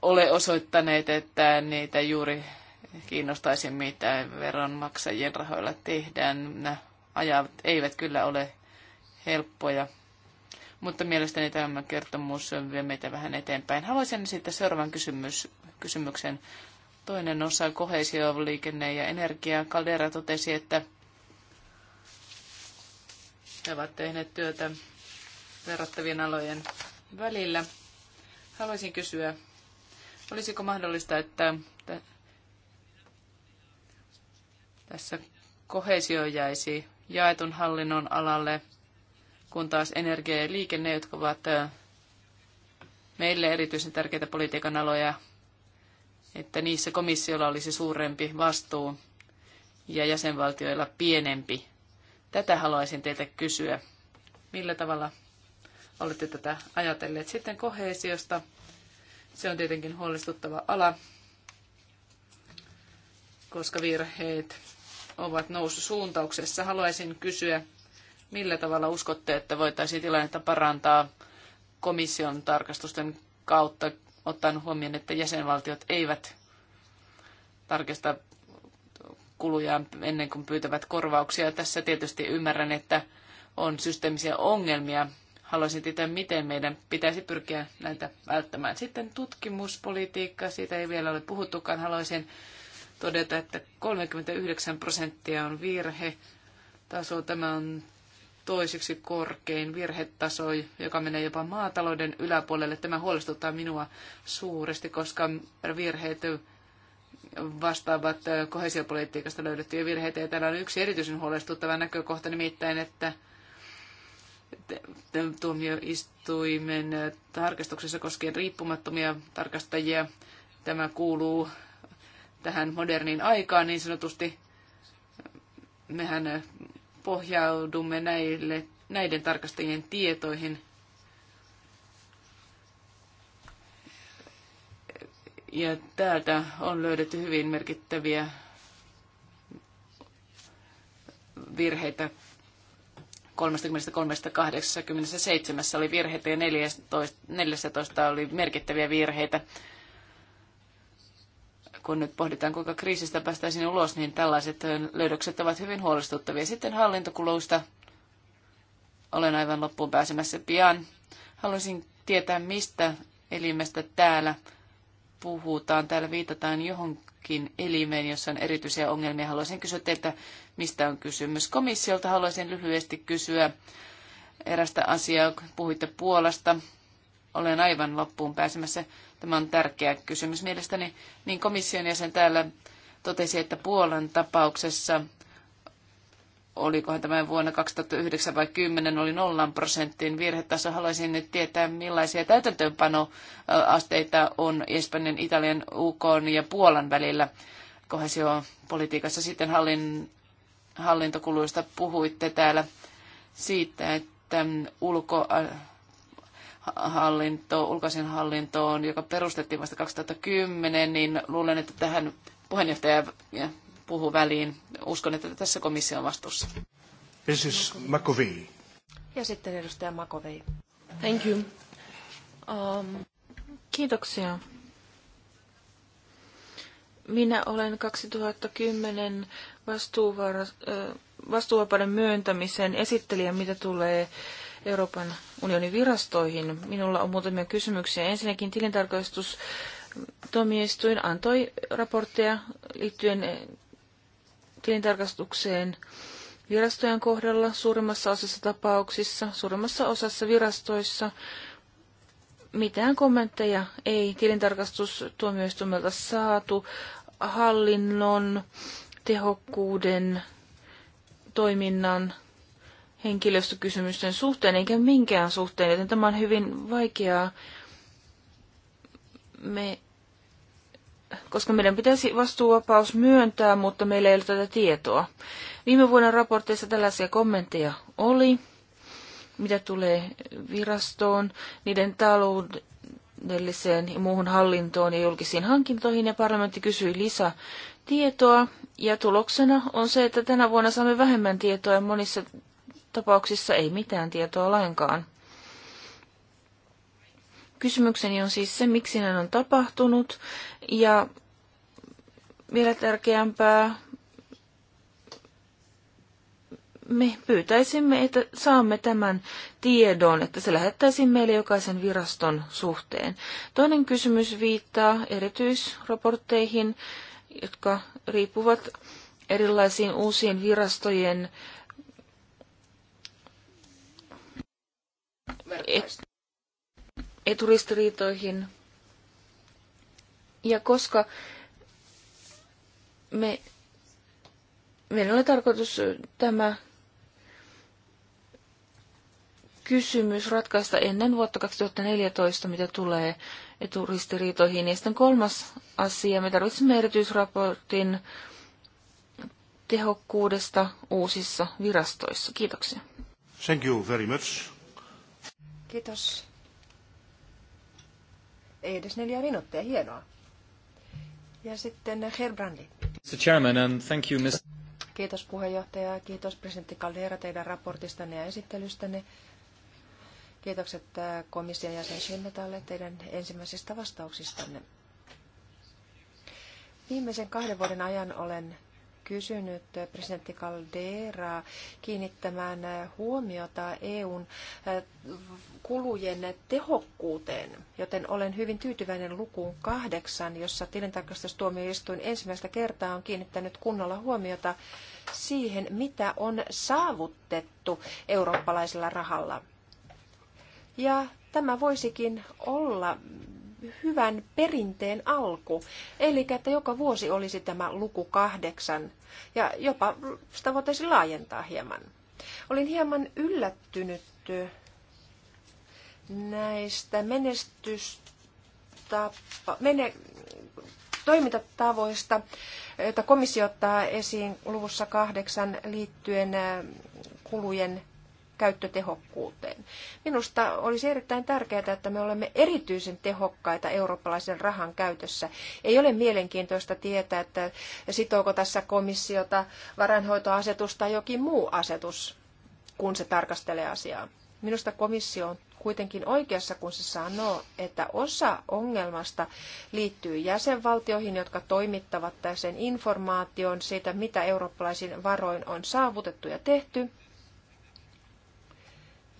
ole osoittaneet, että niitä juuri kiinnostaisi, mitä veronmaksajien rahoilla tehdään. Nämä ajat eivät kyllä ole helppoja, mutta mielestäni tämä kertomus vie meitä vähän eteenpäin. Haluaisin sitten seuraavan kysymys, kysymyksen. Toinen osa, kohesio, liikenne ja energia. Kaldera totesi, että he ovat tehneet työtä verrattavien alojen välillä. Haluaisin kysyä, olisiko mahdollista, että tässä kohesio jäisi jaetun hallinnon alalle, kun taas energia ja liikenne, jotka ovat meille erityisen tärkeitä politiikan aloja, että niissä komissiolla olisi suurempi vastuu ja jäsenvaltioilla pienempi Tätä haluaisin teiltä kysyä. Millä tavalla olette tätä ajatelleet? Sitten kohesiosta. Se on tietenkin huolestuttava ala, koska virheet ovat suuntauksessa. Haluaisin kysyä, millä tavalla uskotte, että voitaisiin tilannetta parantaa komission tarkastusten kautta, ottaen huomioon, että jäsenvaltiot eivät tarkista kuluja ennen kuin pyytävät korvauksia. Tässä tietysti ymmärrän, että on systeemisiä ongelmia. Haluaisin tietää, miten meidän pitäisi pyrkiä näitä välttämään. Sitten tutkimuspolitiikka, siitä ei vielä ole puhuttukaan. Haluaisin todeta, että 39 prosenttia on Taso, Tämä on toiseksi korkein virhetaso, joka menee jopa maatalouden yläpuolelle. Tämä huolestuttaa minua suuresti, koska virheet vastaavat kohesiopolitiikasta löydettyjä virheitä. Ja täällä on yksi erityisen huolestuttava näkökohta, nimittäin, että tuomioistuimen tarkastuksessa koskien riippumattomia tarkastajia. Tämä kuuluu tähän moderniin aikaan niin sanotusti. Mehän pohjaudumme näille, näiden tarkastajien tietoihin Ja täältä on löydetty hyvin merkittäviä virheitä 33-87 oli virheitä ja 14, 14 oli merkittäviä virheitä. Kun nyt pohditaan, kuinka kriisistä päästäisiin ulos, niin tällaiset löydökset ovat hyvin huolestuttavia. Sitten hallintokuluista olen aivan loppuun pääsemässä pian. Haluaisin tietää, mistä elimestä täällä puhutaan, täällä viitataan johonkin elimeen, jossa on erityisiä ongelmia. Haluaisin kysyä teiltä, mistä on kysymys. Komissiolta haluaisin lyhyesti kysyä erästä asiaa, kun puhuitte Puolasta. Olen aivan loppuun pääsemässä. Tämä on tärkeä kysymys mielestäni. Niin komission jäsen täällä totesi, että Puolan tapauksessa olikohan tämä vuonna 2009 vai 10 oli nollan prosentin virhetaso. Haluaisin nyt tietää, millaisia täytäntöönpanoasteita on Espanjan, Italian, UK ja Puolan välillä kohesiopolitiikassa. Sitten hallin, hallintokuluista puhuitte täällä siitä, että ulko, hallinto, ulkoisen hallintoon, joka perustettiin vasta 2010, niin luulen, että tähän puheenjohtaja puhuu väliin. Uskon, että tässä komissio on vastuussa. Mrs. McAvey. Ja sitten edustaja McAvey. Thank you. Um, kiitoksia. Minä olen 2010 vastuuvapauden myöntämisen esittelijä, mitä tulee Euroopan unionin virastoihin. Minulla on muutamia kysymyksiä. Ensinnäkin tilintarkastus Tomi antoi raportteja liittyen tilintarkastukseen virastojen kohdalla suurimmassa osassa tapauksissa, suurimmassa osassa virastoissa. Mitään kommentteja ei tilintarkastustuomioistuimelta saatu hallinnon, tehokkuuden, toiminnan, henkilöstökysymysten suhteen eikä minkään suhteen, joten tämä on hyvin vaikeaa. Me koska meidän pitäisi vastuuvapaus myöntää, mutta meillä ei ole tätä tietoa. Viime vuoden raporteissa tällaisia kommentteja oli, mitä tulee virastoon, niiden taloudelliseen ja muuhun hallintoon ja julkisiin hankintoihin, ja parlamentti kysyi lisätietoa, ja tuloksena on se, että tänä vuonna saamme vähemmän tietoa ja monissa tapauksissa ei mitään tietoa lainkaan. Kysymykseni on siis se, miksi näin on tapahtunut ja vielä tärkeämpää, me pyytäisimme, että saamme tämän tiedon, että se lähettäisiin meille jokaisen viraston suhteen. Toinen kysymys viittaa erityisraportteihin, jotka riippuvat erilaisiin uusien virastojen eturistiriitoihin. Ja koska me, meillä oli tarkoitus tämä kysymys ratkaista ennen vuotta 2014, mitä tulee eturistiriitoihin. Ja sitten kolmas asia, me tarvitsemme erityisraportin tehokkuudesta uusissa virastoissa. Kiitoksia. Thank you very much. Kiitos. Ei edes neljä minuuttia, hienoa. Ja sitten Herbrandi. Mr. Chairman, and thank you, Mr. Kiitos puheenjohtaja, kiitos presidentti Caldera teidän raportistanne ja esittelystänne. Kiitokset äh, komission jäsen Schimmetalle teidän ensimmäisistä vastauksistanne. Viimeisen kahden vuoden ajan olen kysynyt presidentti Calderaa kiinnittämään huomiota EUn kulujen tehokkuuteen, joten olen hyvin tyytyväinen lukuun kahdeksan, jossa tilintarkastustuomioistuin ensimmäistä kertaa on kiinnittänyt kunnolla huomiota siihen, mitä on saavutettu eurooppalaisella rahalla. Ja tämä voisikin olla hyvän perinteen alku. Eli että joka vuosi olisi tämä luku kahdeksan ja jopa sitä voitaisiin laajentaa hieman. Olin hieman yllättynyt näistä menestystapa, mene, toimintatavoista, joita komissio ottaa esiin luvussa kahdeksan liittyen kulujen käyttötehokkuuteen. Minusta olisi erittäin tärkeää, että me olemme erityisen tehokkaita eurooppalaisen rahan käytössä. Ei ole mielenkiintoista tietää, että sitooko tässä komissiota varainhoitoasetus tai jokin muu asetus, kun se tarkastelee asiaa. Minusta komissio on kuitenkin oikeassa, kun se sanoo, että osa ongelmasta liittyy jäsenvaltioihin, jotka toimittavat sen informaation siitä, mitä eurooppalaisin varoin on saavutettu ja tehty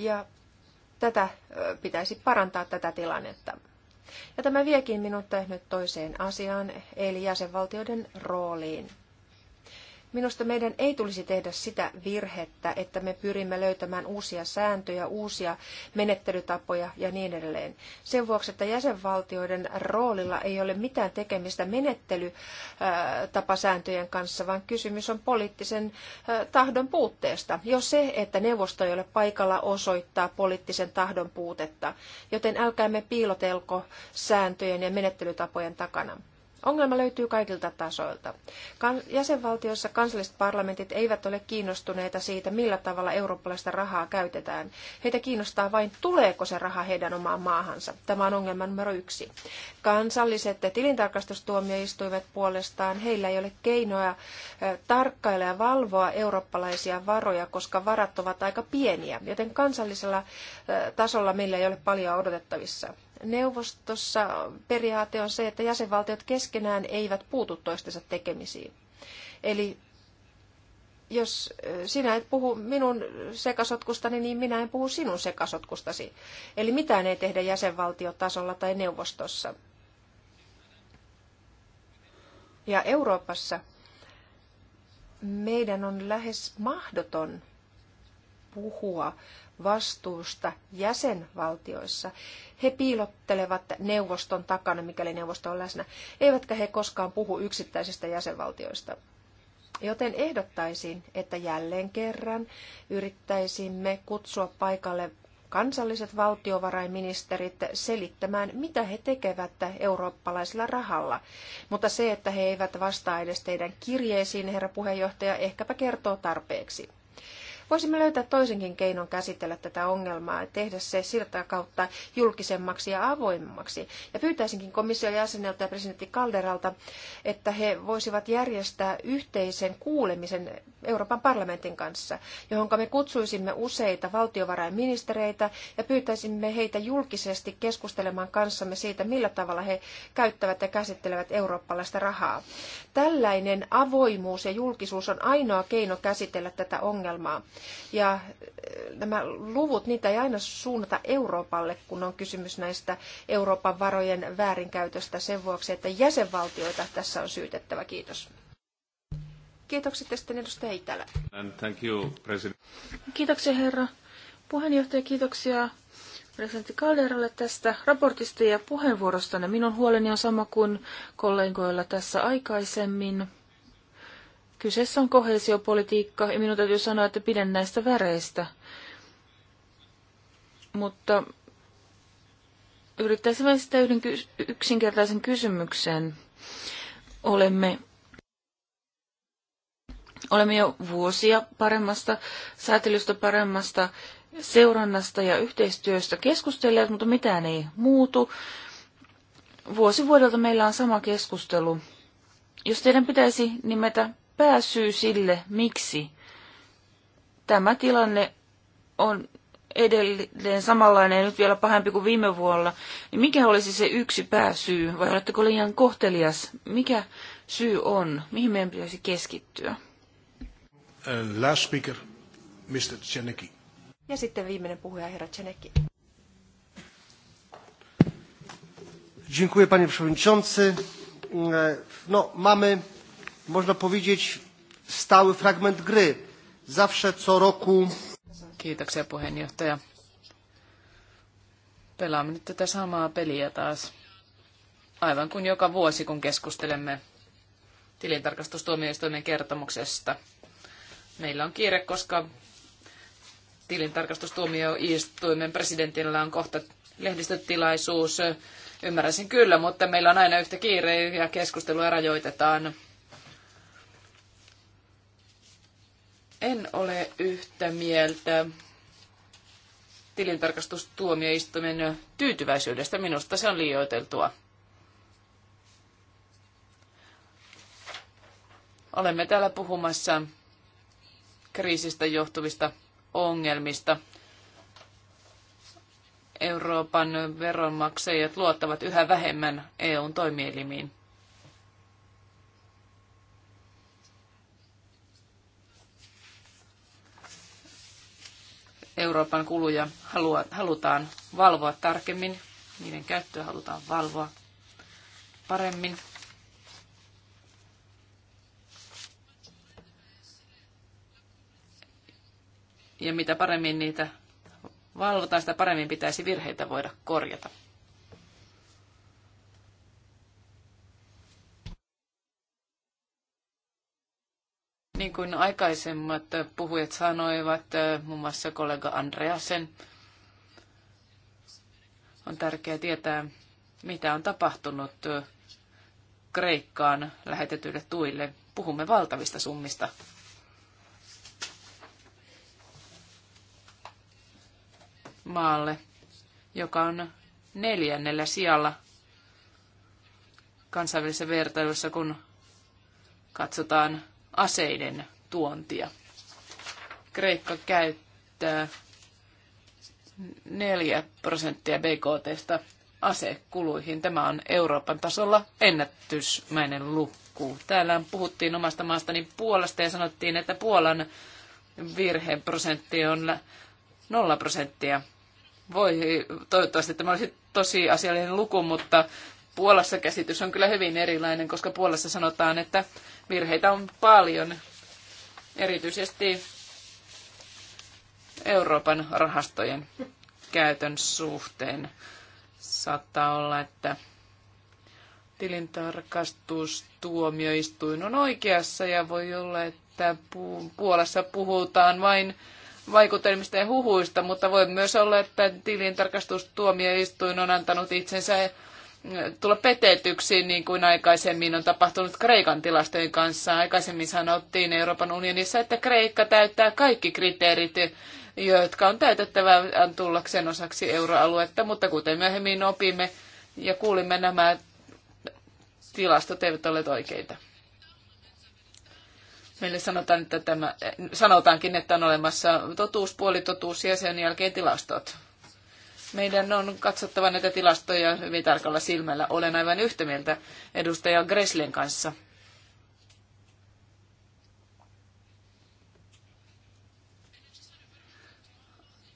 ja tätä pitäisi parantaa tätä tilannetta. Ja tämä viekin minut tehnyt toiseen asiaan, eli jäsenvaltioiden rooliin. Minusta meidän ei tulisi tehdä sitä virhettä, että me pyrimme löytämään uusia sääntöjä, uusia menettelytapoja ja niin edelleen. Sen vuoksi, että jäsenvaltioiden roolilla ei ole mitään tekemistä menettelytapasääntöjen kanssa, vaan kysymys on poliittisen tahdon puutteesta. Jo se, että neuvosto ei ole paikalla osoittaa poliittisen tahdon puutetta, joten älkäämme piilotelko sääntöjen ja menettelytapojen takana. Ongelma löytyy kaikilta tasoilta. Kan- jäsenvaltioissa kansalliset parlamentit eivät ole kiinnostuneita siitä, millä tavalla eurooppalaista rahaa käytetään. Heitä kiinnostaa vain, tuleeko se raha heidän omaan maahansa. Tämä on ongelma numero yksi. Kansalliset tilintarkastustuomioistuimet puolestaan, heillä ei ole keinoja tarkkailla ja valvoa eurooppalaisia varoja, koska varat ovat aika pieniä, joten kansallisella tasolla meillä ei ole paljon odotettavissa. Neuvostossa periaate on se, että jäsenvaltiot keskenään eivät puutu toistensa tekemisiin. Eli jos sinä et puhu minun sekasotkustani, niin minä en puhu sinun sekasotkustasi. Eli mitään ei tehdä jäsenvaltiotasolla tai neuvostossa. Ja Euroopassa meidän on lähes mahdoton puhua vastuusta jäsenvaltioissa. He piilottelevat neuvoston takana, mikäli neuvosto on läsnä, eivätkä he koskaan puhu yksittäisistä jäsenvaltioista. Joten ehdottaisin, että jälleen kerran yrittäisimme kutsua paikalle kansalliset valtiovarainministerit selittämään, mitä he tekevät eurooppalaisella rahalla. Mutta se, että he eivät vastaa edes teidän kirjeisiin, herra puheenjohtaja, ehkäpä kertoo tarpeeksi. Voisimme löytää toisenkin keinon käsitellä tätä ongelmaa ja tehdä se siltä kautta julkisemmaksi ja avoimemmaksi. Ja pyytäisinkin komission jäseneltä ja presidentti Kalderalta, että he voisivat järjestää yhteisen kuulemisen Euroopan parlamentin kanssa, johon me kutsuisimme useita valtiovarainministereitä ja pyytäisimme heitä julkisesti keskustelemaan kanssamme siitä, millä tavalla he käyttävät ja käsittelevät eurooppalaista rahaa. Tällainen avoimuus ja julkisuus on ainoa keino käsitellä tätä ongelmaa. Ja eh, nämä luvut, niitä ei aina suunnata Euroopalle, kun on kysymys näistä Euroopan varojen väärinkäytöstä sen vuoksi, että jäsenvaltioita tässä on syytettävä. Kiitos. Kiitokset sitten edustaja Itälä. thank you, president. Kiitoksia herra puheenjohtaja, kiitoksia presidentti Calderalle tästä raportista ja puheenvuorostanne. Minun huoleni on sama kuin kollegoilla tässä aikaisemmin. Kyseessä on kohesiopolitiikka ja minun täytyy sanoa, että pidän näistä väreistä. Mutta yrittäisimme sitä yhden yksinkertaisen kysymyksen. Olemme, olemme jo vuosia paremmasta säätelystä, paremmasta seurannasta ja yhteistyöstä keskustelleet, mutta mitään ei muutu. Vuosi vuodelta meillä on sama keskustelu. Jos teidän pitäisi nimetä pääsyy sille, miksi tämä tilanne on edelleen samanlainen ja nyt vielä pahempi kuin viime vuonna, niin mikä olisi se yksi pääsyy, vai oletteko liian kohtelias? Mikä syy on? Mihin meidän pitäisi keskittyä? Uh, last speaker, Mr. Chenecki. Ja sitten viimeinen puhuja, herra Chenecki. Dziękuję panie przewodniczący. Mm, e, no, mamy można powiedzieć, stały fragment gry. Zawsze co roku... Kiitoksia puheenjohtaja. Pelaamme nyt tätä samaa peliä taas. Aivan kuin joka vuosi, kun keskustelemme tilintarkastustuomioistuimen kertomuksesta. Meillä on kiire, koska tilintarkastustuomioistuimen presidentillä on kohta lehdistötilaisuus. Ymmärräsin kyllä, mutta meillä on aina yhtä kiire ja keskustelua rajoitetaan En ole yhtä mieltä tilintarkastustuomioistuimen tyytyväisyydestä. Minusta se on liioiteltua. Olemme täällä puhumassa kriisistä johtuvista ongelmista. Euroopan veronmaksajat luottavat yhä vähemmän EUn toimielimiin. Euroopan kuluja halua, halutaan valvoa tarkemmin, niiden käyttöä halutaan valvoa paremmin. Ja mitä paremmin niitä valvotaan, sitä paremmin pitäisi virheitä voida korjata. Niin kuin aikaisemmat puhujat sanoivat, muun mm. muassa kollega Andreasen, on tärkeää tietää, mitä on tapahtunut Kreikkaan lähetetyille tuille. Puhumme valtavista summista. Maalle, joka on neljännellä sijalla kansainvälisessä vertailussa, kun katsotaan aseiden tuontia. Kreikka käyttää 4 prosenttia BKTstä asekuluihin. Tämä on Euroopan tasolla ennätysmäinen luku. Täällä puhuttiin omasta maastani Puolasta ja sanottiin, että Puolan virheprosentti on 0 prosenttia. Voi, toivottavasti tämä olisi tosi asiallinen luku, mutta Puolassa käsitys on kyllä hyvin erilainen, koska Puolassa sanotaan, että virheitä on paljon, erityisesti Euroopan rahastojen käytön suhteen. Saattaa olla, että tilintarkastustuomioistuin on oikeassa ja voi olla, että Puolassa puhutaan vain vaikutelmista ja huhuista, mutta voi myös olla, että tilintarkastustuomioistuin on antanut itsensä tulla petetyksi, niin kuin aikaisemmin on tapahtunut Kreikan tilastojen kanssa. Aikaisemmin sanottiin Euroopan unionissa, että Kreikka täyttää kaikki kriteerit, jotka on täytettävä tullakseen osaksi euroaluetta, mutta kuten myöhemmin opimme ja kuulimme, nämä tilastot eivät ole oikeita. Meille sanotaan, että tämä, sanotaankin, että on olemassa totuus, puolitotuus ja sen jälkeen tilastot. Meidän on katsottava näitä tilastoja hyvin tarkalla silmällä. Olen aivan yhtä mieltä edustaja Greslen kanssa.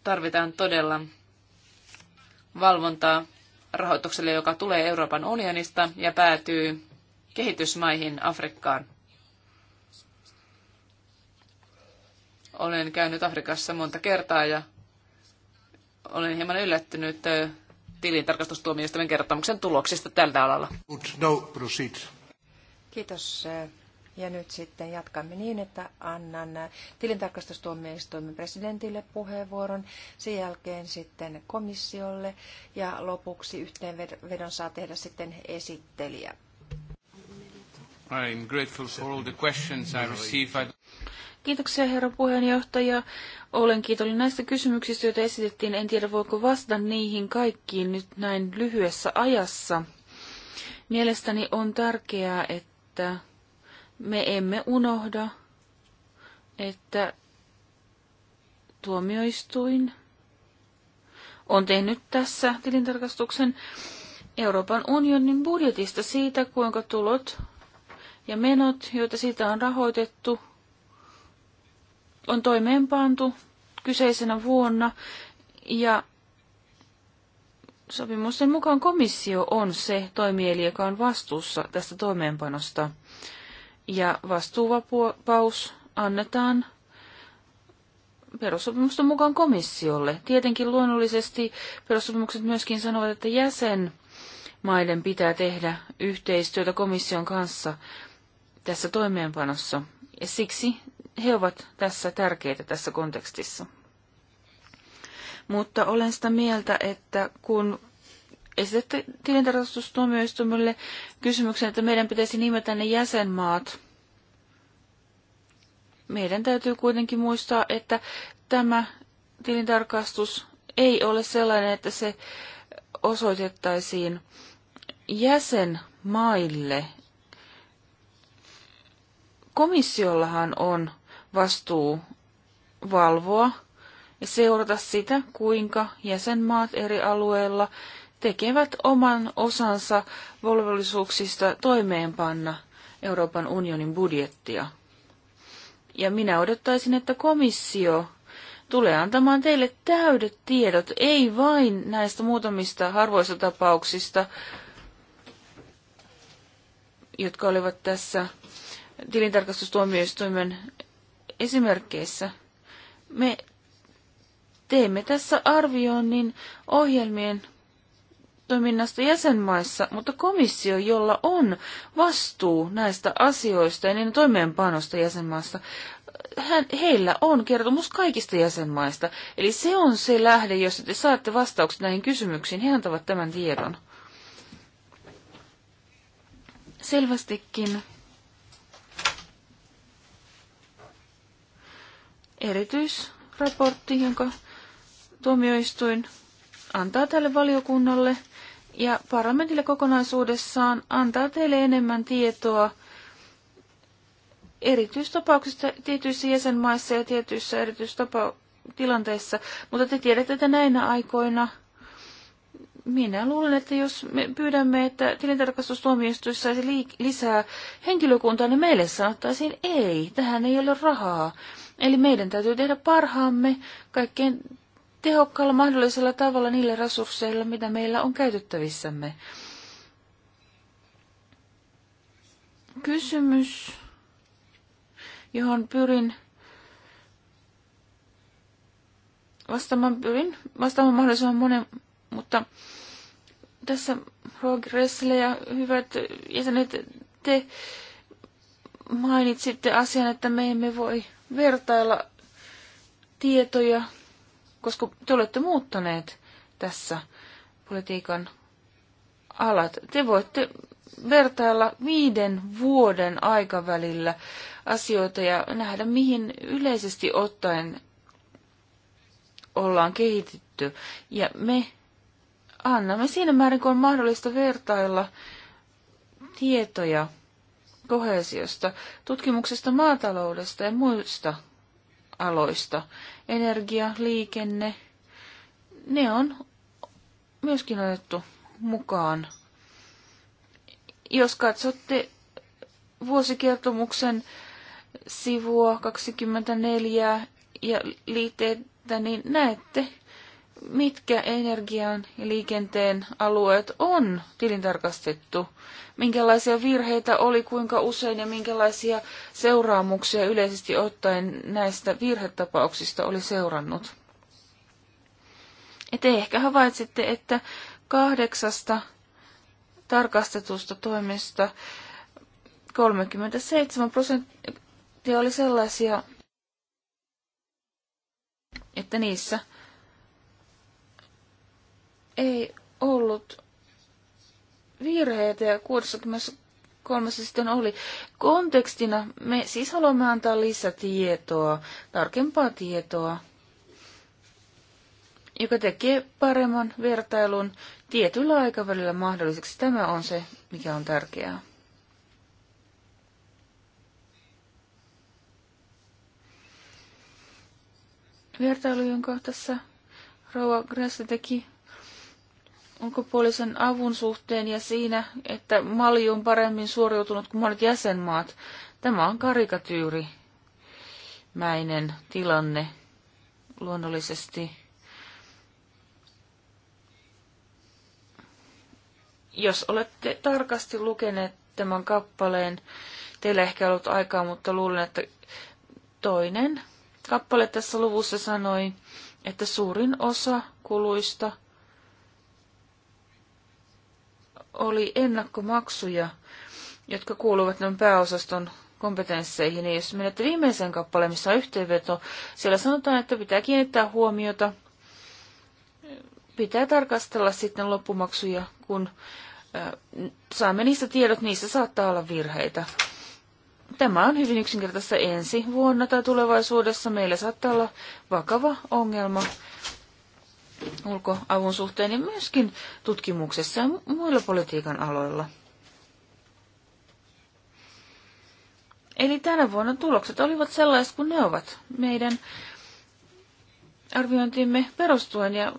Tarvitaan todella valvontaa rahoitukselle, joka tulee Euroopan unionista ja päätyy kehitysmaihin Afrikkaan. Olen käynyt Afrikassa monta kertaa ja olen hieman yllättynyt tilintarkastustuomioistuimen kertomuksen tuloksista tältä alalla. No, Kiitos. Ja nyt sitten jatkamme niin, että annan tilintarkastustuomioistuimen presidentille puheenvuoron, sen jälkeen sitten komissiolle ja lopuksi yhteenvedon saa tehdä sitten esittelijä. I'm grateful for all the questions I received. Kiitoksia herra puheenjohtaja. Olen kiitollinen näistä kysymyksistä, joita esitettiin. En tiedä, voiko vastata niihin kaikkiin nyt näin lyhyessä ajassa. Mielestäni on tärkeää, että me emme unohda, että tuomioistuin on tehnyt tässä tilintarkastuksen Euroopan unionin budjetista siitä, kuinka tulot ja menot, joita siitä on rahoitettu, on toimeenpantu kyseisenä vuonna ja sopimusten mukaan komissio on se toimieli, joka on vastuussa tästä toimeenpanosta. Ja vastuuvapaus annetaan perussopimusten mukaan komissiolle. Tietenkin luonnollisesti perussopimukset myöskin sanovat, että jäsenmaiden pitää tehdä yhteistyötä komission kanssa tässä toimeenpanossa. Ja siksi he ovat tässä tärkeitä tässä kontekstissa. Mutta olen sitä mieltä, että kun esitätte tilintarkastustuomioistuimelle kysymyksen, että meidän pitäisi nimetä ne jäsenmaat, meidän täytyy kuitenkin muistaa, että tämä tilintarkastus ei ole sellainen, että se osoitettaisiin jäsenmaille. Komissiollahan on vastuu valvoa ja seurata sitä, kuinka jäsenmaat eri alueilla tekevät oman osansa velvollisuuksista toimeenpanna Euroopan unionin budjettia. Ja minä odottaisin, että komissio tulee antamaan teille täydet tiedot, ei vain näistä muutamista harvoista tapauksista, jotka olivat tässä tilintarkastustuomioistuimen esimerkkeissä. Me teemme tässä arvioinnin ohjelmien toiminnasta jäsenmaissa, mutta komissio, jolla on vastuu näistä asioista ja niiden toimeenpanosta jäsenmaassa, hän, heillä on kertomus kaikista jäsenmaista. Eli se on se lähde, jossa te saatte vastaukset näihin kysymyksiin. He antavat tämän tiedon. Selvästikin erityisraportti, jonka tuomioistuin antaa tälle valiokunnalle ja parlamentille kokonaisuudessaan antaa teille enemmän tietoa erityistapauksista tietyissä jäsenmaissa ja tietyissä erityistilanteissa. Mutta te tiedätte, että näinä aikoina minä luulen, että jos me pyydämme, että tilintarkastustuomioistuissa saisi lisää henkilökuntaa, niin meille sanottaisiin ei, tähän ei ole rahaa. Eli meidän täytyy tehdä parhaamme kaikkein tehokkaalla mahdollisella tavalla niillä resursseilla, mitä meillä on käytettävissämme. Kysymys, johon pyrin vastaamaan, pyrin vastaamaan mahdollisimman monen, mutta tässä Roger ja hyvät jäsenet, te mainitsitte asian, että me emme voi vertailla tietoja, koska te olette muuttaneet tässä politiikan alat. Te voitte vertailla viiden vuoden aikavälillä asioita ja nähdä, mihin yleisesti ottaen ollaan kehitetty. Ja me annamme siinä määrin, kun on mahdollista vertailla tietoja kohesiosta, tutkimuksesta maataloudesta ja muista aloista. Energia, liikenne, ne on myöskin otettu mukaan. Jos katsotte vuosikertomuksen sivua 24 ja liitteitä, niin näette mitkä energian ja liikenteen alueet on tilintarkastettu, minkälaisia virheitä oli, kuinka usein ja minkälaisia seuraamuksia yleisesti ottaen näistä virhetapauksista oli seurannut. Et ehkä havaitsitte, että kahdeksasta tarkastetusta toimesta 37 prosenttia oli sellaisia, että niissä – ei ollut virheitä ja 63 sitten oli. Kontekstina me siis haluamme antaa lisätietoa, tarkempaa tietoa, joka tekee paremman vertailun tietyllä aikavälillä mahdolliseksi. Tämä on se, mikä on tärkeää. Vertailu, jonka tässä Rouva Grässä teki ulkopuolisen avun suhteen ja siinä, että Mali on paremmin suoriutunut kuin monet jäsenmaat. Tämä on karikatyyrimäinen tilanne luonnollisesti. Jos olette tarkasti lukeneet tämän kappaleen, teillä ehkä ollut aikaa, mutta luulen, että toinen kappale tässä luvussa sanoi, että suurin osa kuluista – oli ennakkomaksuja, jotka kuuluvat noin pääosaston kompetensseihin. Ja jos menette viimeiseen kappaleen, missä on yhteenveto, siellä sanotaan, että pitää kiinnittää huomiota, pitää tarkastella sitten loppumaksuja, kun saamme niistä tiedot, niissä saattaa olla virheitä. Tämä on hyvin yksinkertaista ensi vuonna tai tulevaisuudessa. Meillä saattaa olla vakava ongelma ulkoavun suhteen niin myöskin tutkimuksessa ja muilla politiikan aloilla. Eli tänä vuonna tulokset olivat sellaiset kuin ne ovat meidän arviointimme perustuen ja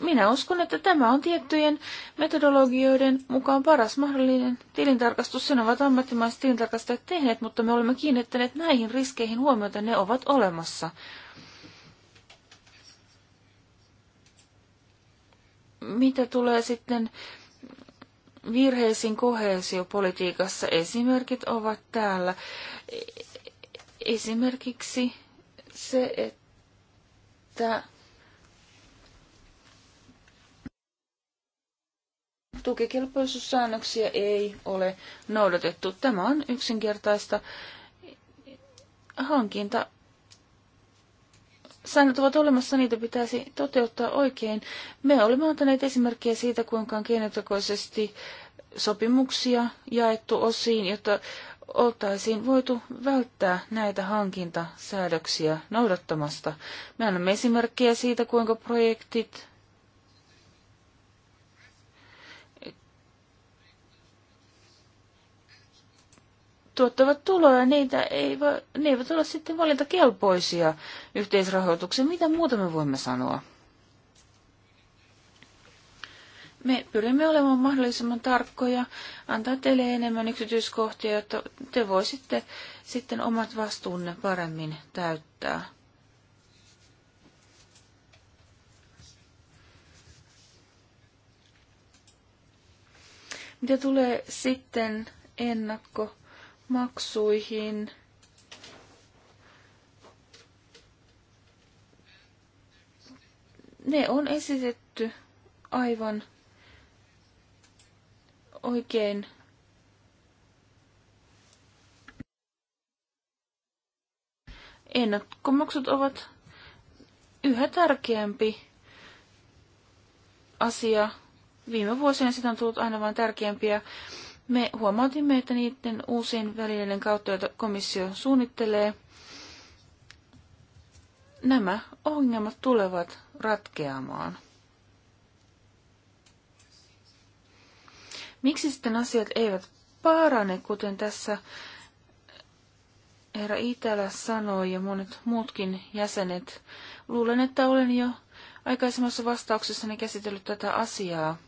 minä uskon, että tämä on tiettyjen metodologioiden mukaan paras mahdollinen tilintarkastus. Sen ovat ammattimaiset tilintarkastajat tehneet, mutta me olemme kiinnittäneet näihin riskeihin huomiota, ne ovat olemassa. mitä tulee sitten virheisiin kohesiopolitiikassa, esimerkit ovat täällä. Esimerkiksi se, että tukikelpoisuussäännöksiä ei ole noudatettu. Tämä on yksinkertaista hankinta säännöt ovat olemassa, niitä pitäisi toteuttaa oikein. Me olemme antaneet esimerkkejä siitä, kuinka on keinotekoisesti sopimuksia jaettu osiin, jotta oltaisiin voitu välttää näitä hankintasäädöksiä noudattamasta. Me annamme esimerkkejä siitä, kuinka projektit tuottavat tuloja, niitä ei voi, ne eivät ole sitten valintakelpoisia yhteisrahoitukseen. Mitä muuta me voimme sanoa? Me pyrimme olemaan mahdollisimman tarkkoja, antaa teille enemmän yksityiskohtia, jotta te voisitte sitten omat vastuunne paremmin täyttää. Mitä tulee sitten ennakko maksuihin. Ne on esitetty aivan oikein ennakkomaksut ovat yhä tärkeämpi asia. Viime vuosina sitä on tullut aina vain tärkeämpiä me huomautimme, että niiden uusien välineiden kautta, joita komissio suunnittelee, nämä ongelmat tulevat ratkeamaan. Miksi sitten asiat eivät parane, kuten tässä herra Itälä sanoi ja monet muutkin jäsenet? Luulen, että olen jo aikaisemmassa vastauksessani käsitellyt tätä asiaa.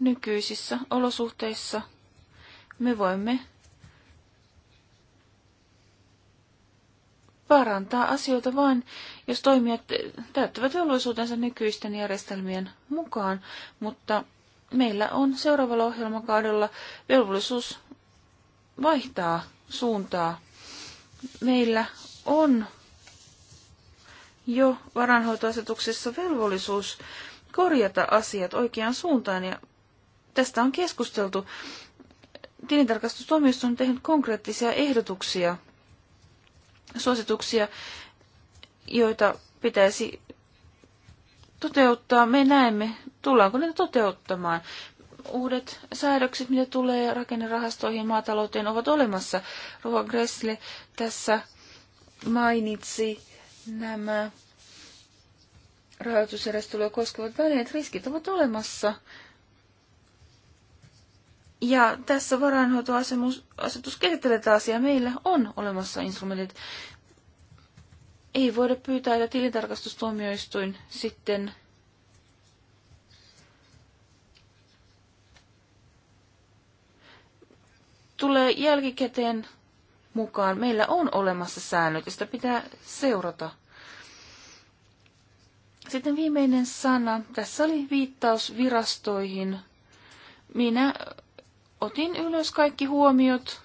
Nykyisissä olosuhteissa me voimme parantaa asioita vain, jos toimijat täyttävät velvollisuutensa nykyisten järjestelmien mukaan, mutta meillä on seuraavalla ohjelmakaudella velvollisuus vaihtaa suuntaa. Meillä on jo varanhoitoasetuksessa velvollisuus korjata asiat oikeaan suuntaan ja Tästä on keskusteltu. Tilintarkastustuomioistuin on tehnyt konkreettisia ehdotuksia, suosituksia, joita pitäisi toteuttaa. Me näemme, tullaanko ne toteuttamaan. Uudet säädökset, mitä tulee rakennerahastoihin maatalouteen, ovat olemassa. Ruva Gressle tässä mainitsi nämä rahoitusjärjestelyä koskevat välineet. Riskit ovat olemassa. Ja tässä varainhoitoasetus käsittelee tätä asiaa. Meillä on olemassa instrumentit. Ei voida pyytää, että tilintarkastustuomioistuin sitten tulee jälkikäteen mukaan. Meillä on olemassa säännöt ja sitä pitää seurata. Sitten viimeinen sana. Tässä oli viittaus virastoihin. Minä otin ylös kaikki huomiot.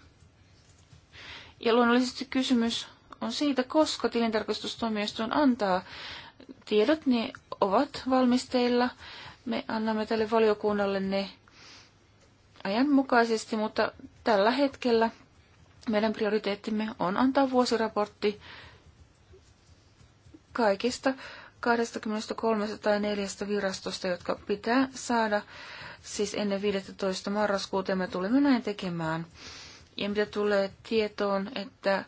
Ja luonnollisesti kysymys on siitä, koska tilintarkastustuomioistuin antaa tiedot, ne ovat valmisteilla. Me annamme tälle valiokunnalle ne ajanmukaisesti, mutta tällä hetkellä meidän prioriteettimme on antaa vuosiraportti kaikista 23 tai 4 virastosta, jotka pitää saada siis ennen 15. marraskuuta, ja me tulemme näin tekemään. Ja mitä tulee tietoon, että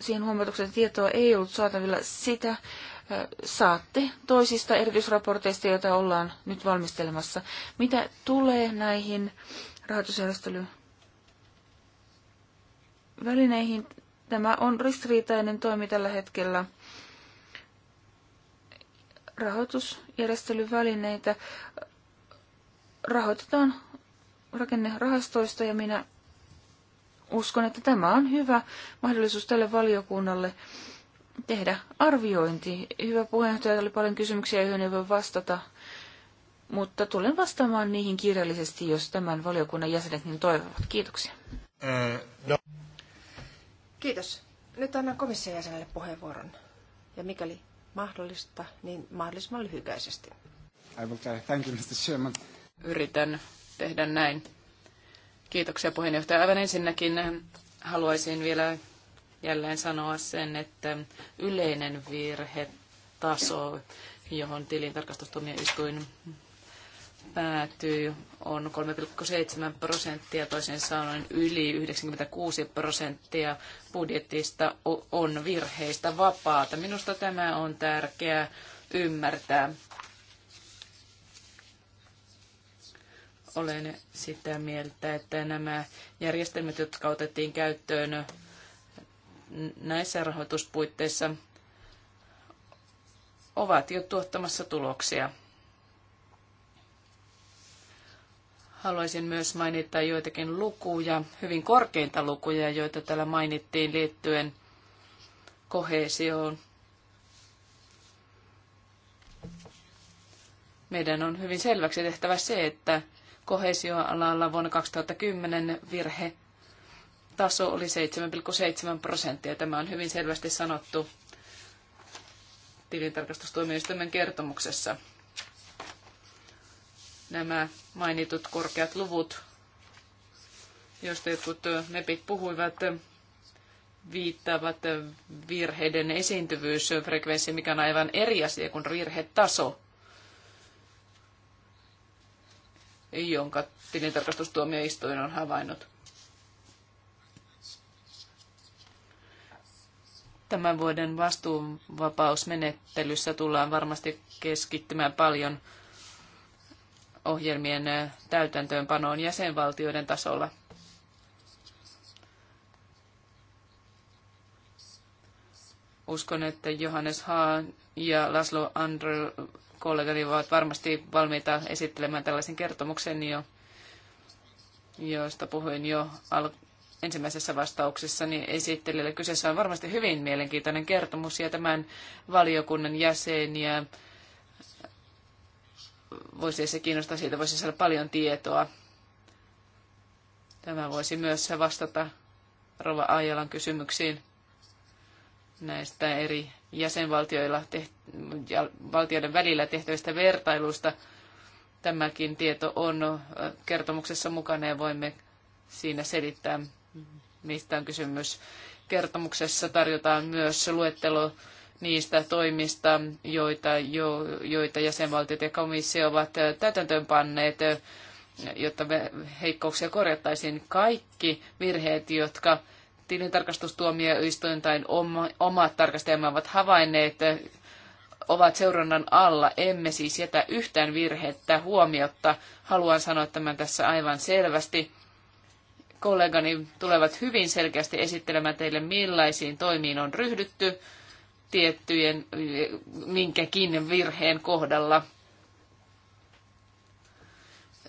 siihen huomautuksen tietoa ei ollut saatavilla sitä, saatte toisista erityisraporteista, joita ollaan nyt valmistelemassa. Mitä tulee näihin rahoitusjärjestelyvälineihin, tämä on ristiriitainen toimi tällä hetkellä – rahoitusjärjestelyvälineitä rahoitetaan rakennerahastoista ja minä uskon, että tämä on hyvä mahdollisuus tälle valiokunnalle tehdä arviointi. Hyvä puheenjohtaja, oli paljon kysymyksiä, joihin ei voi vastata, mutta tulen vastaamaan niihin kirjallisesti, jos tämän valiokunnan jäsenet niin toivovat. Kiitoksia. Mm, no. Kiitos. Nyt annan komission jäsenelle puheenvuoron. Ja mikäli mahdollista, niin mahdollisimman lyhykäisesti. I will try. Thank you, Mr. Yritän tehdä näin. Kiitoksia puheenjohtaja. Aivan ensinnäkin haluaisin vielä jälleen sanoa sen, että yleinen virhetaso, johon tilintarkastustuomioistuin päätyy on 3,7 prosenttia, toisin sanoen yli 96 prosenttia budjetista on virheistä vapaata. Minusta tämä on tärkeää ymmärtää. Olen sitä mieltä, että nämä järjestelmät, jotka otettiin käyttöön näissä rahoituspuitteissa, ovat jo tuottamassa tuloksia. Haluaisin myös mainita joitakin lukuja, hyvin korkeinta lukuja, joita täällä mainittiin liittyen kohesioon. Meidän on hyvin selväksi tehtävä se, että kohesioalalla vuonna 2010 virhe taso oli 7,7 prosenttia. Tämä on hyvin selvästi sanottu tilintarkastustuomioistuimen kertomuksessa nämä mainitut korkeat luvut, joista jotkut mepit puhuivat, viittaavat virheiden esiintyvyysfrekvenssiin, mikä on aivan eri asia kuin virhetaso, jonka tilintarkastustuomioistuin on havainnut. Tämän vuoden vastuunvapausmenettelyssä tullaan varmasti keskittymään paljon ohjelmien täytäntöönpanoon jäsenvaltioiden tasolla. Uskon, että Johannes Haan ja Laszlo Andrel kollegani ovat varmasti valmiita esittelemään tällaisen kertomuksen, jo, josta puhuin jo al- ensimmäisessä vastauksessa niin esittelijälle. Kyseessä on varmasti hyvin mielenkiintoinen kertomus ja tämän valiokunnan jäseniä voisi se kiinnostaa, siitä voisi saada paljon tietoa. Tämä voisi myös vastata Rova Aijalan kysymyksiin näistä eri jäsenvaltioilla teht- ja valtioiden välillä tehtävistä vertailuista. Tämäkin tieto on kertomuksessa mukana ja voimme siinä selittää, mistä on kysymys. Kertomuksessa tarjotaan myös luettelo niistä toimista, joita, jo, joita jäsenvaltiot ja komissio ovat äh, täytäntöönpanneet, äh, jotta heikkouksia korjattaisiin. Kaikki virheet, jotka tilintarkastustuomioistuin tai omat tarkastajamme ovat havainneet, äh, ovat seurannan alla. Emme siis jätä yhtään virhettä huomiotta. Haluan sanoa tämän tässä aivan selvästi. Kollegani tulevat hyvin selkeästi esittelemään teille, millaisiin toimiin on ryhdytty tiettyjen minkäkin virheen kohdalla.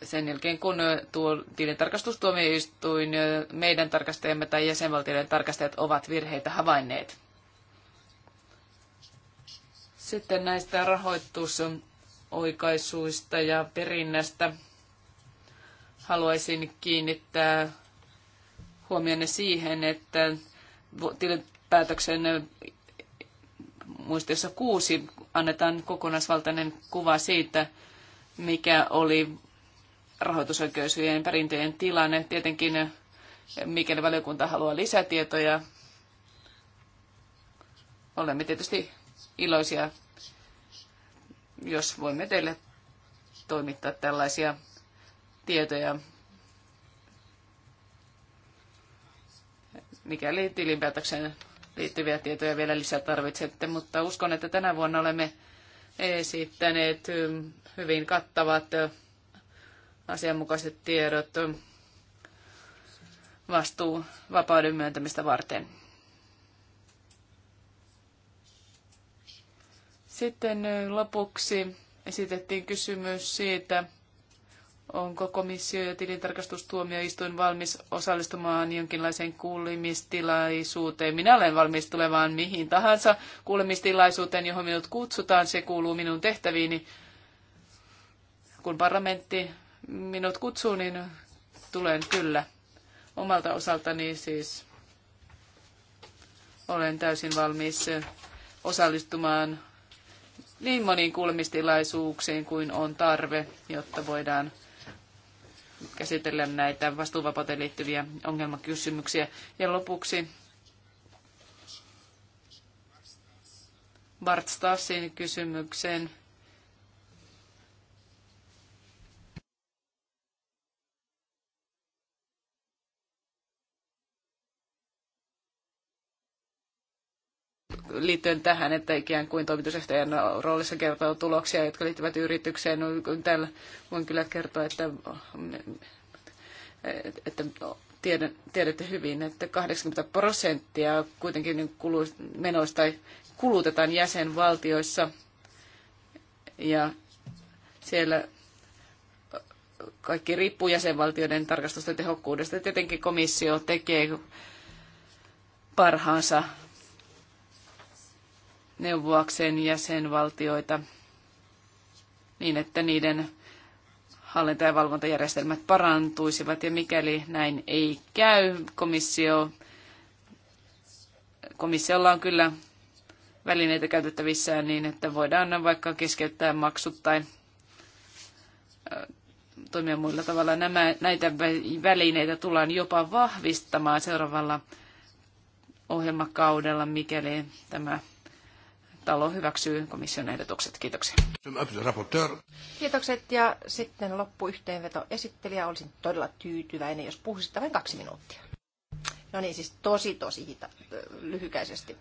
Sen jälkeen kun tuo tilintarkastustuomioistuin, meidän tarkastajamme tai jäsenvaltioiden tarkastajat ovat virheitä havainneet. Sitten näistä rahoitusoikaisuista ja perinnästä haluaisin kiinnittää huomionne siihen, että tilinpäätöksen muistiossa kuusi annetaan kokonaisvaltainen kuva siitä, mikä oli rahoitusoikeusyjen perintöjen tilanne. Tietenkin, mikäli valiokunta haluaa lisätietoja, olemme tietysti iloisia, jos voimme teille toimittaa tällaisia tietoja, mikäli tilinpäätöksen liittyviä tietoja vielä lisää tarvitsette, mutta uskon, että tänä vuonna olemme esittäneet mm, hyvin kattavat mm, asianmukaiset tiedot mm, vastuu vapauden myöntämistä varten. Sitten lopuksi esitettiin kysymys siitä, Onko komissio ja tilintarkastustuomioistuin valmis osallistumaan jonkinlaiseen kuulemistilaisuuteen? Minä olen valmis tulemaan mihin tahansa kuulemistilaisuuteen, johon minut kutsutaan. Se kuuluu minun tehtäviini. Kun parlamentti minut kutsuu, niin tulen kyllä omalta osaltani siis olen täysin valmis osallistumaan niin moniin kuulemistilaisuuksiin kuin on tarve, jotta voidaan käsitellä näitä vastuuvapauteen liittyviä ongelmakysymyksiä. Ja lopuksi Bart Stassin kysymykseen liittyen tähän, että ikään kuin toimitusjohtajan roolissa kertoo tuloksia, jotka liittyvät yritykseen. Täällä voin kyllä kertoa, että, että tiedätte hyvin, että 80 prosenttia kuitenkin kulu, menoista kulutetaan jäsenvaltioissa ja siellä kaikki riippuu jäsenvaltioiden tarkastusten tehokkuudesta. Tietenkin komissio tekee parhaansa neuvoakseen jäsenvaltioita niin, että niiden hallinta- ja valvontajärjestelmät parantuisivat. Ja mikäli näin ei käy, komissio, komissiolla on kyllä välineitä käytettävissään niin, että voidaan vaikka keskeyttää maksut tai toimia muilla tavalla. Nämä, näitä välineitä tullaan jopa vahvistamaan seuraavalla ohjelmakaudella, mikäli tämä talo hyväksyy komission ehdotukset. Kiitoksia. Kiitokset ja sitten loppuyhteenveto esittelijä. Olisin todella tyytyväinen, jos puhuisitte vain kaksi minuuttia. No niin, siis tosi, tosi hita, lyhykäisesti.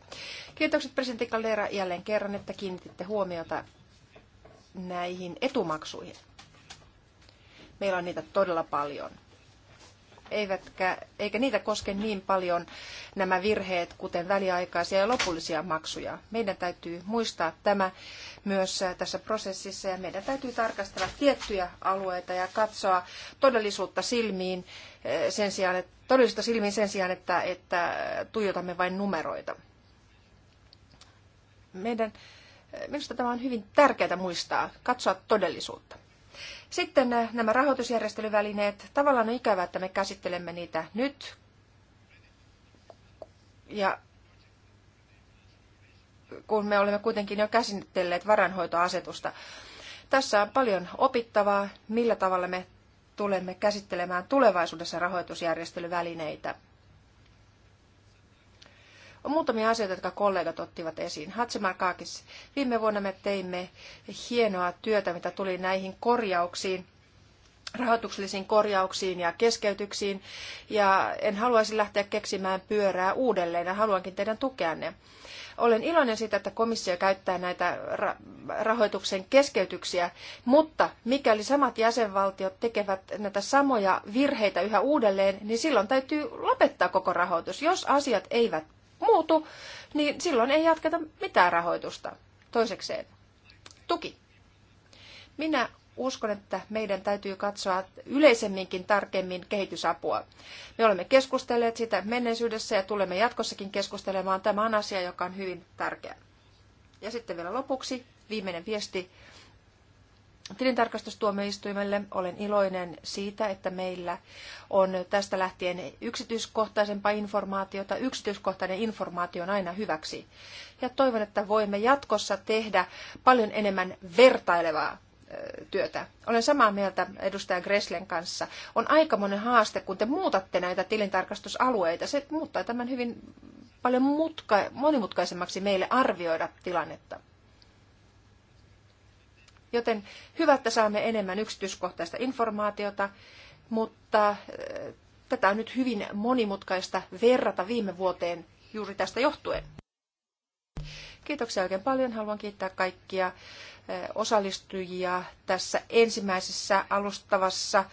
Kiitokset presidentti Caldera jälleen kerran, että kiinnititte huomiota näihin etumaksuihin. Meillä on niitä todella paljon – eivätkä, eikä niitä koske niin paljon nämä virheet, kuten väliaikaisia ja lopullisia maksuja. Meidän täytyy muistaa tämä myös äh, tässä prosessissa ja meidän täytyy tarkastella tiettyjä alueita ja katsoa todellisuutta silmiin äh, sen sijaan, että, todellisuutta silmiin sen sijaan, että, että tuijotamme vain numeroita. Meidän, äh, minusta tämä on hyvin tärkeää muistaa, katsoa todellisuutta. Sitten eh, nämä rahoitusjärjestelyvälineet. Tavallaan on ikävää, että me käsittelemme niitä nyt. Ja kun me olemme kuitenkin jo käsitelleet varanhoitoasetusta. Tässä on paljon opittavaa, millä tavalla me tulemme käsittelemään tulevaisuudessa rahoitusjärjestelyvälineitä – on muutamia asioita, jotka kollegat ottivat esiin. Hatsimarkaakis, viime vuonna me teimme hienoa työtä, mitä tuli näihin korjauksiin rahoituksellisiin korjauksiin ja keskeytyksiin, ja en haluaisi lähteä keksimään pyörää uudelleen, ja haluankin teidän tukeanne. Olen iloinen siitä, että komissio käyttää näitä rahoituksen keskeytyksiä, mutta mikäli samat jäsenvaltiot tekevät näitä samoja virheitä yhä uudelleen, niin silloin täytyy lopettaa koko rahoitus. Jos asiat eivät muutu, niin silloin ei jatketa mitään rahoitusta. Toisekseen, tuki. Minä uskon, että meidän täytyy katsoa yleisemminkin tarkemmin kehitysapua. Me olemme keskustelleet sitä menneisyydessä ja tulemme jatkossakin keskustelemaan. Tämä on asia, joka on hyvin tärkeä. Ja sitten vielä lopuksi viimeinen viesti tilintarkastustuomioistuimelle. Olen iloinen siitä, että meillä on tästä lähtien yksityiskohtaisempaa informaatiota. Yksityiskohtainen informaatio on aina hyväksi. Ja toivon, että voimme jatkossa tehdä paljon enemmän vertailevaa työtä. Olen samaa mieltä edustaja Greslen kanssa. On aikamoinen haaste, kun te muutatte näitä tilintarkastusalueita. Se muuttaa tämän hyvin paljon mutka- monimutkaisemmaksi meille arvioida tilannetta. Joten hyvä, että saamme enemmän yksityiskohtaista informaatiota, mutta äh, tätä on nyt hyvin monimutkaista verrata viime vuoteen juuri tästä johtuen. Kiitoksia oikein paljon. Haluan kiittää kaikkia äh, osallistujia tässä ensimmäisessä alustavassa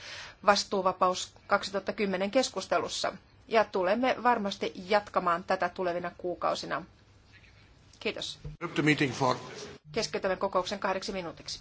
vastuuvapaus 2010 keskustelussa. Ja tulemme varmasti jatkamaan tätä tulevina kuukausina. Kiitos keskeytämme kokouksen kahdeksi minuutiksi.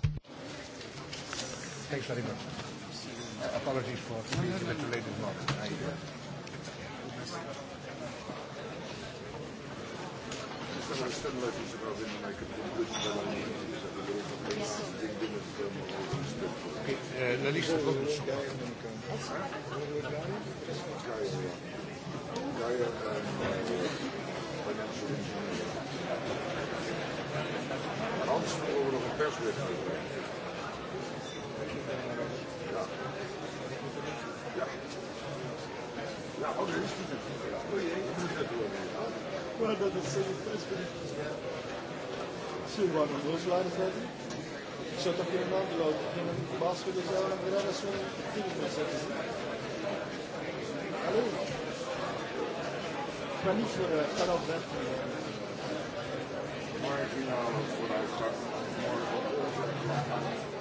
Guarda da soddisfazione. Sì, guarda, non lo so, Zo dat je man loopt, dan een baas voor jezelf en weer alles zo'n ding met zetten. Hallo. Maar niet voor uh, Karel Bentner marginal, um, what I start more.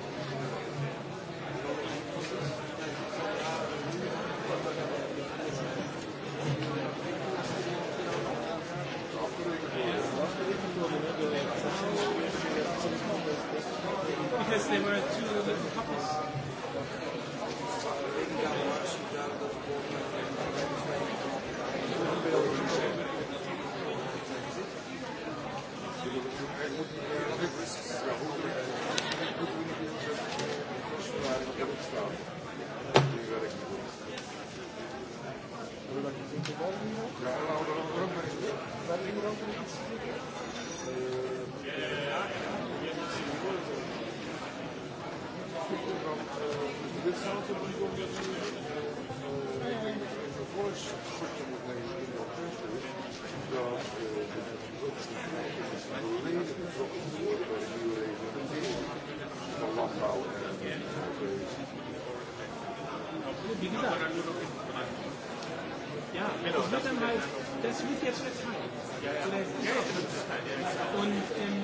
Und ähm,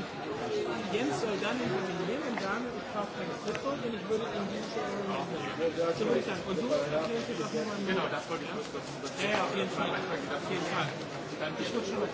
Jens soll dann intervenieren und sagen, ich kaufe keine Krypto, denn ich würde in dieses Jahr machen. So würde ich sagen. Und du erklärst es auch nochmal. Genau, das wollte ich kurz. Ja, ja, auf jeden Fall. Auf jeden Fall. Dann ich rutsche los.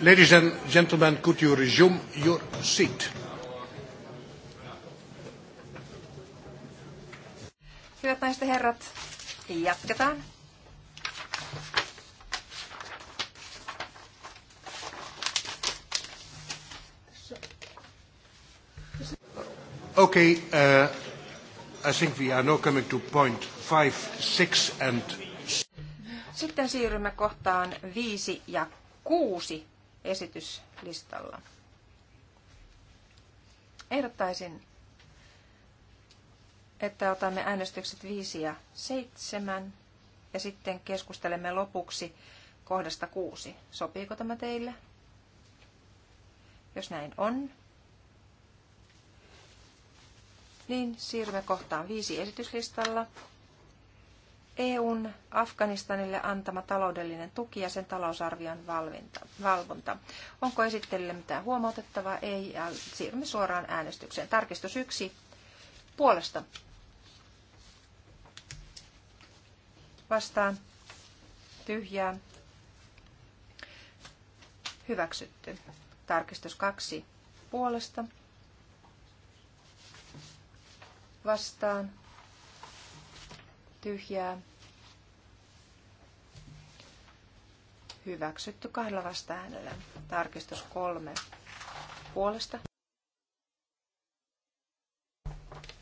Ladies and gentlemen, could you resume your seat? Hyvät naiset ja herrat, jatketaan. Okay, uh, I think we are now coming to point five, six and... Sitten siirrymme kohtaan viisi ja kuusi esityslistalla. Ehdottaisin, että otamme äänestykset 5 ja 7 ja sitten keskustelemme lopuksi kohdasta 6. Sopiiko tämä teille? Jos näin on, niin siirrymme kohtaan 5 esityslistalla. EUn Afganistanille antama taloudellinen tuki ja sen talousarvion valvinta, valvonta. Onko esittelylle mitään huomautettavaa? Ei. Ja siirrymme suoraan äänestykseen. Tarkistus yksi puolesta. Vastaan. Tyhjää. Hyväksytty. Tarkistus kaksi puolesta. Vastaan tyhjää. Hyväksytty kahdella äänellä. Tarkistus kolme puolesta.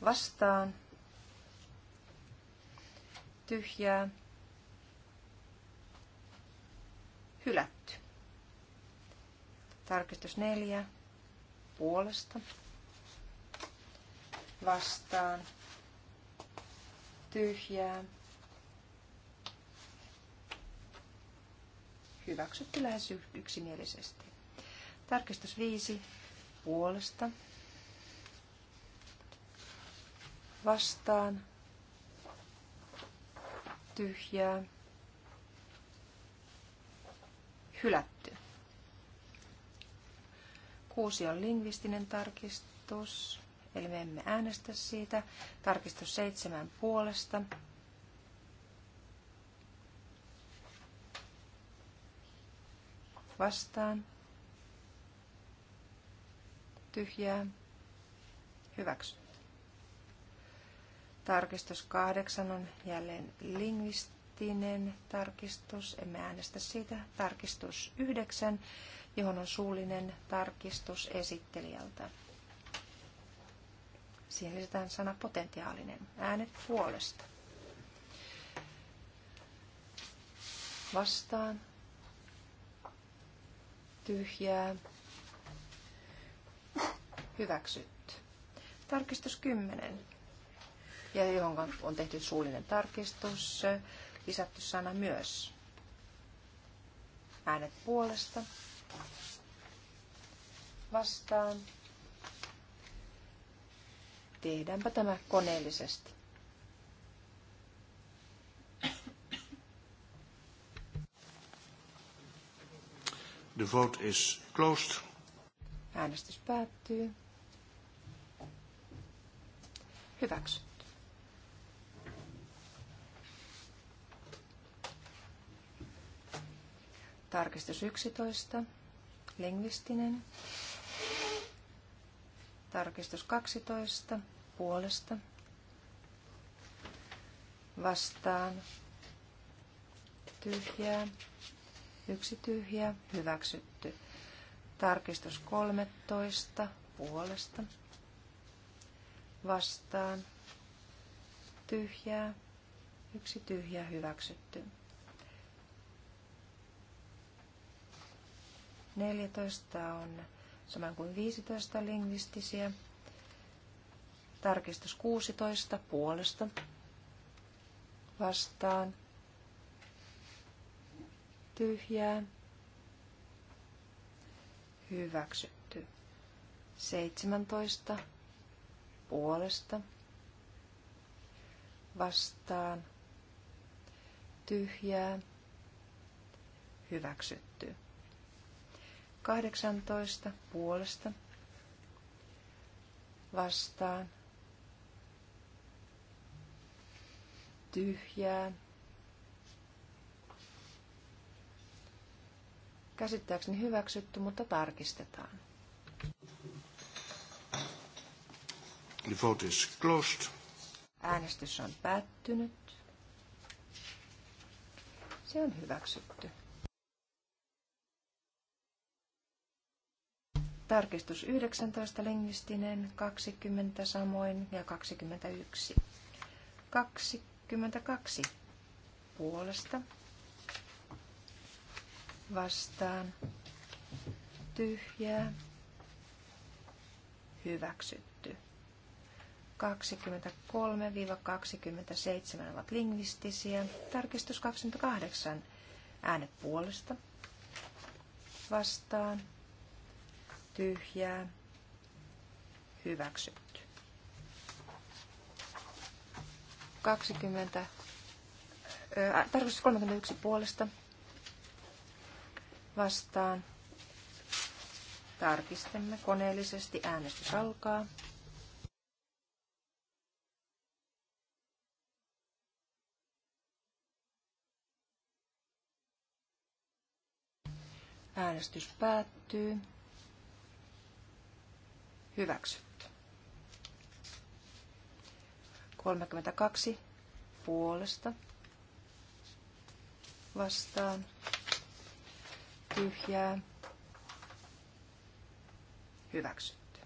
Vastaan. Tyhjää. Hylätty. Tarkistus neljä puolesta. Vastaan tyhjää. Hyväksytty lähes yksimielisesti. Tarkistus viisi puolesta. Vastaan. Tyhjää. Hylätty. Kuusi on lingvistinen tarkistus. Eli me emme äänestä siitä. Tarkistus seitsemän puolesta. Vastaan. Tyhjää. Hyväksyt. Tarkistus kahdeksan on jälleen lingvistinen tarkistus. Emme äänestä siitä. Tarkistus yhdeksän, johon on suullinen tarkistus esittelijältä. Siihen lisätään sana potentiaalinen. Äänet puolesta. Vastaan. Tyhjää. Hyväksytty. Tarkistus 10. Ja johon on tehty suullinen tarkistus. Lisätty sana myös. Äänet puolesta. Vastaan Tehdäänpä tämä koneellisesti. The vote is closed. Äänestys päättyy. Hyväksy. Tarkistus 11. Lengvistinen. Tarkistus 12 puolesta vastaan tyhjää, yksi tyhjä, hyväksytty. Tarkistus 13 puolesta vastaan tyhjää, yksi tyhjä, hyväksytty. 14 on samoin kuin 15 lingvistisiä. Tarkistus 16 puolesta vastaan tyhjää hyväksytty. 17 puolesta vastaan tyhjää hyväksytty. 18 puolesta vastaan tyhjää. Käsittääkseni hyväksytty, mutta tarkistetaan. The vote is closed. Äänestys on päättynyt. Se on hyväksytty. Tarkistus 19 lingvistinen, 20 samoin ja 21. 22 puolesta vastaan tyhjää hyväksytty. 23-27 ovat lingvistisiä. Tarkistus 28 äänet puolesta vastaan tyhjää, hyväksytty. 20, äh, tarkoitus 31 puolesta vastaan. Tarkistamme koneellisesti. Äänestys alkaa. Äänestys päättyy. Hyväksytty. 32 puolesta vastaan tyhjää hyväksytty.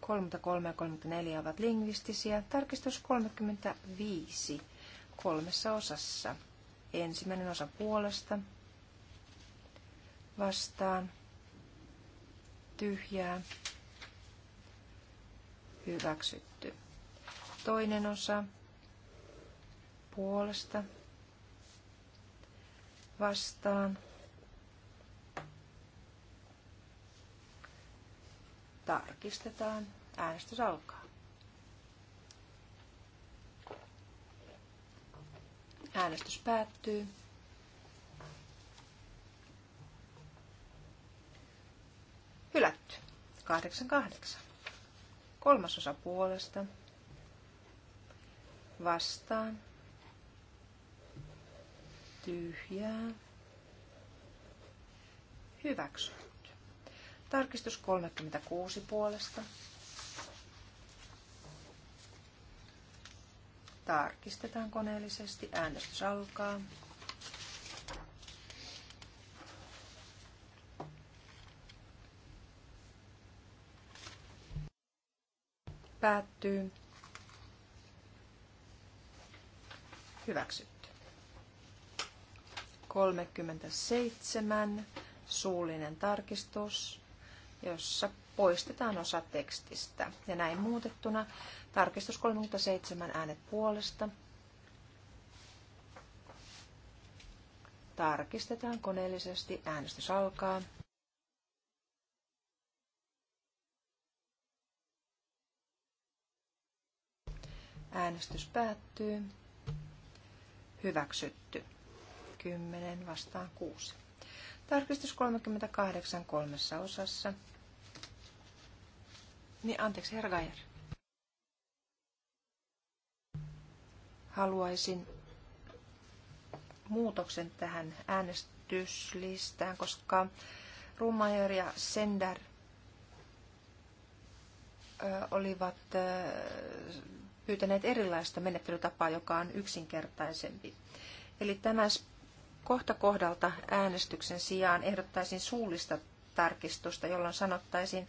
33 ja 34 ovat lingvistisiä. Tarkistus 35 kolmessa osassa. Ensimmäinen osa puolesta vastaan tyhjää, hyväksytty. Toinen osa puolesta vastaan. Tarkistetaan. Äänestys alkaa. Äänestys päättyy. 88. Kolmasosa puolesta. Vastaan. Tyhjää. Hyväksytty. Tarkistus 36 puolesta. Tarkistetaan koneellisesti. Äänestys alkaa. Päättyy. Hyväksytty. 37. Suullinen tarkistus, jossa poistetaan osa tekstistä. Ja näin muutettuna tarkistus 37 äänet puolesta. Tarkistetaan koneellisesti. Äänestys alkaa. Äänestys päättyy. Hyväksytty. 10 vastaan 6. Tarkistus 38 kolmessa osassa. Niin, anteeksi, herra Gajer. Haluaisin muutoksen tähän äänestyslistään, koska Rumajer ja Sender olivat pyytäneet erilaista menettelytapaa, joka on yksinkertaisempi. Eli tämä kohta kohdalta äänestyksen sijaan ehdottaisin suullista tarkistusta, jolloin sanottaisiin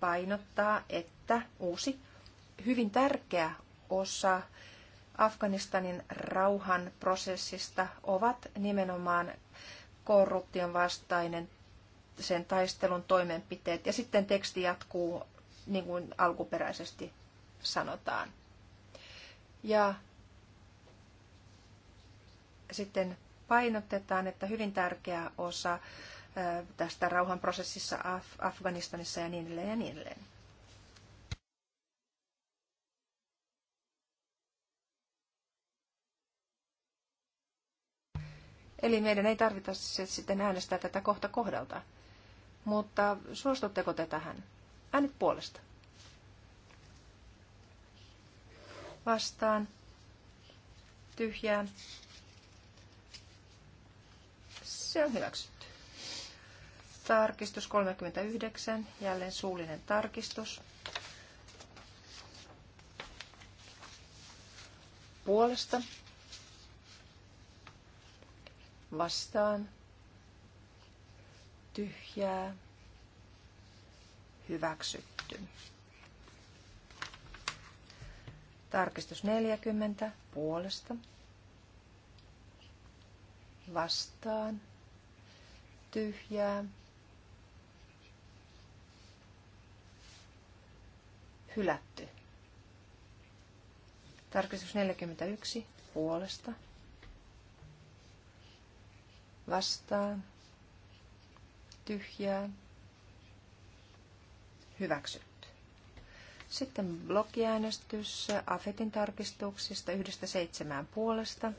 painottaa, että uusi, hyvin tärkeä osa Afganistanin rauhan prosessista ovat nimenomaan korruption vastainen sen taistelun toimenpiteet. Ja sitten teksti jatkuu niin kuin alkuperäisesti sanotaan. Ja sitten painotetaan, että hyvin tärkeä osa tästä rauhanprosessissa Af- Afganistanissa ja niin edelleen ja niin edelleen. Eli meidän ei tarvita sitten äänestää tätä kohta kohdalta. Mutta suostutteko te tähän? Äänet puolesta. vastaan tyhjää. Se on hyväksytty. Tarkistus 39, jälleen suullinen tarkistus. Puolesta vastaan tyhjää hyväksytty. Tarkistus 40 puolesta. Vastaan. Tyhjää. Hylätty. Tarkistus 41 puolesta. Vastaan. Tyhjää. Hyväksytty. Sitten blogiäänestys AFETin tarkistuksista yhdestä seitsemään puolesta.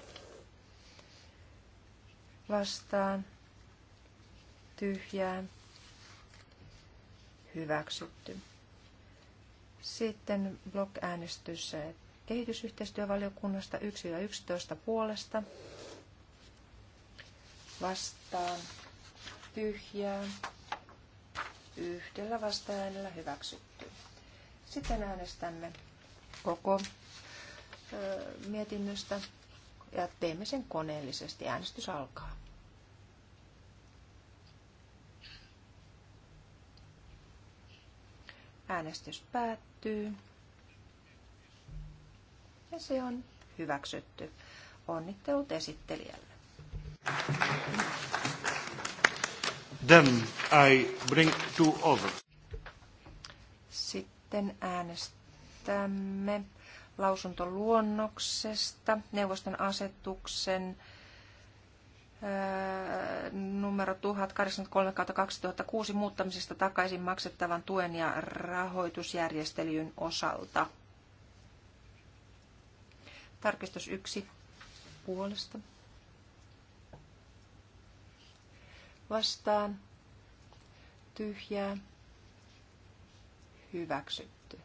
Vastaan. Tyhjään. Hyväksytty. Sitten blog-äänestys kehitysyhteistyövaliokunnasta 1-11 puolesta. Vastaan. Tyhjään. Yhdellä vastaäänellä hyväksytty. Sitten äänestämme koko mietinnöstä ja teemme sen koneellisesti. Äänestys alkaa. Äänestys päättyy. Ja se on hyväksytty. Onnittelut esittelijälle. Then I bring two over. Sitten äänestämme lausuntoluonnoksesta, neuvoston asetuksen numero 1083-2006 muuttamisesta takaisin maksettavan tuen ja rahoitusjärjestelyyn osalta. Tarkistus yksi puolesta. Vastaan. Tyhjää hyväksytty.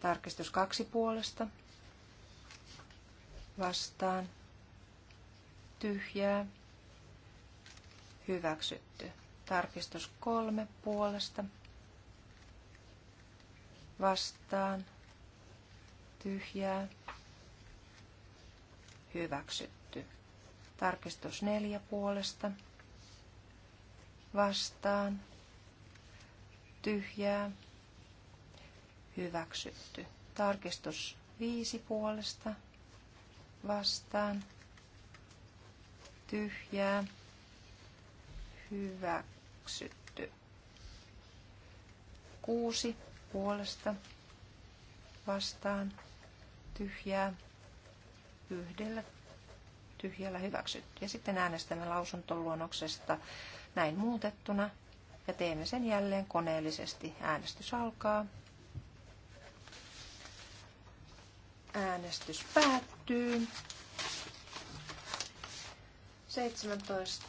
Tarkistus kaksi puolesta vastaan tyhjää hyväksytty. Tarkistus kolme puolesta vastaan tyhjää hyväksytty. Tarkistus neljä puolesta vastaan tyhjää hyväksytty. Tarkistus viisi puolesta vastaan tyhjää hyväksytty. Kuusi puolesta vastaan tyhjää yhdellä tyhjällä hyväksytty. Ja sitten äänestämme lausuntoluonnoksesta näin muutettuna ja teemme sen jälleen koneellisesti. Äänestys alkaa. Äänestys päättyy. 17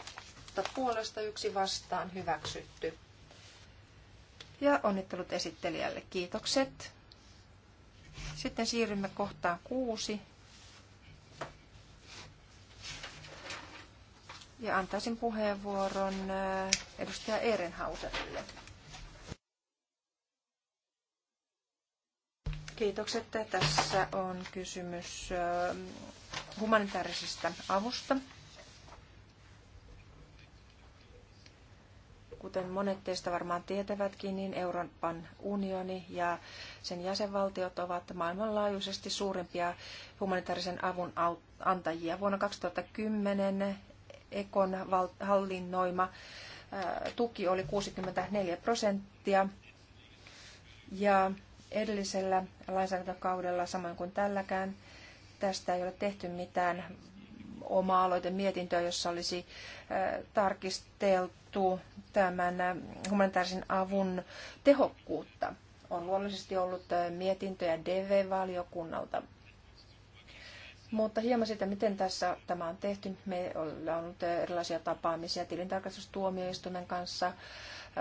puolesta yksi vastaan hyväksytty. Ja onnittelut esittelijälle. Kiitokset. Sitten siirrymme kohtaan kuusi. Ja antaisin puheenvuoron äh, edustaja Ehrenhauserille. Kiitokset. Tässä on kysymys humanitaarisesta avusta. Kuten monet teistä varmaan tietävätkin, niin Euroopan unioni ja sen jäsenvaltiot ovat maailmanlaajuisesti suurimpia humanitaarisen avun antajia. Vuonna 2010 Ekon hallinnoima tuki oli 64 prosenttia ja edellisellä lainsäädäntökaudella, samoin kuin tälläkään. Tästä ei ole tehty mitään oma aloitemietintöä, jossa olisi tarkisteltu tämän humanitaarisen avun tehokkuutta. On luonnollisesti ollut mietintöjä DV-valiokunnalta. Mutta hieman siitä, miten tässä tämä on tehty. Meillä on ollut erilaisia tapaamisia tilintarkastustuomioistuimen kanssa,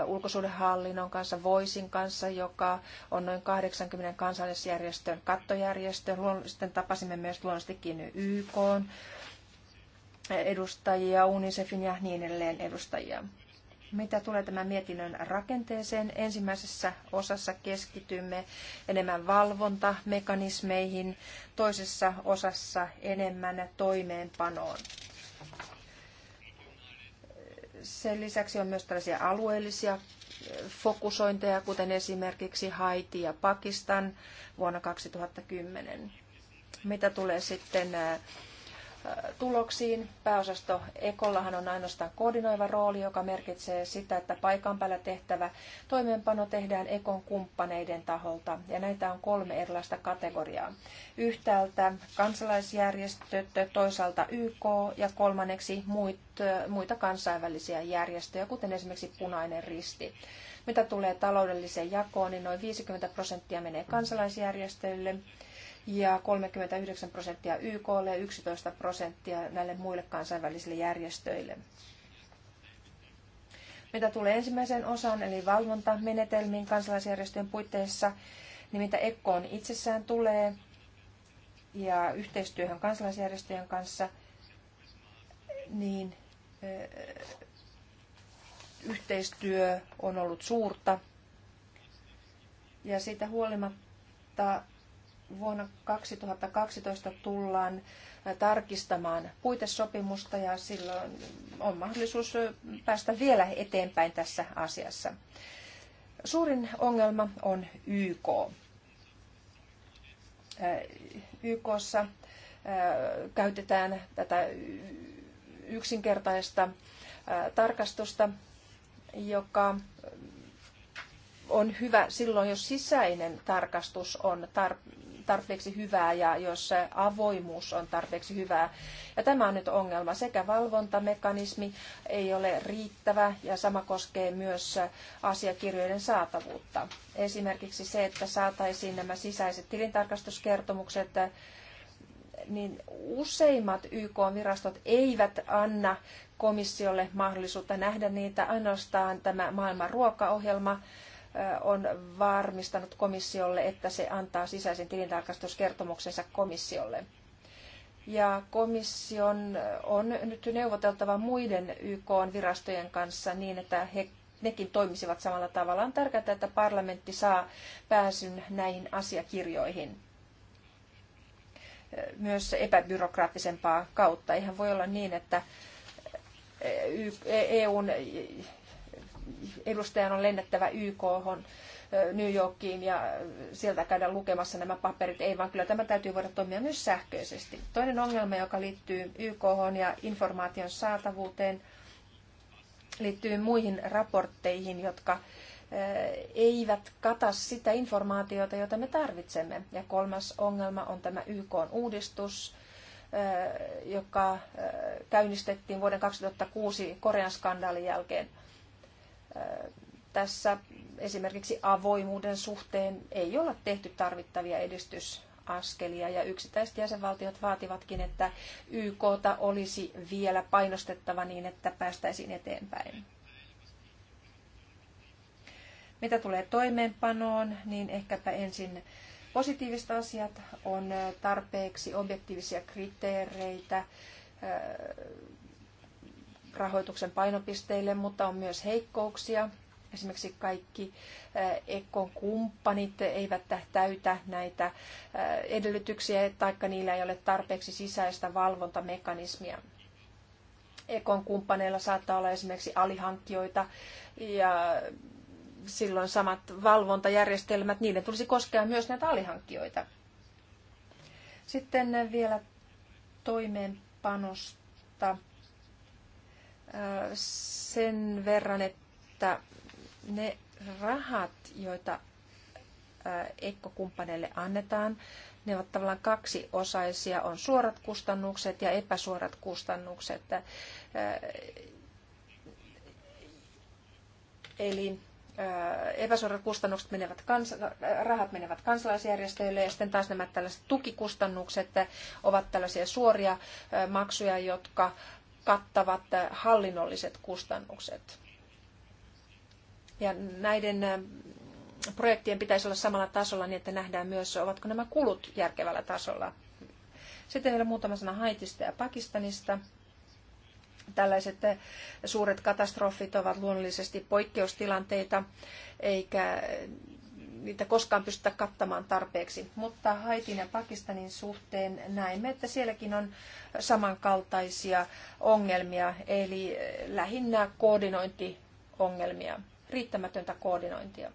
ulkosuhdehallinnon kanssa, Voisin kanssa, joka on noin 80 kansallisjärjestön kattojärjestö. Sitten tapasimme myös luonnollisestikin YK edustajia, UNICEFin ja niin edelleen edustajia. Mitä tulee tämän mietinnön rakenteeseen, ensimmäisessä osassa keskitymme enemmän valvontamekanismeihin, toisessa osassa enemmän toimeenpanoon. Sen lisäksi on myös tällaisia alueellisia fokusointeja, kuten esimerkiksi Haiti ja Pakistan vuonna 2010. Mitä tulee sitten tuloksiin. Pääosasto Ekollahan on ainoastaan koordinoiva rooli, joka merkitsee sitä, että paikan päällä tehtävä toimeenpano tehdään Ekon kumppaneiden taholta. Ja näitä on kolme erilaista kategoriaa. Yhtäältä kansalaisjärjestöt, toisaalta YK ja kolmanneksi muit, muita kansainvälisiä järjestöjä, kuten esimerkiksi Punainen Risti. Mitä tulee taloudelliseen jakoon, niin noin 50 prosenttia menee kansalaisjärjestöille, ja 39 prosenttia YKlle ja 11 prosenttia näille muille kansainvälisille järjestöille. Mitä tulee ensimmäiseen osaan, eli valvontamenetelmiin kansalaisjärjestöjen puitteissa, niin mitä EKKOon itsessään tulee ja yhteistyöhön kansalaisjärjestöjen kanssa, niin yhteistyö on ollut suurta. Ja siitä huolimatta vuonna 2012 tullaan äh, tarkistamaan puitesopimusta ja silloin on mahdollisuus äh, päästä vielä eteenpäin tässä asiassa. Suurin ongelma on YK. Äh, YKssa käytetään tätä yksinkertaista tarkastusta, joka on hyvä silloin, jos sisäinen tarkastus on tar- tarpeeksi hyvää ja jos avoimuus on tarpeeksi hyvää. Ja tämä on nyt ongelma. Sekä valvontamekanismi ei ole riittävä ja sama koskee myös asiakirjojen saatavuutta. Esimerkiksi se, että saataisiin nämä sisäiset tilintarkastuskertomukset niin useimmat YK-virastot eivät anna komissiolle mahdollisuutta nähdä niitä. Ainoastaan tämä maailman ruokaohjelma on varmistanut komissiolle, että se antaa sisäisen tilintarkastuskertomuksensa komissiolle. Ja komission on nyt neuvoteltava muiden YK-virastojen kanssa niin, että he, nekin toimisivat samalla tavalla. On tärkeää, että parlamentti saa pääsyn näihin asiakirjoihin myös epäbyrokraattisempaa kautta. Eihän voi olla niin, että EUn e edustajan on lennettävä YK New Yorkiin ja sieltä käydä lukemassa nämä paperit. Ei vaan kyllä tämä täytyy voida toimia myös sähköisesti. Toinen ongelma, joka liittyy YK ja informaation saatavuuteen, liittyy muihin raportteihin, jotka eivät kata sitä informaatiota, jota me tarvitsemme. Ja kolmas ongelma on tämä YK uudistus, joka käynnistettiin vuoden 2006 Korean skandaalin jälkeen tässä esimerkiksi avoimuuden suhteen ei olla tehty tarvittavia edistysaskelia ja yksittäiset jäsenvaltiot vaativatkin, että YKta olisi vielä painostettava niin, että päästäisiin eteenpäin. Mitä tulee toimeenpanoon, niin ehkäpä ensin positiivista asiat on tarpeeksi objektiivisia kriteereitä rahoituksen painopisteille, mutta on myös heikkouksia. Esimerkiksi kaikki Ekkon eh, kumppanit eivät täytä näitä eh, edellytyksiä, taikka niillä ei ole tarpeeksi sisäistä valvontamekanismia. Ekon kumppaneilla saattaa olla esimerkiksi alihankkijoita ja silloin samat valvontajärjestelmät, niiden tulisi koskea myös näitä alihankkijoita. Sitten vielä toimeenpanosta sen verran, että ne rahat, joita ekkokumppaneille annetaan, ne ovat tavallaan kaksi osaisia: on suorat kustannukset ja epäsuorat kustannukset. Eli epäsuorat kustannukset menevät, rahat menevät kansalaisjärjestöille ja sitten taas nämä tällaiset tukikustannukset ovat tällaisia suoria maksuja, jotka kattavat hallinnolliset kustannukset. Ja näiden projektien pitäisi olla samalla tasolla niin, että nähdään myös, ovatko nämä kulut järkevällä tasolla. Sitten vielä muutama sana Haitista ja Pakistanista. Tällaiset suuret katastrofit ovat luonnollisesti poikkeustilanteita, eikä niitä koskaan pystytä kattamaan tarpeeksi. Mutta Haitin ja Pakistanin suhteen näemme, että sielläkin on samankaltaisia ongelmia, eli lähinnä koordinointiongelmia, riittämätöntä koordinointia.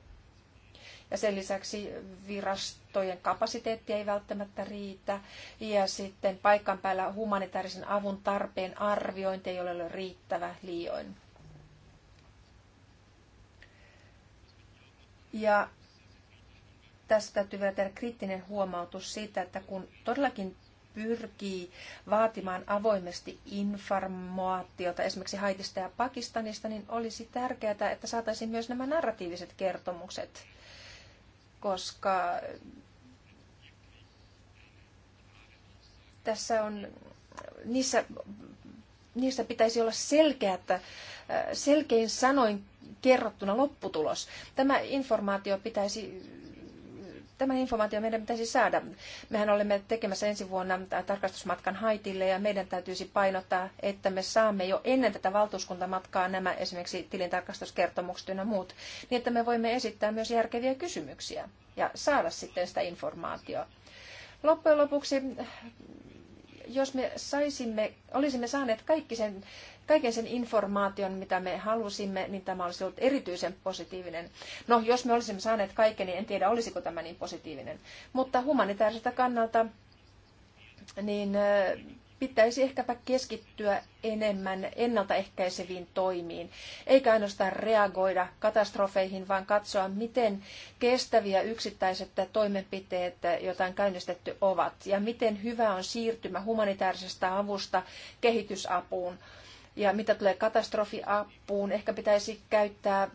Ja sen lisäksi virastojen kapasiteetti ei välttämättä riitä. Ja sitten paikan päällä humanitaarisen avun tarpeen arviointi ei ole riittävä liioin. Ja tässä täytyy vielä tehdä kriittinen huomautus siitä, että kun todellakin pyrkii vaatimaan avoimesti informaatiota esimerkiksi Haitista ja Pakistanista, niin olisi tärkeää, että saataisiin myös nämä narratiiviset kertomukset, koska tässä on, niissä, niissä pitäisi olla selkeä, että äh, selkein sanoin kerrottuna lopputulos. Tämä informaatio pitäisi tämä informaatio meidän pitäisi saada. Mehän olemme tekemässä ensi vuonna tarkastusmatkan Haitille ja meidän täytyisi painottaa, että me saamme jo ennen tätä valtuuskuntamatkaa nämä esimerkiksi tilintarkastuskertomukset ja muut, niin että me voimme esittää myös järkeviä kysymyksiä ja saada sitten sitä informaatiota. Loppujen lopuksi, jos me saisimme, olisimme saaneet kaikki sen kaiken sen informaation, mitä me halusimme, niin tämä olisi ollut erityisen positiivinen. No, jos me olisimme saaneet kaiken, niin en tiedä, olisiko tämä niin positiivinen. Mutta humanitaariselta kannalta niin pitäisi ehkäpä keskittyä enemmän ennaltaehkäiseviin toimiin, eikä ainoastaan reagoida katastrofeihin, vaan katsoa, miten kestäviä yksittäiset toimenpiteet, joita on käynnistetty, ovat, ja miten hyvä on siirtymä humanitaarisesta avusta kehitysapuun ja mitä tulee katastrofiapuun, ehkä pitäisi käyttää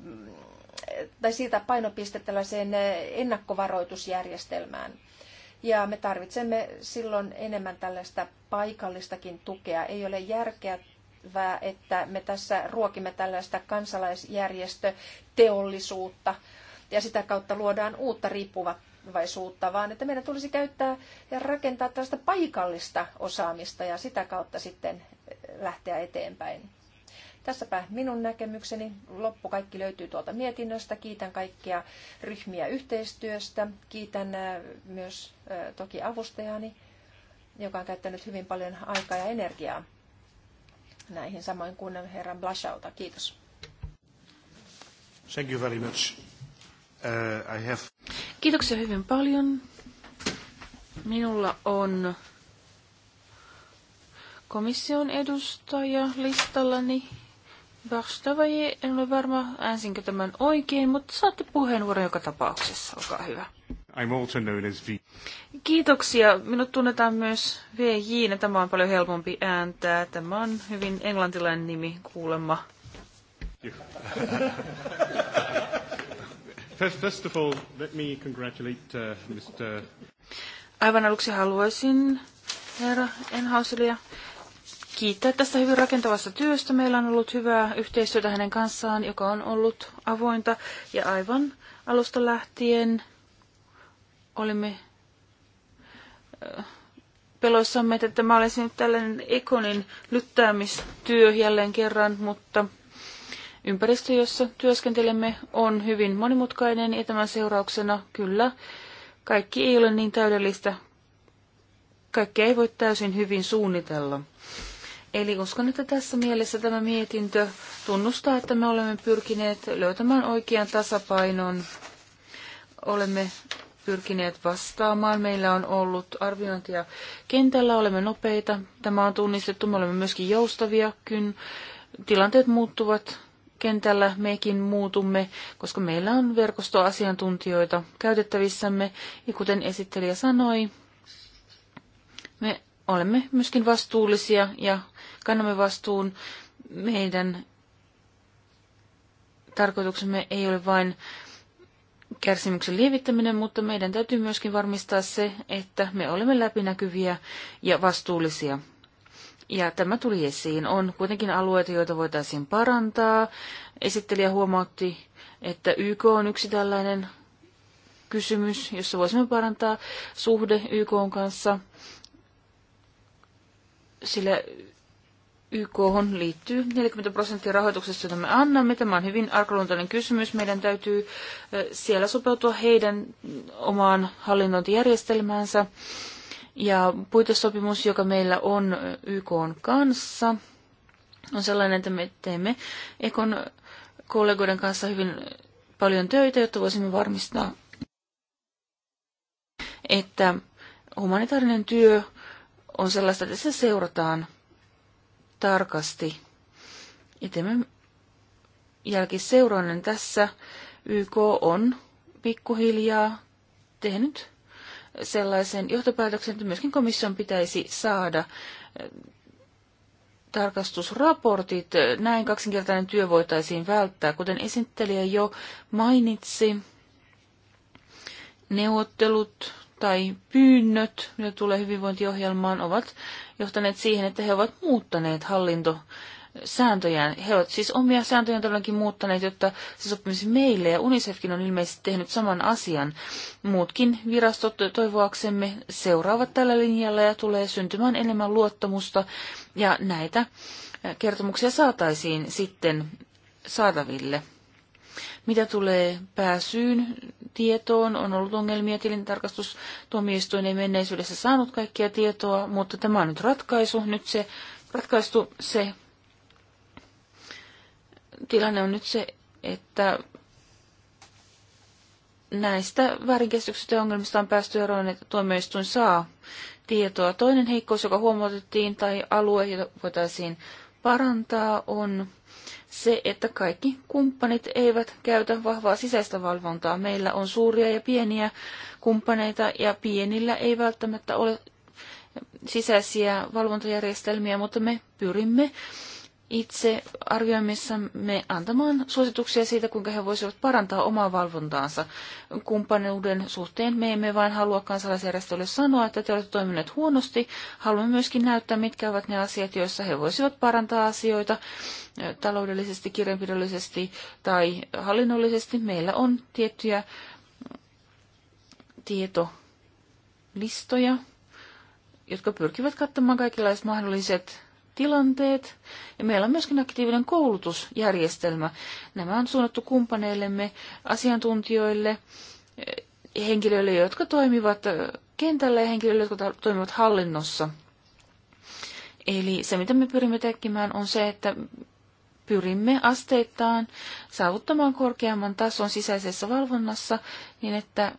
tai siirtää painopiste tällaiseen ennakkovaroitusjärjestelmään. Ja me tarvitsemme silloin enemmän tällaista paikallistakin tukea. Ei ole järkeä että me tässä ruokimme tällaista kansalaisjärjestöteollisuutta ja sitä kautta luodaan uutta riippuvaisuutta, vaan että meidän tulisi käyttää ja rakentaa tällaista paikallista osaamista ja sitä kautta sitten lähteä eteenpäin. Tässäpä minun näkemykseni. Loppu kaikki löytyy tuolta mietinnöstä. Kiitän kaikkia ryhmiä yhteistyöstä. Kiitän äh, myös äh, toki avustajani, joka on käyttänyt hyvin paljon aikaa ja energiaa näihin, samoin kuin herran Blashauta. Kiitos. Thank you very much. Uh, I have... Kiitoksia hyvin paljon. Minulla on komission edustaja listallani. Varstavaji, en ole varma äänsinkö tämän oikein, mutta saatte puheenvuoron joka tapauksessa. Olkaa hyvä. I'm also known as v. Kiitoksia. Minut tunnetaan myös VJ. Tämä on paljon helpompi ääntää. Tämä on hyvin englantilainen nimi kuulemma. first of all, let me congratulate uh, Mr. Aivan aluksi haluaisin herra Enhauselia kiittää tästä hyvin rakentavasta työstä. Meillä on ollut hyvää yhteistyötä hänen kanssaan, joka on ollut avointa ja aivan alusta lähtien olimme äh, peloissamme, että tämä olisi nyt tällainen ekonin lyttäämistyö jälleen kerran, mutta ympäristö, jossa työskentelemme, on hyvin monimutkainen ja tämän seurauksena kyllä kaikki ei ole niin täydellistä. Kaikkea ei voi täysin hyvin suunnitella. Eli uskon, että tässä mielessä tämä mietintö tunnustaa, että me olemme pyrkineet löytämään oikean tasapainon. Olemme pyrkineet vastaamaan. Meillä on ollut arviointia kentällä, olemme nopeita. Tämä on tunnistettu, me olemme myöskin joustavia, kun tilanteet muuttuvat kentällä mekin muutumme, koska meillä on verkostoasiantuntijoita käytettävissämme. Ja kuten esittelijä sanoi, me olemme myöskin vastuullisia ja kannamme vastuun. Meidän tarkoituksemme ei ole vain kärsimyksen lievittäminen, mutta meidän täytyy myöskin varmistaa se, että me olemme läpinäkyviä ja vastuullisia. Ja tämä tuli esiin. On kuitenkin alueita, joita voitaisiin parantaa. Esittelijä huomautti, että YK on yksi tällainen kysymys, jossa voisimme parantaa suhde YK on kanssa, sillä YK liittyy 40 prosenttia rahoituksesta, jota me annamme. Tämä on hyvin arkaluontoinen kysymys. Meidän täytyy siellä sopeutua heidän omaan hallinnointijärjestelmäänsä. Ja puitesopimus, joka meillä on YK kanssa, on sellainen, että me teemme Ekon kollegoiden kanssa hyvin paljon töitä, jotta voisimme varmistaa, että humanitaarinen työ on sellaista, että se seurataan – tarkasti. Ja jälkiseurannan tässä YK on pikkuhiljaa tehnyt sellaisen johtopäätöksen, että myöskin komission pitäisi saada eh, tarkastusraportit. Näin kaksinkertainen työ voitaisiin välttää. Kuten esittelijä jo mainitsi, neuvottelut tai pyynnöt, mitä tulee hyvinvointiohjelmaan, ovat johtaneet siihen, että he ovat muuttaneet hallinto sääntöjään. He ovat siis omia sääntöjään todellakin muuttaneet, jotta se sopimisi meille, ja UNICEFkin on ilmeisesti tehnyt saman asian. Muutkin virastot toivoaksemme seuraavat tällä linjalla ja tulee syntymään enemmän luottamusta, ja näitä kertomuksia saataisiin sitten saataville. Mitä tulee pääsyyn tietoon, on ollut ongelmia. tilintarkastus Tuomioistuin ei menneisyydessä saanut kaikkia tietoa, mutta tämä on nyt ratkaisu. Nyt se ratkaistu se tilanne on nyt se, että näistä väärinkäsityksistä ja ongelmista on päästy eroon, että tuomioistuin saa tietoa. Toinen heikkous, joka huomautettiin, tai alue, jota voitaisiin parantaa, on se, että kaikki kumppanit eivät käytä vahvaa sisäistä valvontaa. Meillä on suuria ja pieniä kumppaneita ja pienillä ei välttämättä ole sisäisiä valvontajärjestelmiä, mutta me pyrimme itse arvioimissamme antamaan suosituksia siitä, kuinka he voisivat parantaa omaa valvontaansa kumppanuuden suhteen. Me emme vain halua kansalaisjärjestölle sanoa, että te olette toimineet huonosti. Haluamme myöskin näyttää, mitkä ovat ne asiat, joissa he voisivat parantaa asioita taloudellisesti, kirjanpidollisesti tai hallinnollisesti. Meillä on tiettyjä mm, tietolistoja, jotka pyrkivät kattamaan kaikenlaiset mahdolliset tilanteet. Ja meillä on myöskin aktiivinen koulutusjärjestelmä. Nämä on suunnattu kumppaneillemme, asiantuntijoille, eh, henkilöille, jotka toimivat eh, kentällä ja henkilöille, jotka toimivat hallinnossa. Eli se, mitä me pyrimme tekemään, on se, että pyrimme asteittain saavuttamaan korkeamman tason sisäisessä valvonnassa niin, että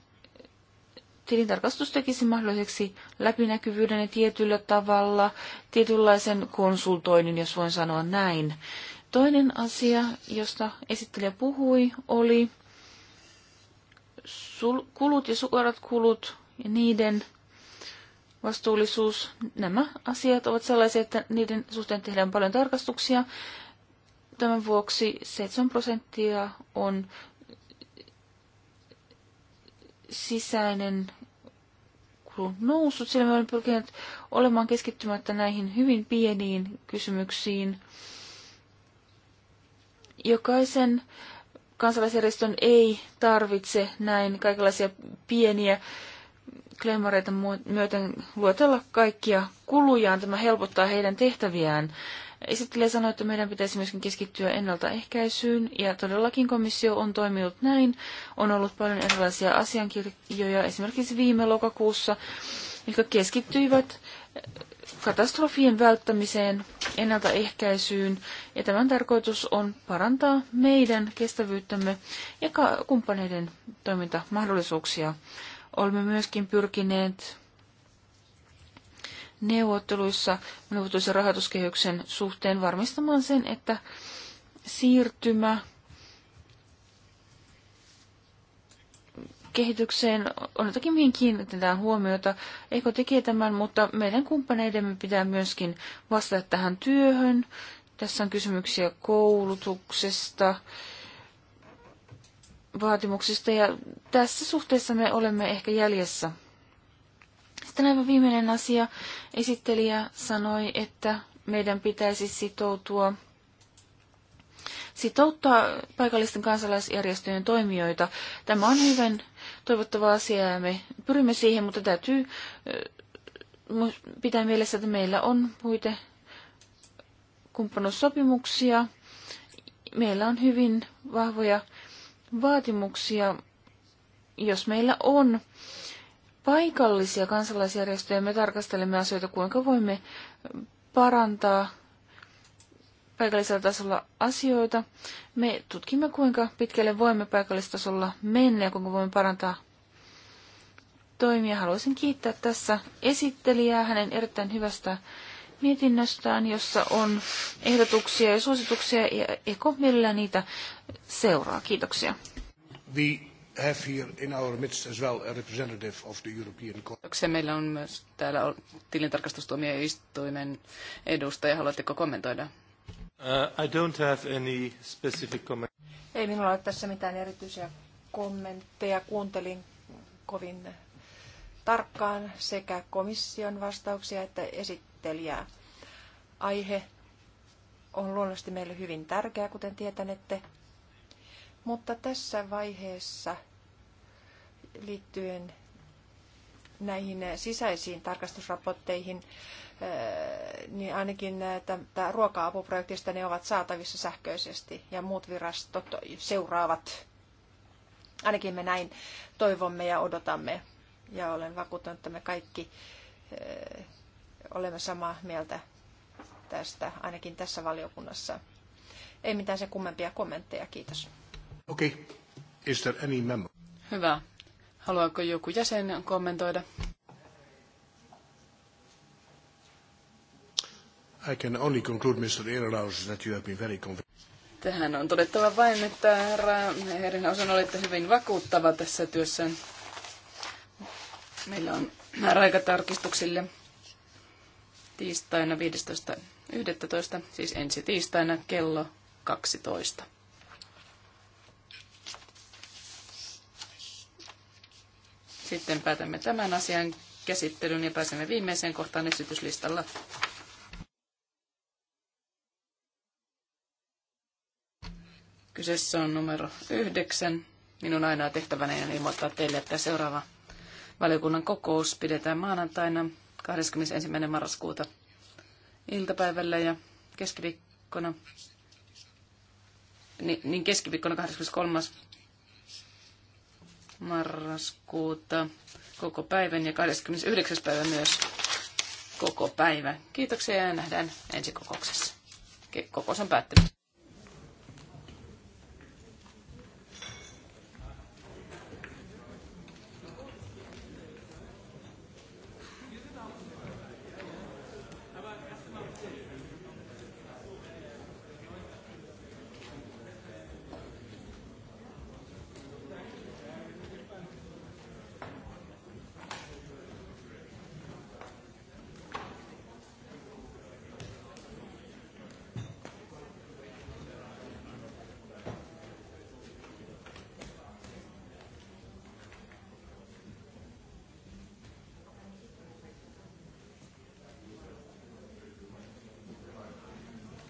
tilintarkastus tekisi mahdolliseksi läpinäkyvyyden ja tietyllä tavalla tietynlaisen konsultoinnin, jos voin sanoa näin. Toinen asia, josta esittelijä puhui, oli kulut ja suorat kulut ja niiden vastuullisuus. Nämä asiat ovat sellaisia, että niiden suhteen tehdään paljon tarkastuksia. Tämän vuoksi 7 prosenttia on sisäinen keskustelu noussut, sillä me olemme pyrkineet olemaan keskittymättä näihin hyvin pieniin kysymyksiin. Jokaisen kansalaisjärjestön ei tarvitse näin kaikenlaisia pieniä klemmareita myöten luotella kaikkia kulujaan. Tämä helpottaa heidän tehtäviään. Esittelijä sanoi, että meidän pitäisi myöskin keskittyä ennaltaehkäisyyn, ja todellakin komissio on toiminut näin. On ollut paljon erilaisia asiankirjoja, esimerkiksi viime lokakuussa, jotka keskittyivät katastrofien välttämiseen, ennaltaehkäisyyn, ja tämän tarkoitus on parantaa meidän kestävyyttämme ja kumppaneiden toimintamahdollisuuksia. Olemme myöskin pyrkineet neuvotteluissa neuvotteluissa rahoituskehyksen suhteen varmistamaan sen, että siirtymä kehitykseen on jotakin, mihin kiinnitetään huomiota. Eikö tekee tämän, mutta meidän kumppaneidemme pitää myöskin vastata tähän työhön. Tässä on kysymyksiä koulutuksesta, vaatimuksista ja tässä suhteessa me olemme ehkä jäljessä sitten aivan viimeinen asia. Esittelijä sanoi, että meidän pitäisi sitoutua sitouttaa paikallisten kansalaisjärjestöjen toimijoita. Tämä on hyvin toivottava asia ja me pyrimme siihen, mutta täytyy pitää mielessä, että meillä on muita kumppanuussopimuksia. Meillä on hyvin vahvoja vaatimuksia, jos meillä on paikallisia kansalaisjärjestöjä, me tarkastelemme asioita, kuinka voimme parantaa paikallisella tasolla asioita. Me tutkimme, kuinka pitkälle voimme paikallistasolla mennä ja kuinka voimme parantaa toimia. Haluaisin kiittää tässä esittelijää hänen erittäin hyvästä mietinnöstään, jossa on ehdotuksia ja suosituksia, ja Eko millä niitä seuraa. Kiitoksia. The have here in our midst as well a representative of the European Court. Meillä on myös täällä tilintarkastustuomioistuimen edustaja. Haluatteko kommentoida? Uh, I don't have any specific comment. Ei minulla ole tässä mitään erityisiä kommentteja. Kuuntelin kovin tarkkaan sekä komission vastauksia että esittelijää. Aihe on luonnollisesti meille hyvin tärkeä, kuten tietänette. Mutta tässä vaiheessa liittyen näihin sisäisiin tarkastusraportteihin, eh, niin ainakin eh, tämä ruoka-apuprojektista ne ovat saatavissa sähköisesti ja muut virastot seuraavat. Ainakin me näin toivomme ja odotamme ja olen vakuuttunut, että me kaikki eh, olemme samaa mieltä tästä, ainakin tässä valiokunnassa. Ei mitään sen kummempia kommentteja, kiitos. Okei, okay. is there any member? Hyvä. Haluaako joku jäsen kommentoida? I can only conclude, Mr. Erlaus, that you have been very Tähän on todettava vain, että herra Herinhausen olette hyvin vakuuttava tässä työssä. Meillä on määräaikatarkistuksille tiistaina 15.11, siis ensi tiistaina kello 12. Sitten päätämme tämän asian käsittelyn ja pääsemme viimeiseen kohtaan esityslistalla. Kyseessä on numero yhdeksän. Minun ainoa tehtävänä on ilmoittaa teille, että seuraava valiokunnan kokous pidetään maanantaina 21. marraskuuta iltapäivällä ja keskiviikkona, niin, niin keskiviikkona 23 marraskuuta koko päivän ja 29. päivä myös koko päivä. Kiitoksia ja nähdään ensi kokouksessa. Kokous on päättynyt.